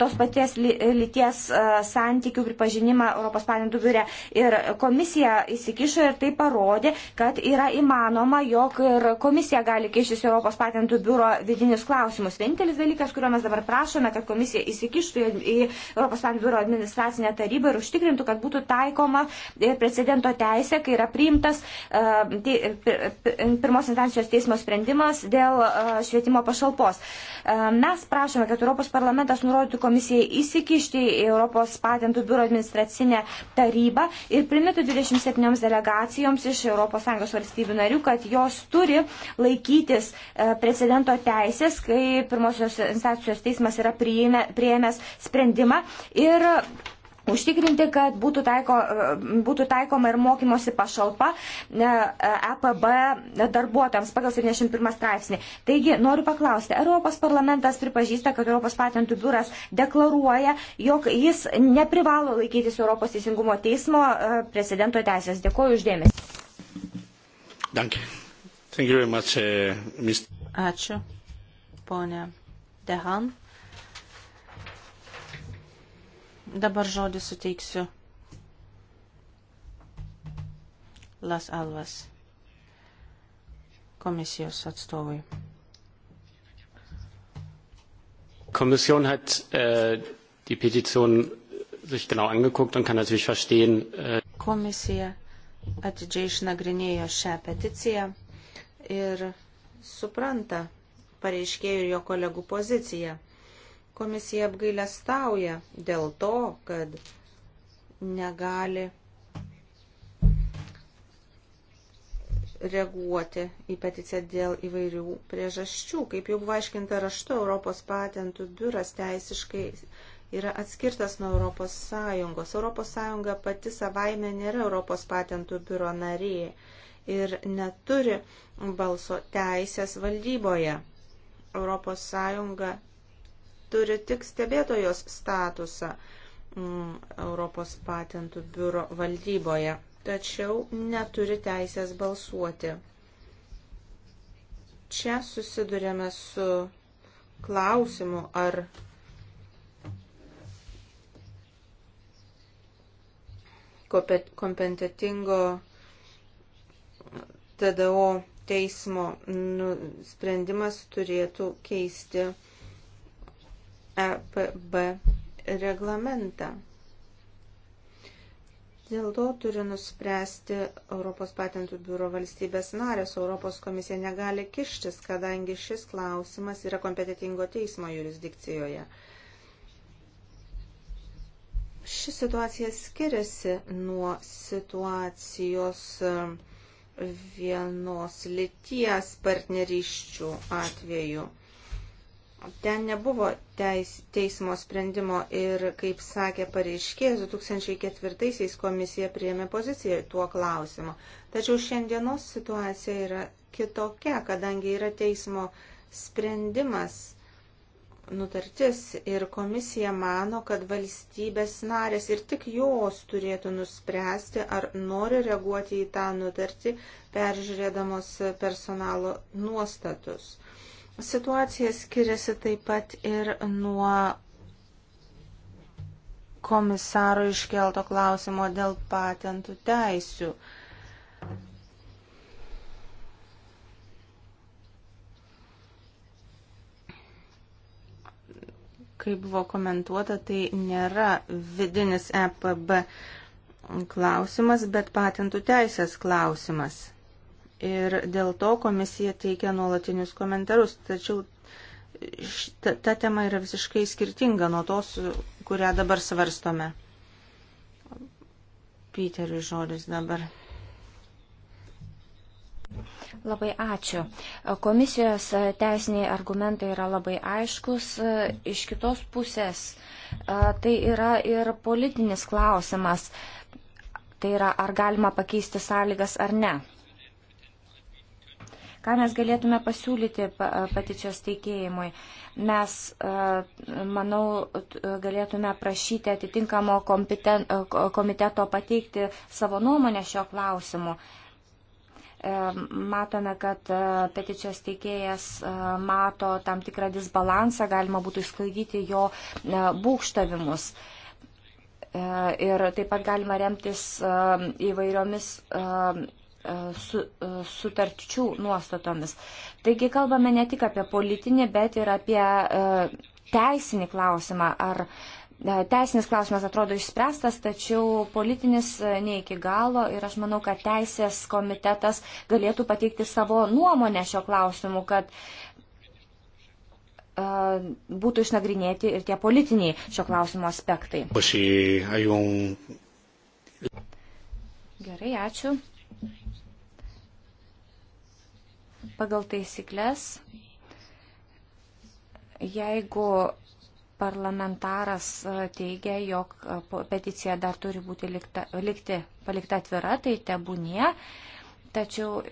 tos paties lyties e, santykių pripažinimą Europos patentų biure. Ir komisija įsikišo ir tai parodė, kad yra įmanoma, jog ir komisija gali kištis Europos patentų biuro vidinius klausimus. Vienintelis dalykas, kurio mes dabar prašome, kad komisija įsikištų į Europos patentų biuro administracinę tarybą ir užtikrintų, kad būtų taikoma e, precedento teisė, kai yra priimtas pirmos instancijos teismo sprendimas dėl savo švietimo pašalpos. Mes prašome, kad Europos parlamentas nurodytų komisijai įsikišti į Europos patentų biuro administracinę tarybą ir primintų 27 delegacijoms iš ES valstybių narių, kad jos turi laikytis precedento teisės, kai pirmosios instancijos teismas yra prieėmęs sprendimą ir užtikrinti, kad būtų, taiko, būtų taikoma ir mokymosi pašalpa EPB e darbuotojams pagal 71 straipsnį. Taigi, noriu paklausti, ar Europos parlamentas pripažįsta, kad Europos patentų biuras deklaruoja, jog jis neprivalo laikytis Europos teisingumo teismo e, prezidento teisės. Dėkuoju uždėmesi. E, Ačiū, ponė Dehan. Dabar žodį suteiksiu Las Alvas komisijos atstovui. Kommission hat äh, die Petition sich genau angeguckt und kann natürlich verstehen. Äh Komisija atidžiai išnagrinėjo šią peticiją ir supranta pareiškėjų ir jo kolegų poziciją. Komisija apgailę stauja dėl to, kad negali reaguoti į peticiją dėl įvairių priežasčių. Kaip jau buvo aiškinta raštu, Europos patentų biuras teisiškai yra atskirtas nuo Europos Sąjungos. Europos Sąjunga pati savaime nėra Europos patentų biuro narė ir neturi balso teisės valdyboje. Europos Sąjunga turi tik stebėtojos statusą mm, Europos patentų biuro valdyboje, tačiau neturi teisės balsuoti. Čia susidurėme su klausimu, ar kompetitingo TDO teismo nu, sprendimas turėtų keisti EPB reglamentą. Dėl to turi nuspręsti Europos patentų biuro valstybės narės. Europos komisija negali kištis, kadangi šis klausimas yra kompetitingo teismo jurisdikcijoje. Ši situacija skiriasi nuo situacijos e, vienos lities partneriščių atveju. Ten nebuvo teis, teismo sprendimo ir, kaip sakė pareiškėjas, 2004-aisiais komisija priėmė poziciją tuo klausimu. Tačiau šiandienos situacija yra kitokia, kadangi yra teismo sprendimas, nutartis ir komisija mano, kad valstybės narės ir tik jos turėtų nuspręsti, ar nori reaguoti į tą nutartį, peržiūrėdamos personalo nuostatus. Situacija skiriasi taip pat ir nuo komisaro iškelto klausimo dėl patentų teisių. Kaip buvo komentuota, tai nėra vidinis EPB klausimas, bet patentų teisės klausimas ir dėl to komisija teikia nuolatinius komentarus. Tačiau ta, ta tema yra visiškai skirtinga nuo tos, kurią dabar svarstome. Piteriui žodis dabar. Labai ačiū. Komisijos teisiniai argumentai yra labai aiškus. E, iš kitos pusės e, tai yra ir politinis klausimas. Tai yra, ar galima pakeisti sąlygas ar ne. Ką mes galėtume pasiūlyti patyčios teikėjimui? Mes, manau, galėtume prašyti atitinkamo komiteto pateikti savo nuomonę šio klausimu. E, matome, kad peticijos teikėjas mato tam tikrą disbalansą, galima būtų išsklaidyti jo būkštavimus. E, ir taip pat galima remtis įvairiomis E, su, e, sutarčių nuostatomis. Taigi kalbame ne tik apie politinį, bet ir apie e, teisinį klausimą. Ar teisinis klausimas atrodo išspręstas, tačiau politinis ne iki galo ir aš manau, kad teisės komitetas galėtų pateikti savo nuomonę šio klausimu, kad būtų išnagrinėti ir tie politiniai šio klausimo aspektai. Gerai, ačiū. Pagal taisyklės, jeigu parlamentaras e, teigia, jog e, peticija dar turi būti likta, likti, palikta atvira, tai tebūnie. Tačiau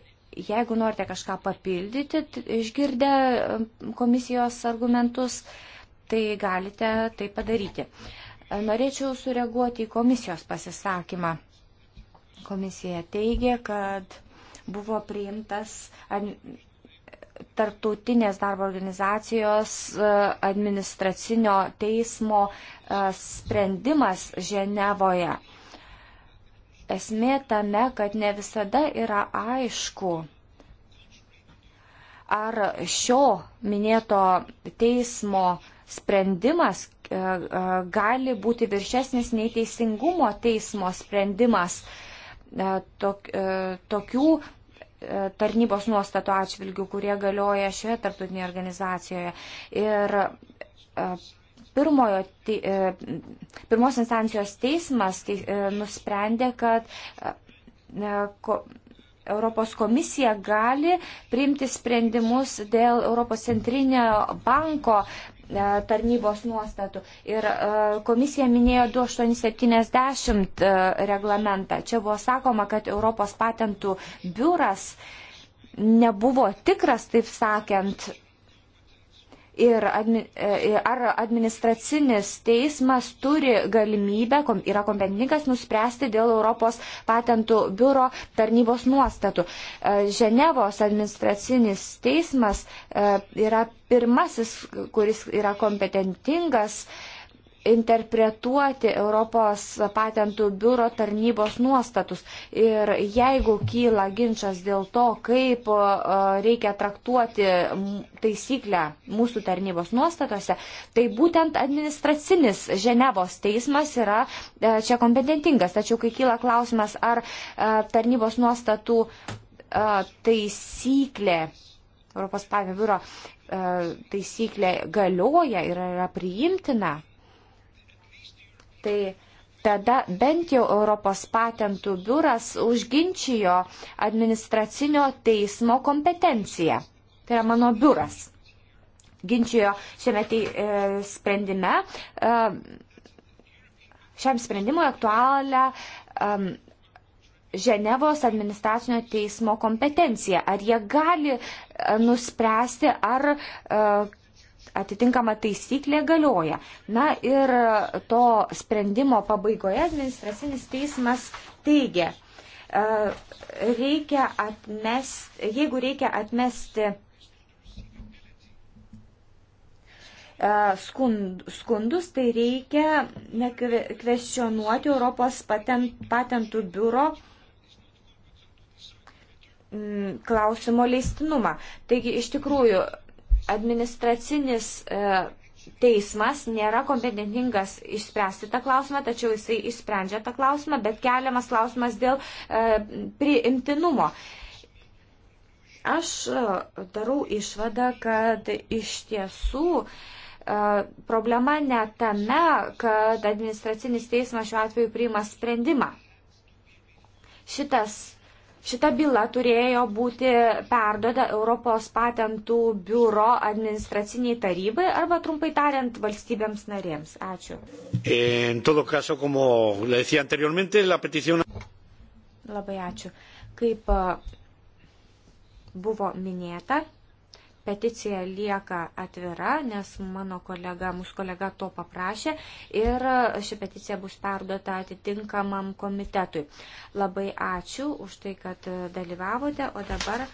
jeigu norite kažką papildyti, išgirdę e, komisijos argumentus, tai galite tai padaryti. Norėčiau sureaguoti į komisijos pasisakymą. Komisija teigia, kad buvo priimtas tarptautinės darbo organizacijos e, administracinio teismo e, sprendimas Ženevoje. Esmė tame, kad ne visada yra aišku, ar šio minėto teismo sprendimas e, gali būti viršesnis nei teisingumo teismo sprendimas. Tok, tokių tarnybos nuostatų atžvilgių, kurie galioja šioje tarptautinėje organizacijoje. Ir e, pirmojo, e, pirmos instancijos teismas e, nusprendė, kad Europos komisija gali priimti sprendimus dėl Europos centrinio banko E, tarnybos nuostatų. Ir e, komisija minėjo 2870 e, reglamentą. Čia buvo sakoma, kad Europos patentų biuras nebuvo tikras, taip sakant, Ir e, ar administracinis teismas turi galimybę, yra kompetentingas nuspręsti dėl Europos patentų biuro tarnybos nuostatų. E, Ženevos administracinis teismas e, yra pirmasis, kuris yra kompetentingas interpretuoti Europos patentų biuro tarnybos nuostatus. Ir jeigu kyla ginčas dėl to, kaip e, reikia traktuoti taisyklę mūsų tarnybos nuostatose, tai būtent administracinis Ženevos teismas yra e, čia kompetentingas. Tačiau, kai kyla klausimas, ar e, tarnybos nuostatų taisyklė Europos patentų biuro taisyklė galioja ir yra priimtina, tai tada bent jau Europos patentų biuras užginčijo administracinio teismo kompetenciją. Tai yra mano biuras. Ginčijo šiame tei, e, sprendime, e, šiam sprendimui aktualią e, Ženevos administracinio teismo kompetenciją. Ar jie gali e, nuspręsti, ar e, atitinkama taisyklė galioja. Na ir to sprendimo pabaigoje administracinis teismas teigia, e, reikia atmesti, jeigu reikia atmesti e, skundus, tai reikia nekvestionuoti Europos patentų biuro klausimo leistinumą. Taigi, iš tikrųjų, administracinis e, teismas nėra kompetentingas išspręsti tą klausimą, tačiau jisai išsprendžia tą klausimą, bet keliamas klausimas dėl e, priimtinumo. Aš e, darau išvadą, kad iš tiesų problema ne tame, kad administracinis teismas šiuo atveju priima sprendimą. Šitas Šita byla turėjo būti perdoda Europos patentų biuro administraciniai tarybai arba trumpai tariant valstybėms narėms. Ačiū. E, caso, petición... Labai ačiū. Kaip buvo minėta, peticija lieka atvira, nes mano kolega, mūsų kolega to paprašė ir ši peticija bus perduota atitinkamam komitetui. Labai ačiū už tai, kad dalyvavote, o dabar e,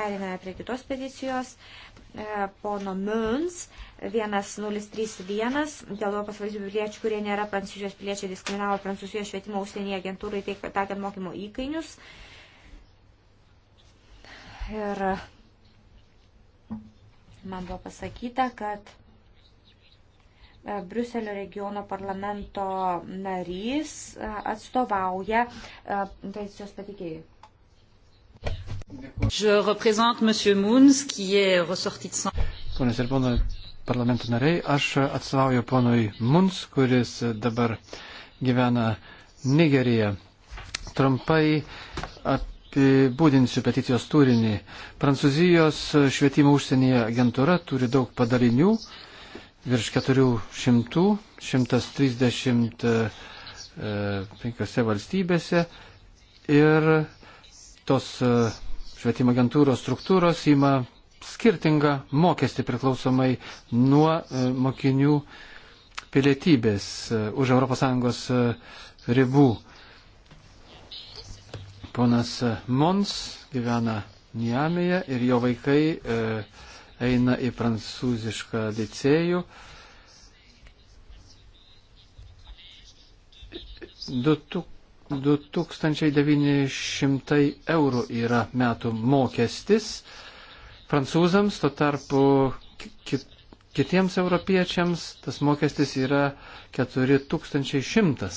perėmėme prie kitos peticijos. E, pono Muns 1031 dėl Europos valstybių piliečių, kurie nėra prancūzijos piliečiai, diskriminavo prancūzijos švietimo užsienyje agentūrai, teikiant mokymo įkainius. Ir man buvo pasakyta, kad e, Briuselio regiono parlamento narys e, atstovauja peticijos patikėjai. Je représente M. Moons, qui est ressorti de San... Ponas ir ponai parlamento nariai, aš atstovauju ponui Muns, kuris dabar gyvena Nigerija. Trumpai ap, apibūdinsiu peticijos turinį. Prancūzijos švietimo užsienyje agentūra turi daug padalinių, virš 400, 135 e, valstybėse ir tos e, švietimo agentūros struktūros ima skirtingą mokestį priklausomai nuo e, mokinių pilietybės už ES ribų. Ponas Mons gyvena Niamėje ir jo vaikai e, eina į prancūzišką licėjų. 2900 eurų yra metų mokestis prancūzams, tuo tarpu kitiems europiečiams tas mokestis yra 4100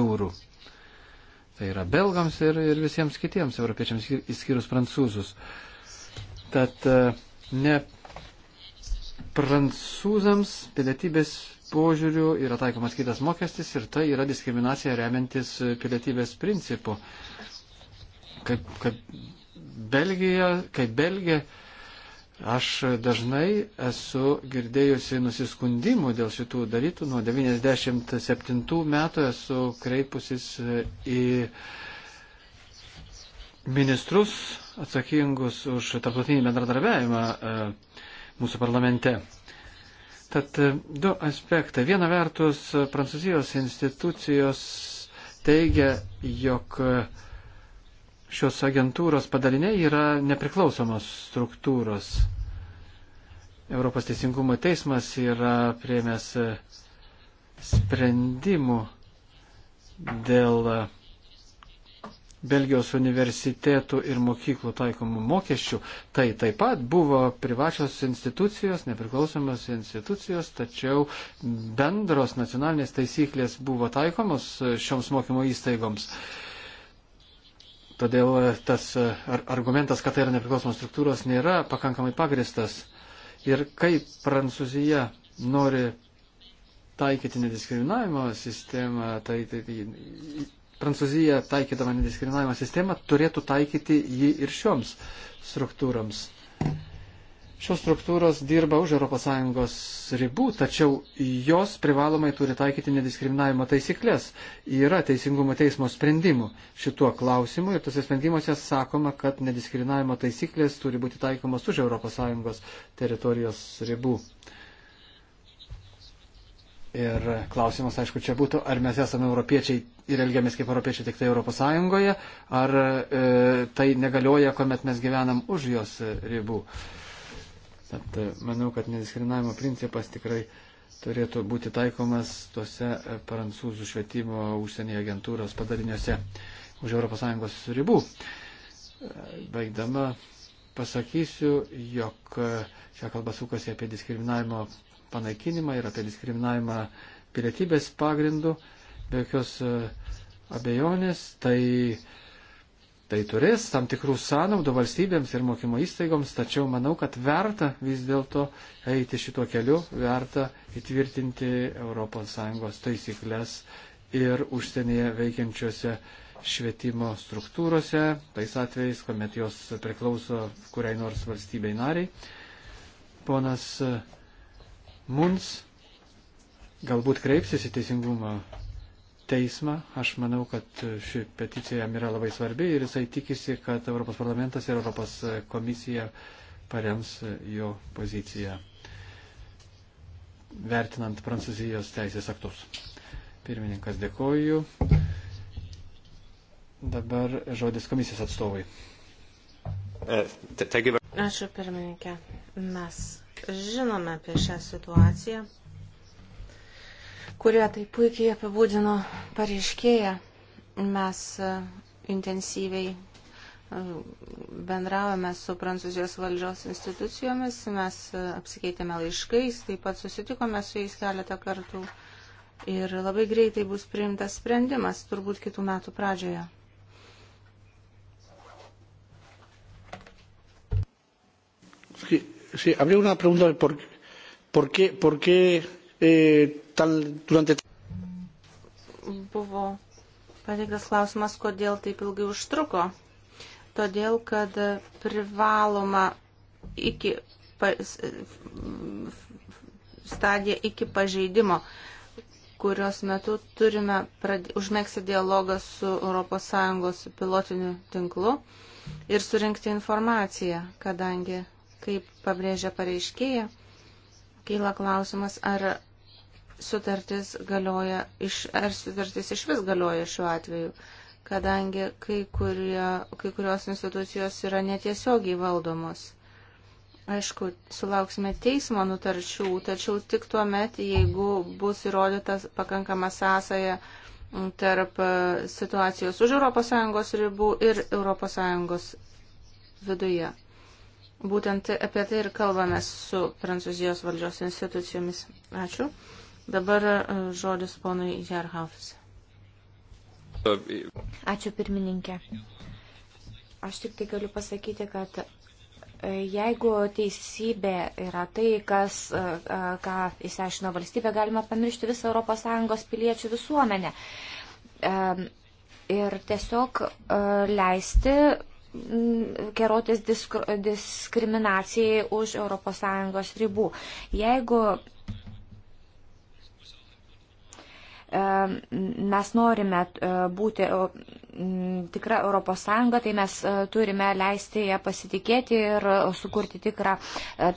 eurų. Tai yra belgams ir, ir visiems kitiems europiečiams, įskyrus prancūzus. Tad e, ne prancūzams pilietybės požiūrių yra taikomas kitas mokestis ir tai yra diskriminacija remiantis pilietybės principu. Kaip, kaip Belgija, kaip Belgija Aš dažnai esu girdėjusi nusiskundimų dėl šitų darytų. Nuo 97 metų esu kreipusis e, į ministrus atsakingus už tarptautinį bendradarbiavimą e, mūsų parlamente. Tad e, du aspektai. Viena vertus, prancūzijos institucijos teigia, jog uh, šios agentūros padaliniai yra nepriklausomos struktūros. Europos teisingumo teismas yra priemęs sprendimų dėl Belgijos universitetų ir mokyklų taikomų mokesčių. Tai taip pat buvo privačios institucijos, nepriklausomos institucijos, tačiau bendros nacionalinės taisyklės buvo taikomos šioms mokymo įstaigoms. Uh, Todėl e, tas e, argumentas, kad tai yra nepriklausomos struktūros, nėra pakankamai pagristas. Ir kai Prancūzija nori taikyti nediskriminavimo sistemą, tai, tai, tai Prancūzija taikydama nediskriminavimo sistemą turėtų taikyti jį ir šioms struktūroms. Šios struktūros dirba už ES ribų, tačiau jos privalomai turi taikyti nediskriminavimo taisyklės. Yra teisingumo teismo sprendimų šituo klausimu ir tose sprendimuose sakoma, kad nediskriminavimo taisyklės turi būti taikomas už ES teritorijos ribų. Ir klausimas, aišku, čia būtų, ar mes esame europiečiai ir elgiamės kaip europiečiai tik tai Europos Sąjungoje, ar e, tai negalioja, kuomet mes gyvenam už jos ribų. E, Tad e, manau, kad nediskriminavimo principas tikrai turėtų būti taikomas tose e, prancūzų švietimo užsienyje agentūros padaliniuose už ES ribų. E, baigdama pasakysiu, jog šią kalbą sukasi apie diskriminavimo panaikinimą ir apie diskriminavimą pilietybės pagrindų. Be jokios abejonės, tai Tai turės tam tikrų sąnaudų valstybėms ir mokymo įstaigoms, tačiau manau, kad verta vis dėlto eiti šituo keliu, verta įtvirtinti ES taisyklės ir užsienyje veikiančiose švietimo struktūrose, tais atvejais, kuomet jos priklauso kuriai nors valstybei nariai. Ponas Muns galbūt kreipsis į Teisingumo teismą. Aš manau, kad ši peticija jam yra labai svarbi ir jisai tikisi, kad Europos parlamentas ir Europos komisija parems jo poziciją vertinant Prancūzijos teisės aktus. Pirmininkas dėkoju. Dabar žodis komisijos atstovai. Ačiū pirmininkė. Mes žinome apie šią situaciją kurie tai puikiai apibūdino pareiškėją. Mes e, intensyviai e, bendravome su prancūzijos valdžios institucijomis, mes e, apsikeitėme laiškais, taip pat susitikome su jais keletą kartų ir labai greitai bus priimtas sprendimas, turbūt kitų metų pradžioje. Sí, habría una pregunta. ¿Por, por qué, por qué eh, tan, durante... Buvo pateiktas klausimas, kodėl taip ilgai užtruko. Todėl, kad privaloma iki pas, stadija iki pažeidimo, kurios metu turime pradė, užmėgsti dialogą su ES pilotiniu tinklu ir surinkti informaciją, kadangi, kaip pabrėžia pareiškėja, kyla klausimas, ar sutartis galioja, iš, ar sutartis iš vis galioja šiuo atveju, kadangi kai, kurie, kai kurios institucijos yra netiesiogiai valdomos. Aišku, sulauksime teismo nutarčių, tačiau tik tuo met, jeigu bus įrodytas pakankama sąsaja tarp situacijos už ES ribų ir ES viduje. Būtent apie tai ir kalbame su Prancūzijos valdžios institucijomis. Ačiū. Dabar e, žodis ponui Jarhafs. Ačiū pirmininkė. Aš tik tai galiu pasakyti, kad e, jeigu teisybė yra tai, kas, e, ką įsiaišino valstybė, galima pamiršti visą ES piliečių visuomenę. Ir tiesiog leisti kerotis diskriminacijai už ES ribų. Jeigu E, mes norime e, būti e, tikra Europos Sąjunga, tai mes turime leisti ją pasitikėti ir sukurti tikrą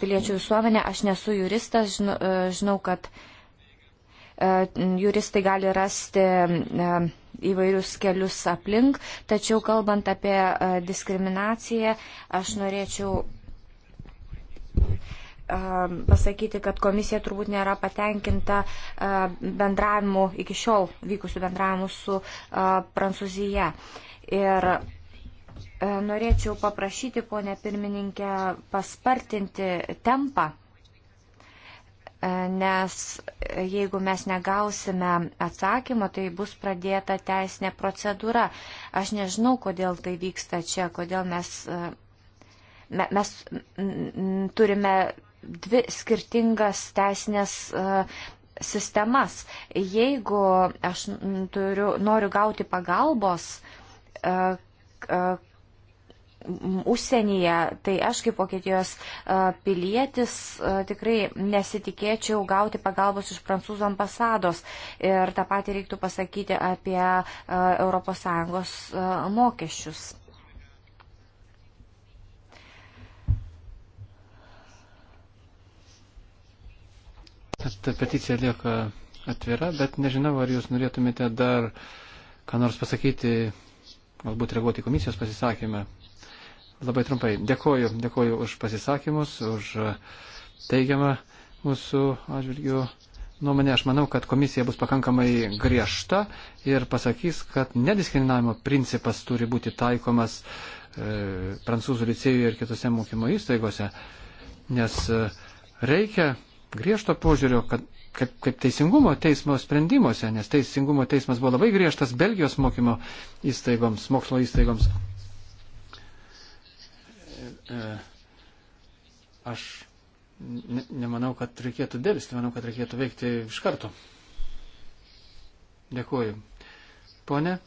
piliečių visuomenę. Aš nesu juristas, žinau, žinau kad juristai gali rasti įvairius kelius aplink, tačiau kalbant apie diskriminaciją, aš norėčiau Um, pasakyti, kad komisija turbūt nėra patenkinta uh, bendravimu, iki šiol vykusiu bendravimu su uh, Prancūzija. Ir uh, norėčiau paprašyti, ponė pirmininkė, paspartinti tempą nes jeigu mes negausime atsakymo, tai bus pradėta teisinė procedūra. Aš nežinau, kodėl tai vyksta čia, kodėl mes, mes turime dvi skirtingas teisinės e, sistemas. Jeigu aš turiu, noriu gauti pagalbos e, užsienyje, tai aš kaip Vokietijos e, pilietis tikrai nesitikėčiau gauti pagalbos iš prancūzų ambasados. Ir tą patį reiktų pasakyti apie ES mokesčius. kad peticija lieka atvira, bet nežinau, ar jūs norėtumėte dar ką nors pasakyti, galbūt reaguoti komisijos pasisakymą. Labai trumpai. Dėkoju, dėkoju už pasisakymus, už teigiamą mūsų atžvilgių nuomonę. Aš manau, kad komisija bus pakankamai griežta ir pasakys, kad nediskriminavimo principas turi būti taikomas e, prancūzų licėjuje ir kitose mokymo įstaigose, nes e, reikia griežto požiūrio, kad kaip, kaip teisingumo teismo sprendimuose, nes teisingumo teismas buvo labai griežtas Belgijos mokymo įstaigoms, mokslo įstaigoms. E, e, aš ne, nemanau, kad reikėtų dėlsti, manau, kad reikėtų veikti iš karto. Dėkuoju. Pone.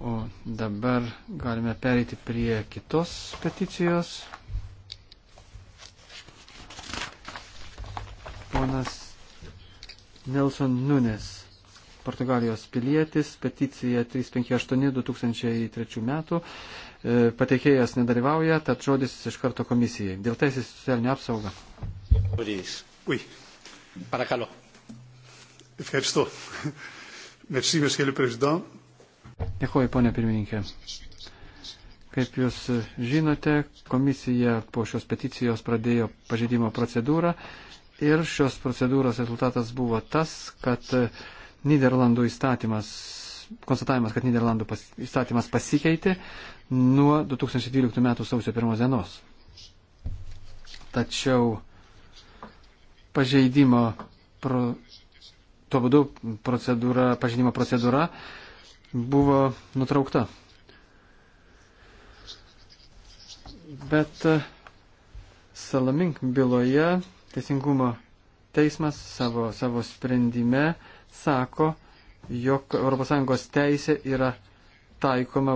O dabar galime pereiti prie kitos peticijos. ponas Nelson Nunes, Portugalijos pilietis, peticija 358-2003 metų, e, pateikėjas nedalyvauja, tad žodis iš karto komisijai. Dėl teisės socialinė apsauga. Ui, parakalo. Ευχαριστώ. Merci, monsieur le président. Dėkuoju, ponė pirmininkė. Kaip jūs žinote, komisija po šios peticijos pradėjo pažeidimo procedūrą Ir šios procedūros rezultatas buvo tas, kad e, Niderlandų įstatymas, konstatavimas, kad Niderlandų pas, įstatymas pasikeitė nuo 2012 m. sausio 1 dienos. Tačiau pažeidimo, pro, tuo būdu procedūra, pažeidimo procedūra buvo nutraukta. Bet e, Salamink byloje Teisingumo teismas savo, savo sprendime sako, jog ES teisė yra taikoma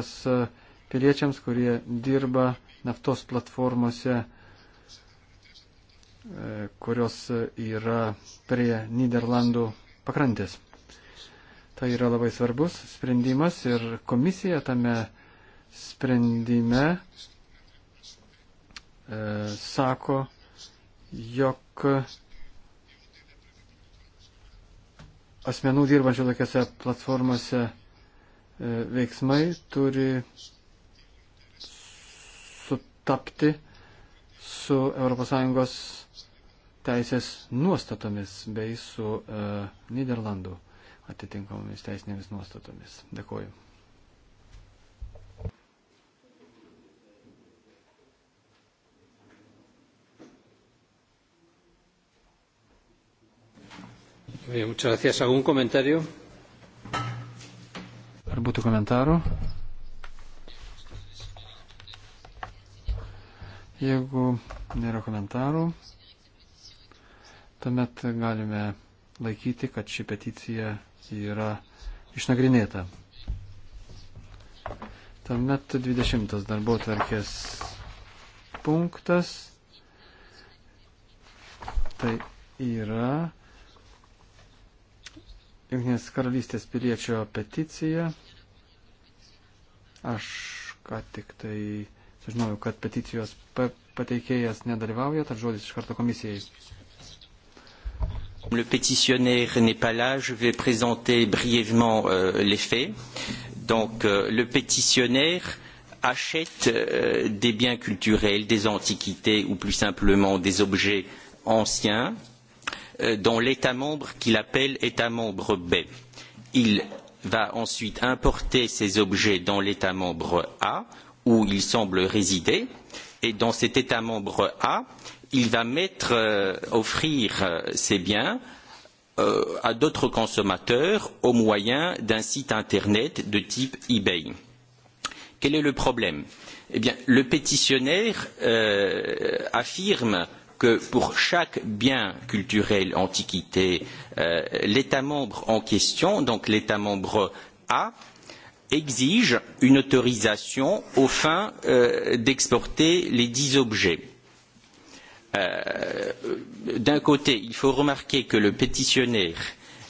ES e, piliečiams, kurie dirba naftos platformose, e, kurios yra prie Niderlandų pakrantės. Tai yra labai svarbus sprendimas ir komisija tame sprendime e, sako, jog asmenų dirbančių tokiose platformose e, veiksmai turi sutapti su ES teisės nuostatomis bei su uh, Niderlandų atitinkamomis teisinėmis nuostatomis. Dėkuoju. Bien, muchas gracias. ¿Algún comentario? Ar būtų komentarų? Jeigu nėra komentarų, tuomet galime laikyti, kad ši peticija yra išnagrinėta. Tuomet 20 darbo tvarkės punktas. Tai yra Junktinės karalystės piliečio peticiją. Aš ką tik tai sužinojau, kad peticijos pateikėjas nedalyvauja, tad žodis iš karto komisijai. Le pétitionnaire n'est pas là, je vais présenter brièvement euh, les faits. Donc euh, le pétitionnaire achète euh, des biens culturels, des antiquités ou plus simplement des objets anciens euh, Euh, dans l'État membre qu'il appelle État membre B. Il va ensuite importer ces objets dans l'État membre A, où il semble résider, et dans cet État membre A, il va mettre, euh, offrir euh, ses biens euh, à d'autres consommateurs au moyen d'un site Internet de type eBay. Quel est le problème Eh bien, le pétitionnaire euh, affirme euh, que pour chaque bien culturel antiquité, euh, l'État membre en question, donc l'État membre A, exige une autorisation aux fins euh, d'exporter les dix objets. Euh, D'un côté, il faut remarquer que le pétitionnaire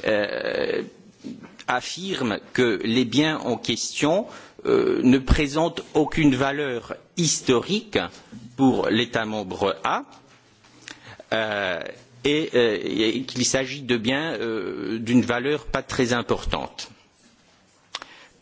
euh, affirme que les biens en question euh, ne présentent aucune valeur historique pour l'État membre A, euh, euh, et, euh, et qu'il s'agit de biens euh, d'une valeur pas très importante.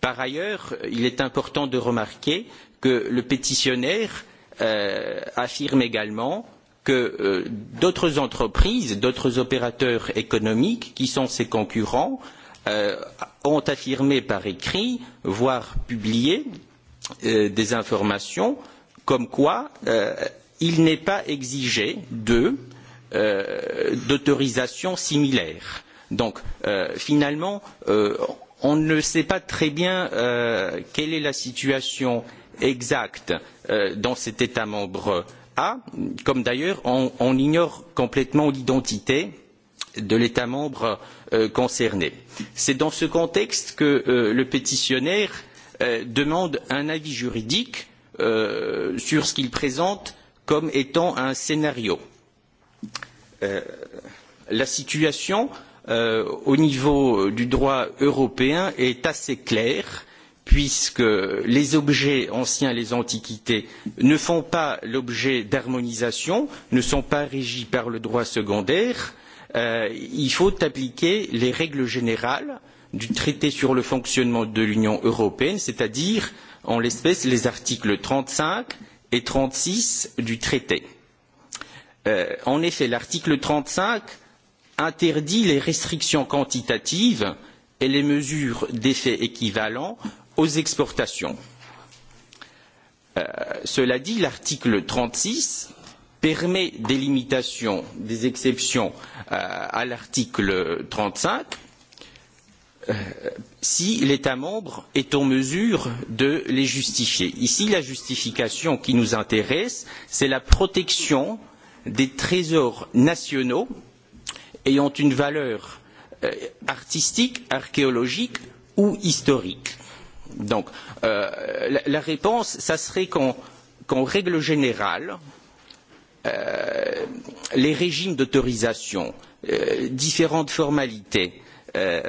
Par ailleurs, il est important de remarquer que le pétitionnaire euh, affirme également que euh, d'autres entreprises, d'autres opérateurs économiques qui sont ses concurrents euh, ont affirmé par écrit, voire publié, euh, des informations comme quoi euh, il n'est pas exigé d'eux euh, euh, d'autorisation similaires. Donc euh, finalement, euh, on ne sait pas très bien euh, quelle est la situation exacte euh, dans cet État membre A, comme d'ailleurs on, on ignore complètement l'identité de l'État membre euh, concerné. C'est dans ce contexte que euh, le pétitionnaire euh, demande un avis juridique euh, sur ce qu'il présente comme étant un scénario. Euh, euh, la situation euh, au niveau du droit européen est assez claire puisque les objets anciens les antiquités ne font pas l'objet d'harmonisation ne sont pas régis par le droit secondaire euh, il faut appliquer les règles générales du traité sur le fonctionnement de l'union européenne c'est à dire en l'espèce les articles trente cinq et trente six du traité Euh, en effet, l'article 35 interdit les restrictions quantitatives et les mesures d'effet équivalent aux exportations. Euh, cela dit, l'article 36 permet des limitations, des exceptions euh, à l'article 35 euh, si l'État membre est en mesure de les justifier. Ici, la justification qui nous intéresse, c'est la protection euh, des trésors nationaux ayant une valeur euh, artistique, archéologique ou historique. Donc euh, la, la réponse, ça serait qu'en qu règle générale, euh, les régimes d'autorisation, euh, différentes formalités euh,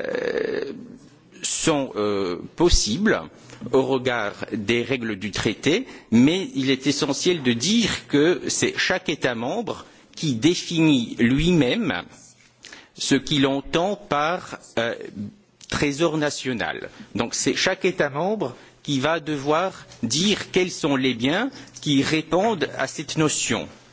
sont euh, possibles euh, au regard des règles du traité, mais il est essentiel de dire que c'est chaque État membre qui définit lui-même ce qu'il entend par euh, trésor national. Donc c'est chaque État membre qui va devoir dire quels sont les biens qui répondent à cette notion. Euh,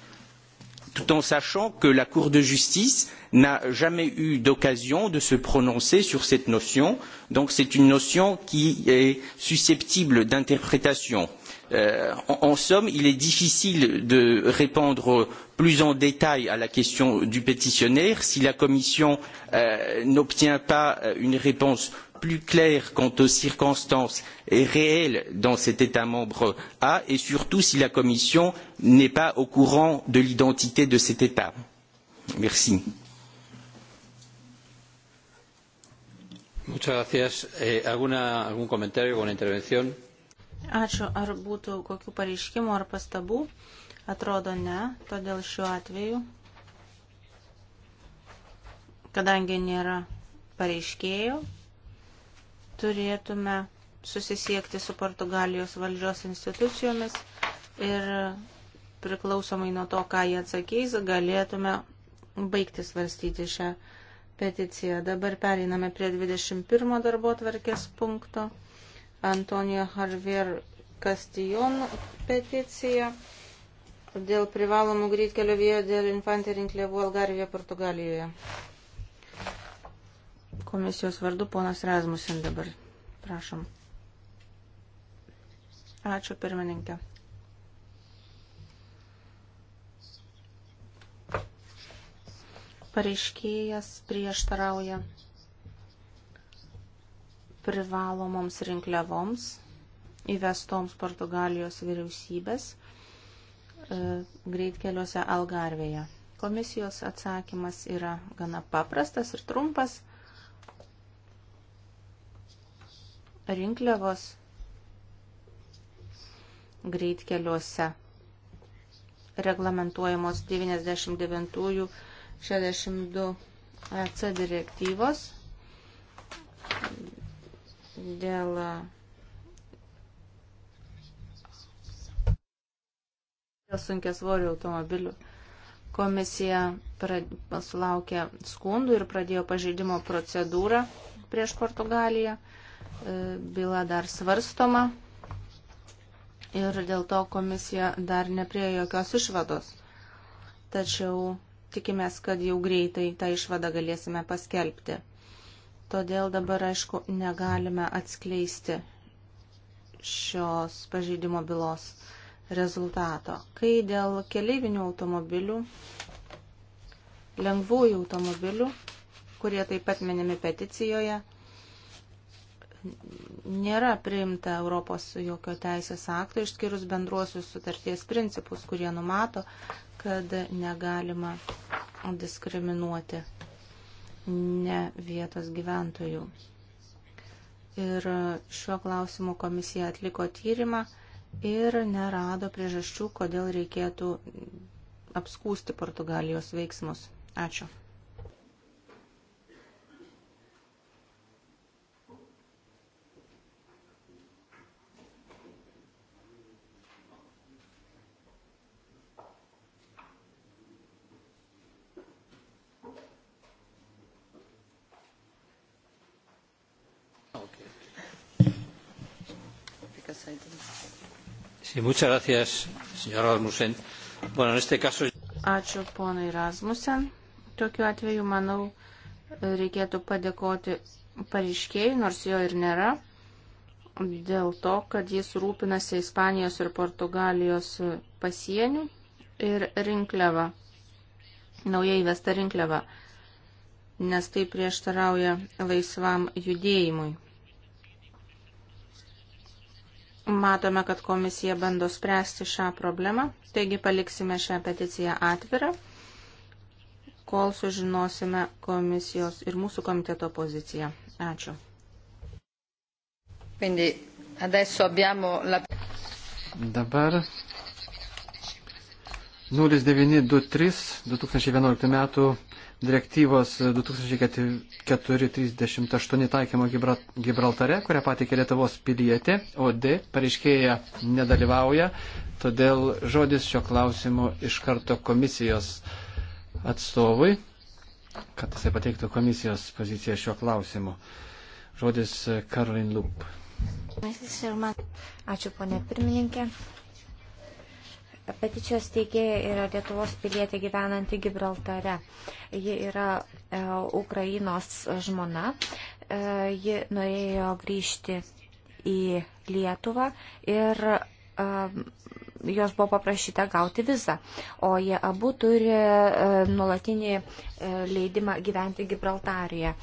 tout en sachant que la Cour de justice n'a jamais eu d'occasion de se prononcer sur cette notion. Donc c'est une notion qui est susceptible d'interprétation. Euh, en, en somme, il est difficile de répondre plus en détail à la question du pétitionnaire si la Commission euh, n'obtient pas euh, une réponse plus clair quant aux circonstances réelles dans cet état membre a et surtout si la commission n'est pas au courant de l'identité de cet état. merci. Muchas gracias. Eh, ¿alguna, ¿Algún comentario con la intervención? Ačiū. Ar būtų kokių pareiškimų ar pastabų? Atrodo ne, todėl šiuo atveju, kadangi nėra pareiškėjų, turėtume susisiekti su Portugalijos valdžios institucijomis ir priklausomai nuo to, ką jie atsakys, galėtume baigti svarstyti šią peticiją. Dabar pereiname prie 21 darbo tvarkės punkto. Antonijo Harvier Kastijon peticija dėl privalomų greitkelio vėjo dėl infanterinkliavų Algarijoje, Portugalijoje. Komisijos vardu ponas Razmusen dabar. Prašom. Ačiū pirmininkė. Pareiškėjas prieštarauja privalomoms rinkliavoms įvestoms Portugalijos vyriausybės e, greitkeliuose Algarvėje. Komisijos atsakymas yra gana paprastas ir trumpas – rinkliavos greitkeliuose reglamentuojamos 99-62 EC direktyvos dėl sunkiasvorių automobilių. Komisija prad... sulaukė skundų ir pradėjo pažeidimo procedūrą prieš Portugaliją byla dar svarstoma ir dėl to komisija dar nepriejo jokios išvados. Tačiau tikimės, kad jau greitai tą išvadą galėsime paskelbti. Todėl dabar, aišku, negalime atskleisti šios pažeidimo bylos rezultato. Kai dėl keleivinių automobilių, lengvųjų automobilių, kurie taip pat minimi peticijoje, nėra priimta Europos jokio teisės akto, išskyrus bendruosius sutarties principus, kurie numato, kad negalima diskriminuoti ne vietos gyventojų. Ir šiuo klausimu komisija atliko tyrimą ir nerado priežasčių, kodėl reikėtų apskūsti Portugalijos veiksmus. Ačiū. Sí, muchas gracias, señor Rasmussen. Bueno, en este caso... Ačiū ponai Rasmussen. Tokiu atveju, manau, reikėtų padėkoti pareiškėjai, nors jo ir nėra, dėl to, kad jis rūpinasi Ispanijos ir Portugalijos pasieniu ir rinkliava, naujai įvesta rinkliava, nes tai prieštarauja laisvam judėjimui. Matome, kad komisija bando spręsti šią problemą, taigi paliksime šią peticiją atvirą, kol sužinosime komisijos ir mūsų komiteto poziciją. Ačiū. Quindi, la... Dabar 0923 2011 metų direktyvos 2438 taikymo Gibraltare, kurią patikė Lietuvos pilietė, o D pareiškėja nedalyvauja, todėl žodis šio klausimo iš karto komisijos atstovui, kad jisai pateiktų komisijos poziciją šio klausimu. Žodis Karolin Lup. Ačiū, ponė pirmininkė. Peticijos teikėja yra Lietuvos pilietė gyvenanti Gibraltare. Ji yra e, Ukrainos žmona. E, ji norėjo grįžti į Lietuvą ir e, jos buvo paprašyta gauti vizą. O jie abu turi e, nuolatinį e, leidimą gyventi Gibraltarėje.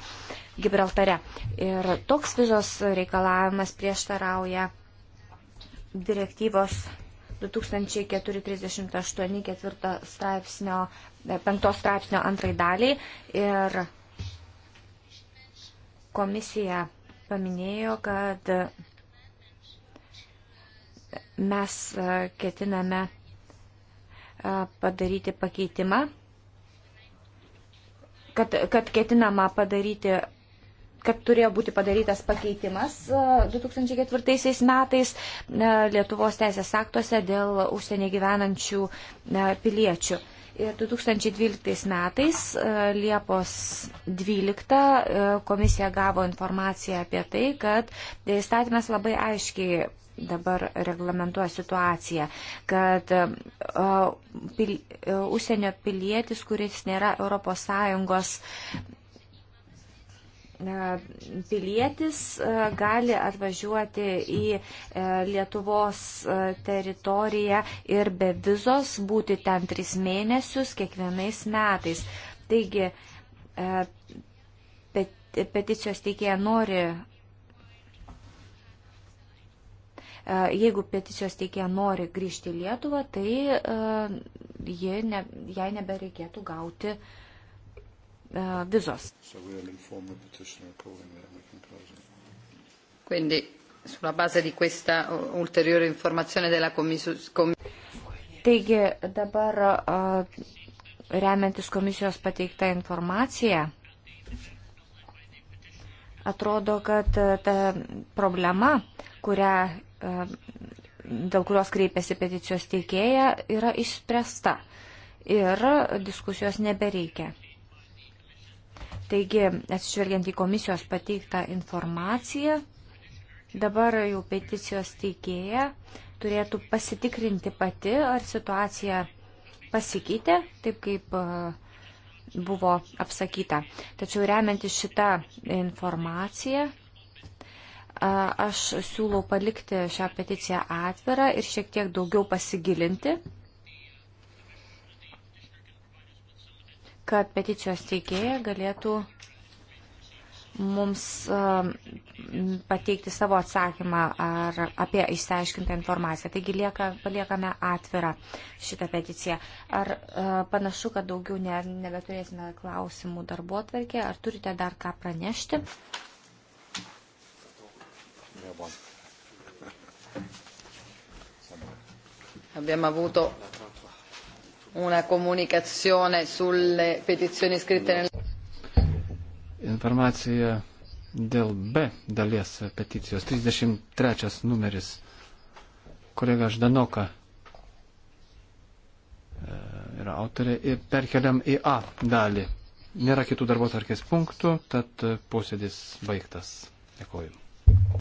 Gibraltare. Ir toks vizos reikalavimas prieštarauja direktyvos 2438 ketvirto straipsnio, e, penkto straipsnio antrai daliai ir komisija paminėjo, kad mes e, ketiname e, padaryti pakeitimą, kad, kad ketinama padaryti kad turėjo būti padarytas pakeitimas 2004 e, metais e, Lietuvos teisės aktuose dėl užsienį gyvenančių e, piliečių. Ir 2012 metais Liepos 12 komisija gavo informaciją apie tai, kad įstatymas labai aiškiai dabar reglamentuoja situaciją, kad pil, užsienio pilietis, kuris nėra ES pilietis e, gali atvažiuoti į e, Lietuvos e, teritoriją ir be vizos būti ten tris mėnesius kiekvienais metais. Taigi peticijos teikėja nori. Jeigu peticijos teikėja nori grįžti į Lietuvą, tai ne, jai nebereikėtų gauti uh, E, vizos. Quindi, sulla base di questa ulteriore informazione della Commissione. Taigi dabar e, remiantis komisijos pateikta informacija, atrodo, kad e, ta problema, kurią, dėl kurios kreipėsi peticijos teikėja, yra išspręsta ir diskusijos nebereikia. Taigi, atsižvelgiant į komisijos pateiktą informaciją, dabar jau peticijos teikėja turėtų pasitikrinti pati, ar situacija pasikeitė, taip kaip e, buvo apsakyta. Tačiau remiantis šitą informaciją, aš siūlau palikti šią peticiją atvirą ir šiek tiek daugiau pasigilinti kad peticijos teikėja galėtų mums pateikti savo atsakymą ar apie išsiaiškintą informaciją. Taigi lieka, paliekame atvirą šitą peticiją. Ar panašu, kad daugiau ne, nebeturėsime klausimų darbo atverkė, ar turite dar ką pranešti? Abbiamo avuto una comunicazione sulle petizioni scritte nel. Informacija dėl B dalies peticijos. 33 numeris. Kolega Ždanoka e, yra autorė ir perkeliam į A dalį. Nėra kitų darbo tarkės punktų, tad posėdis baigtas. Dėkuoju.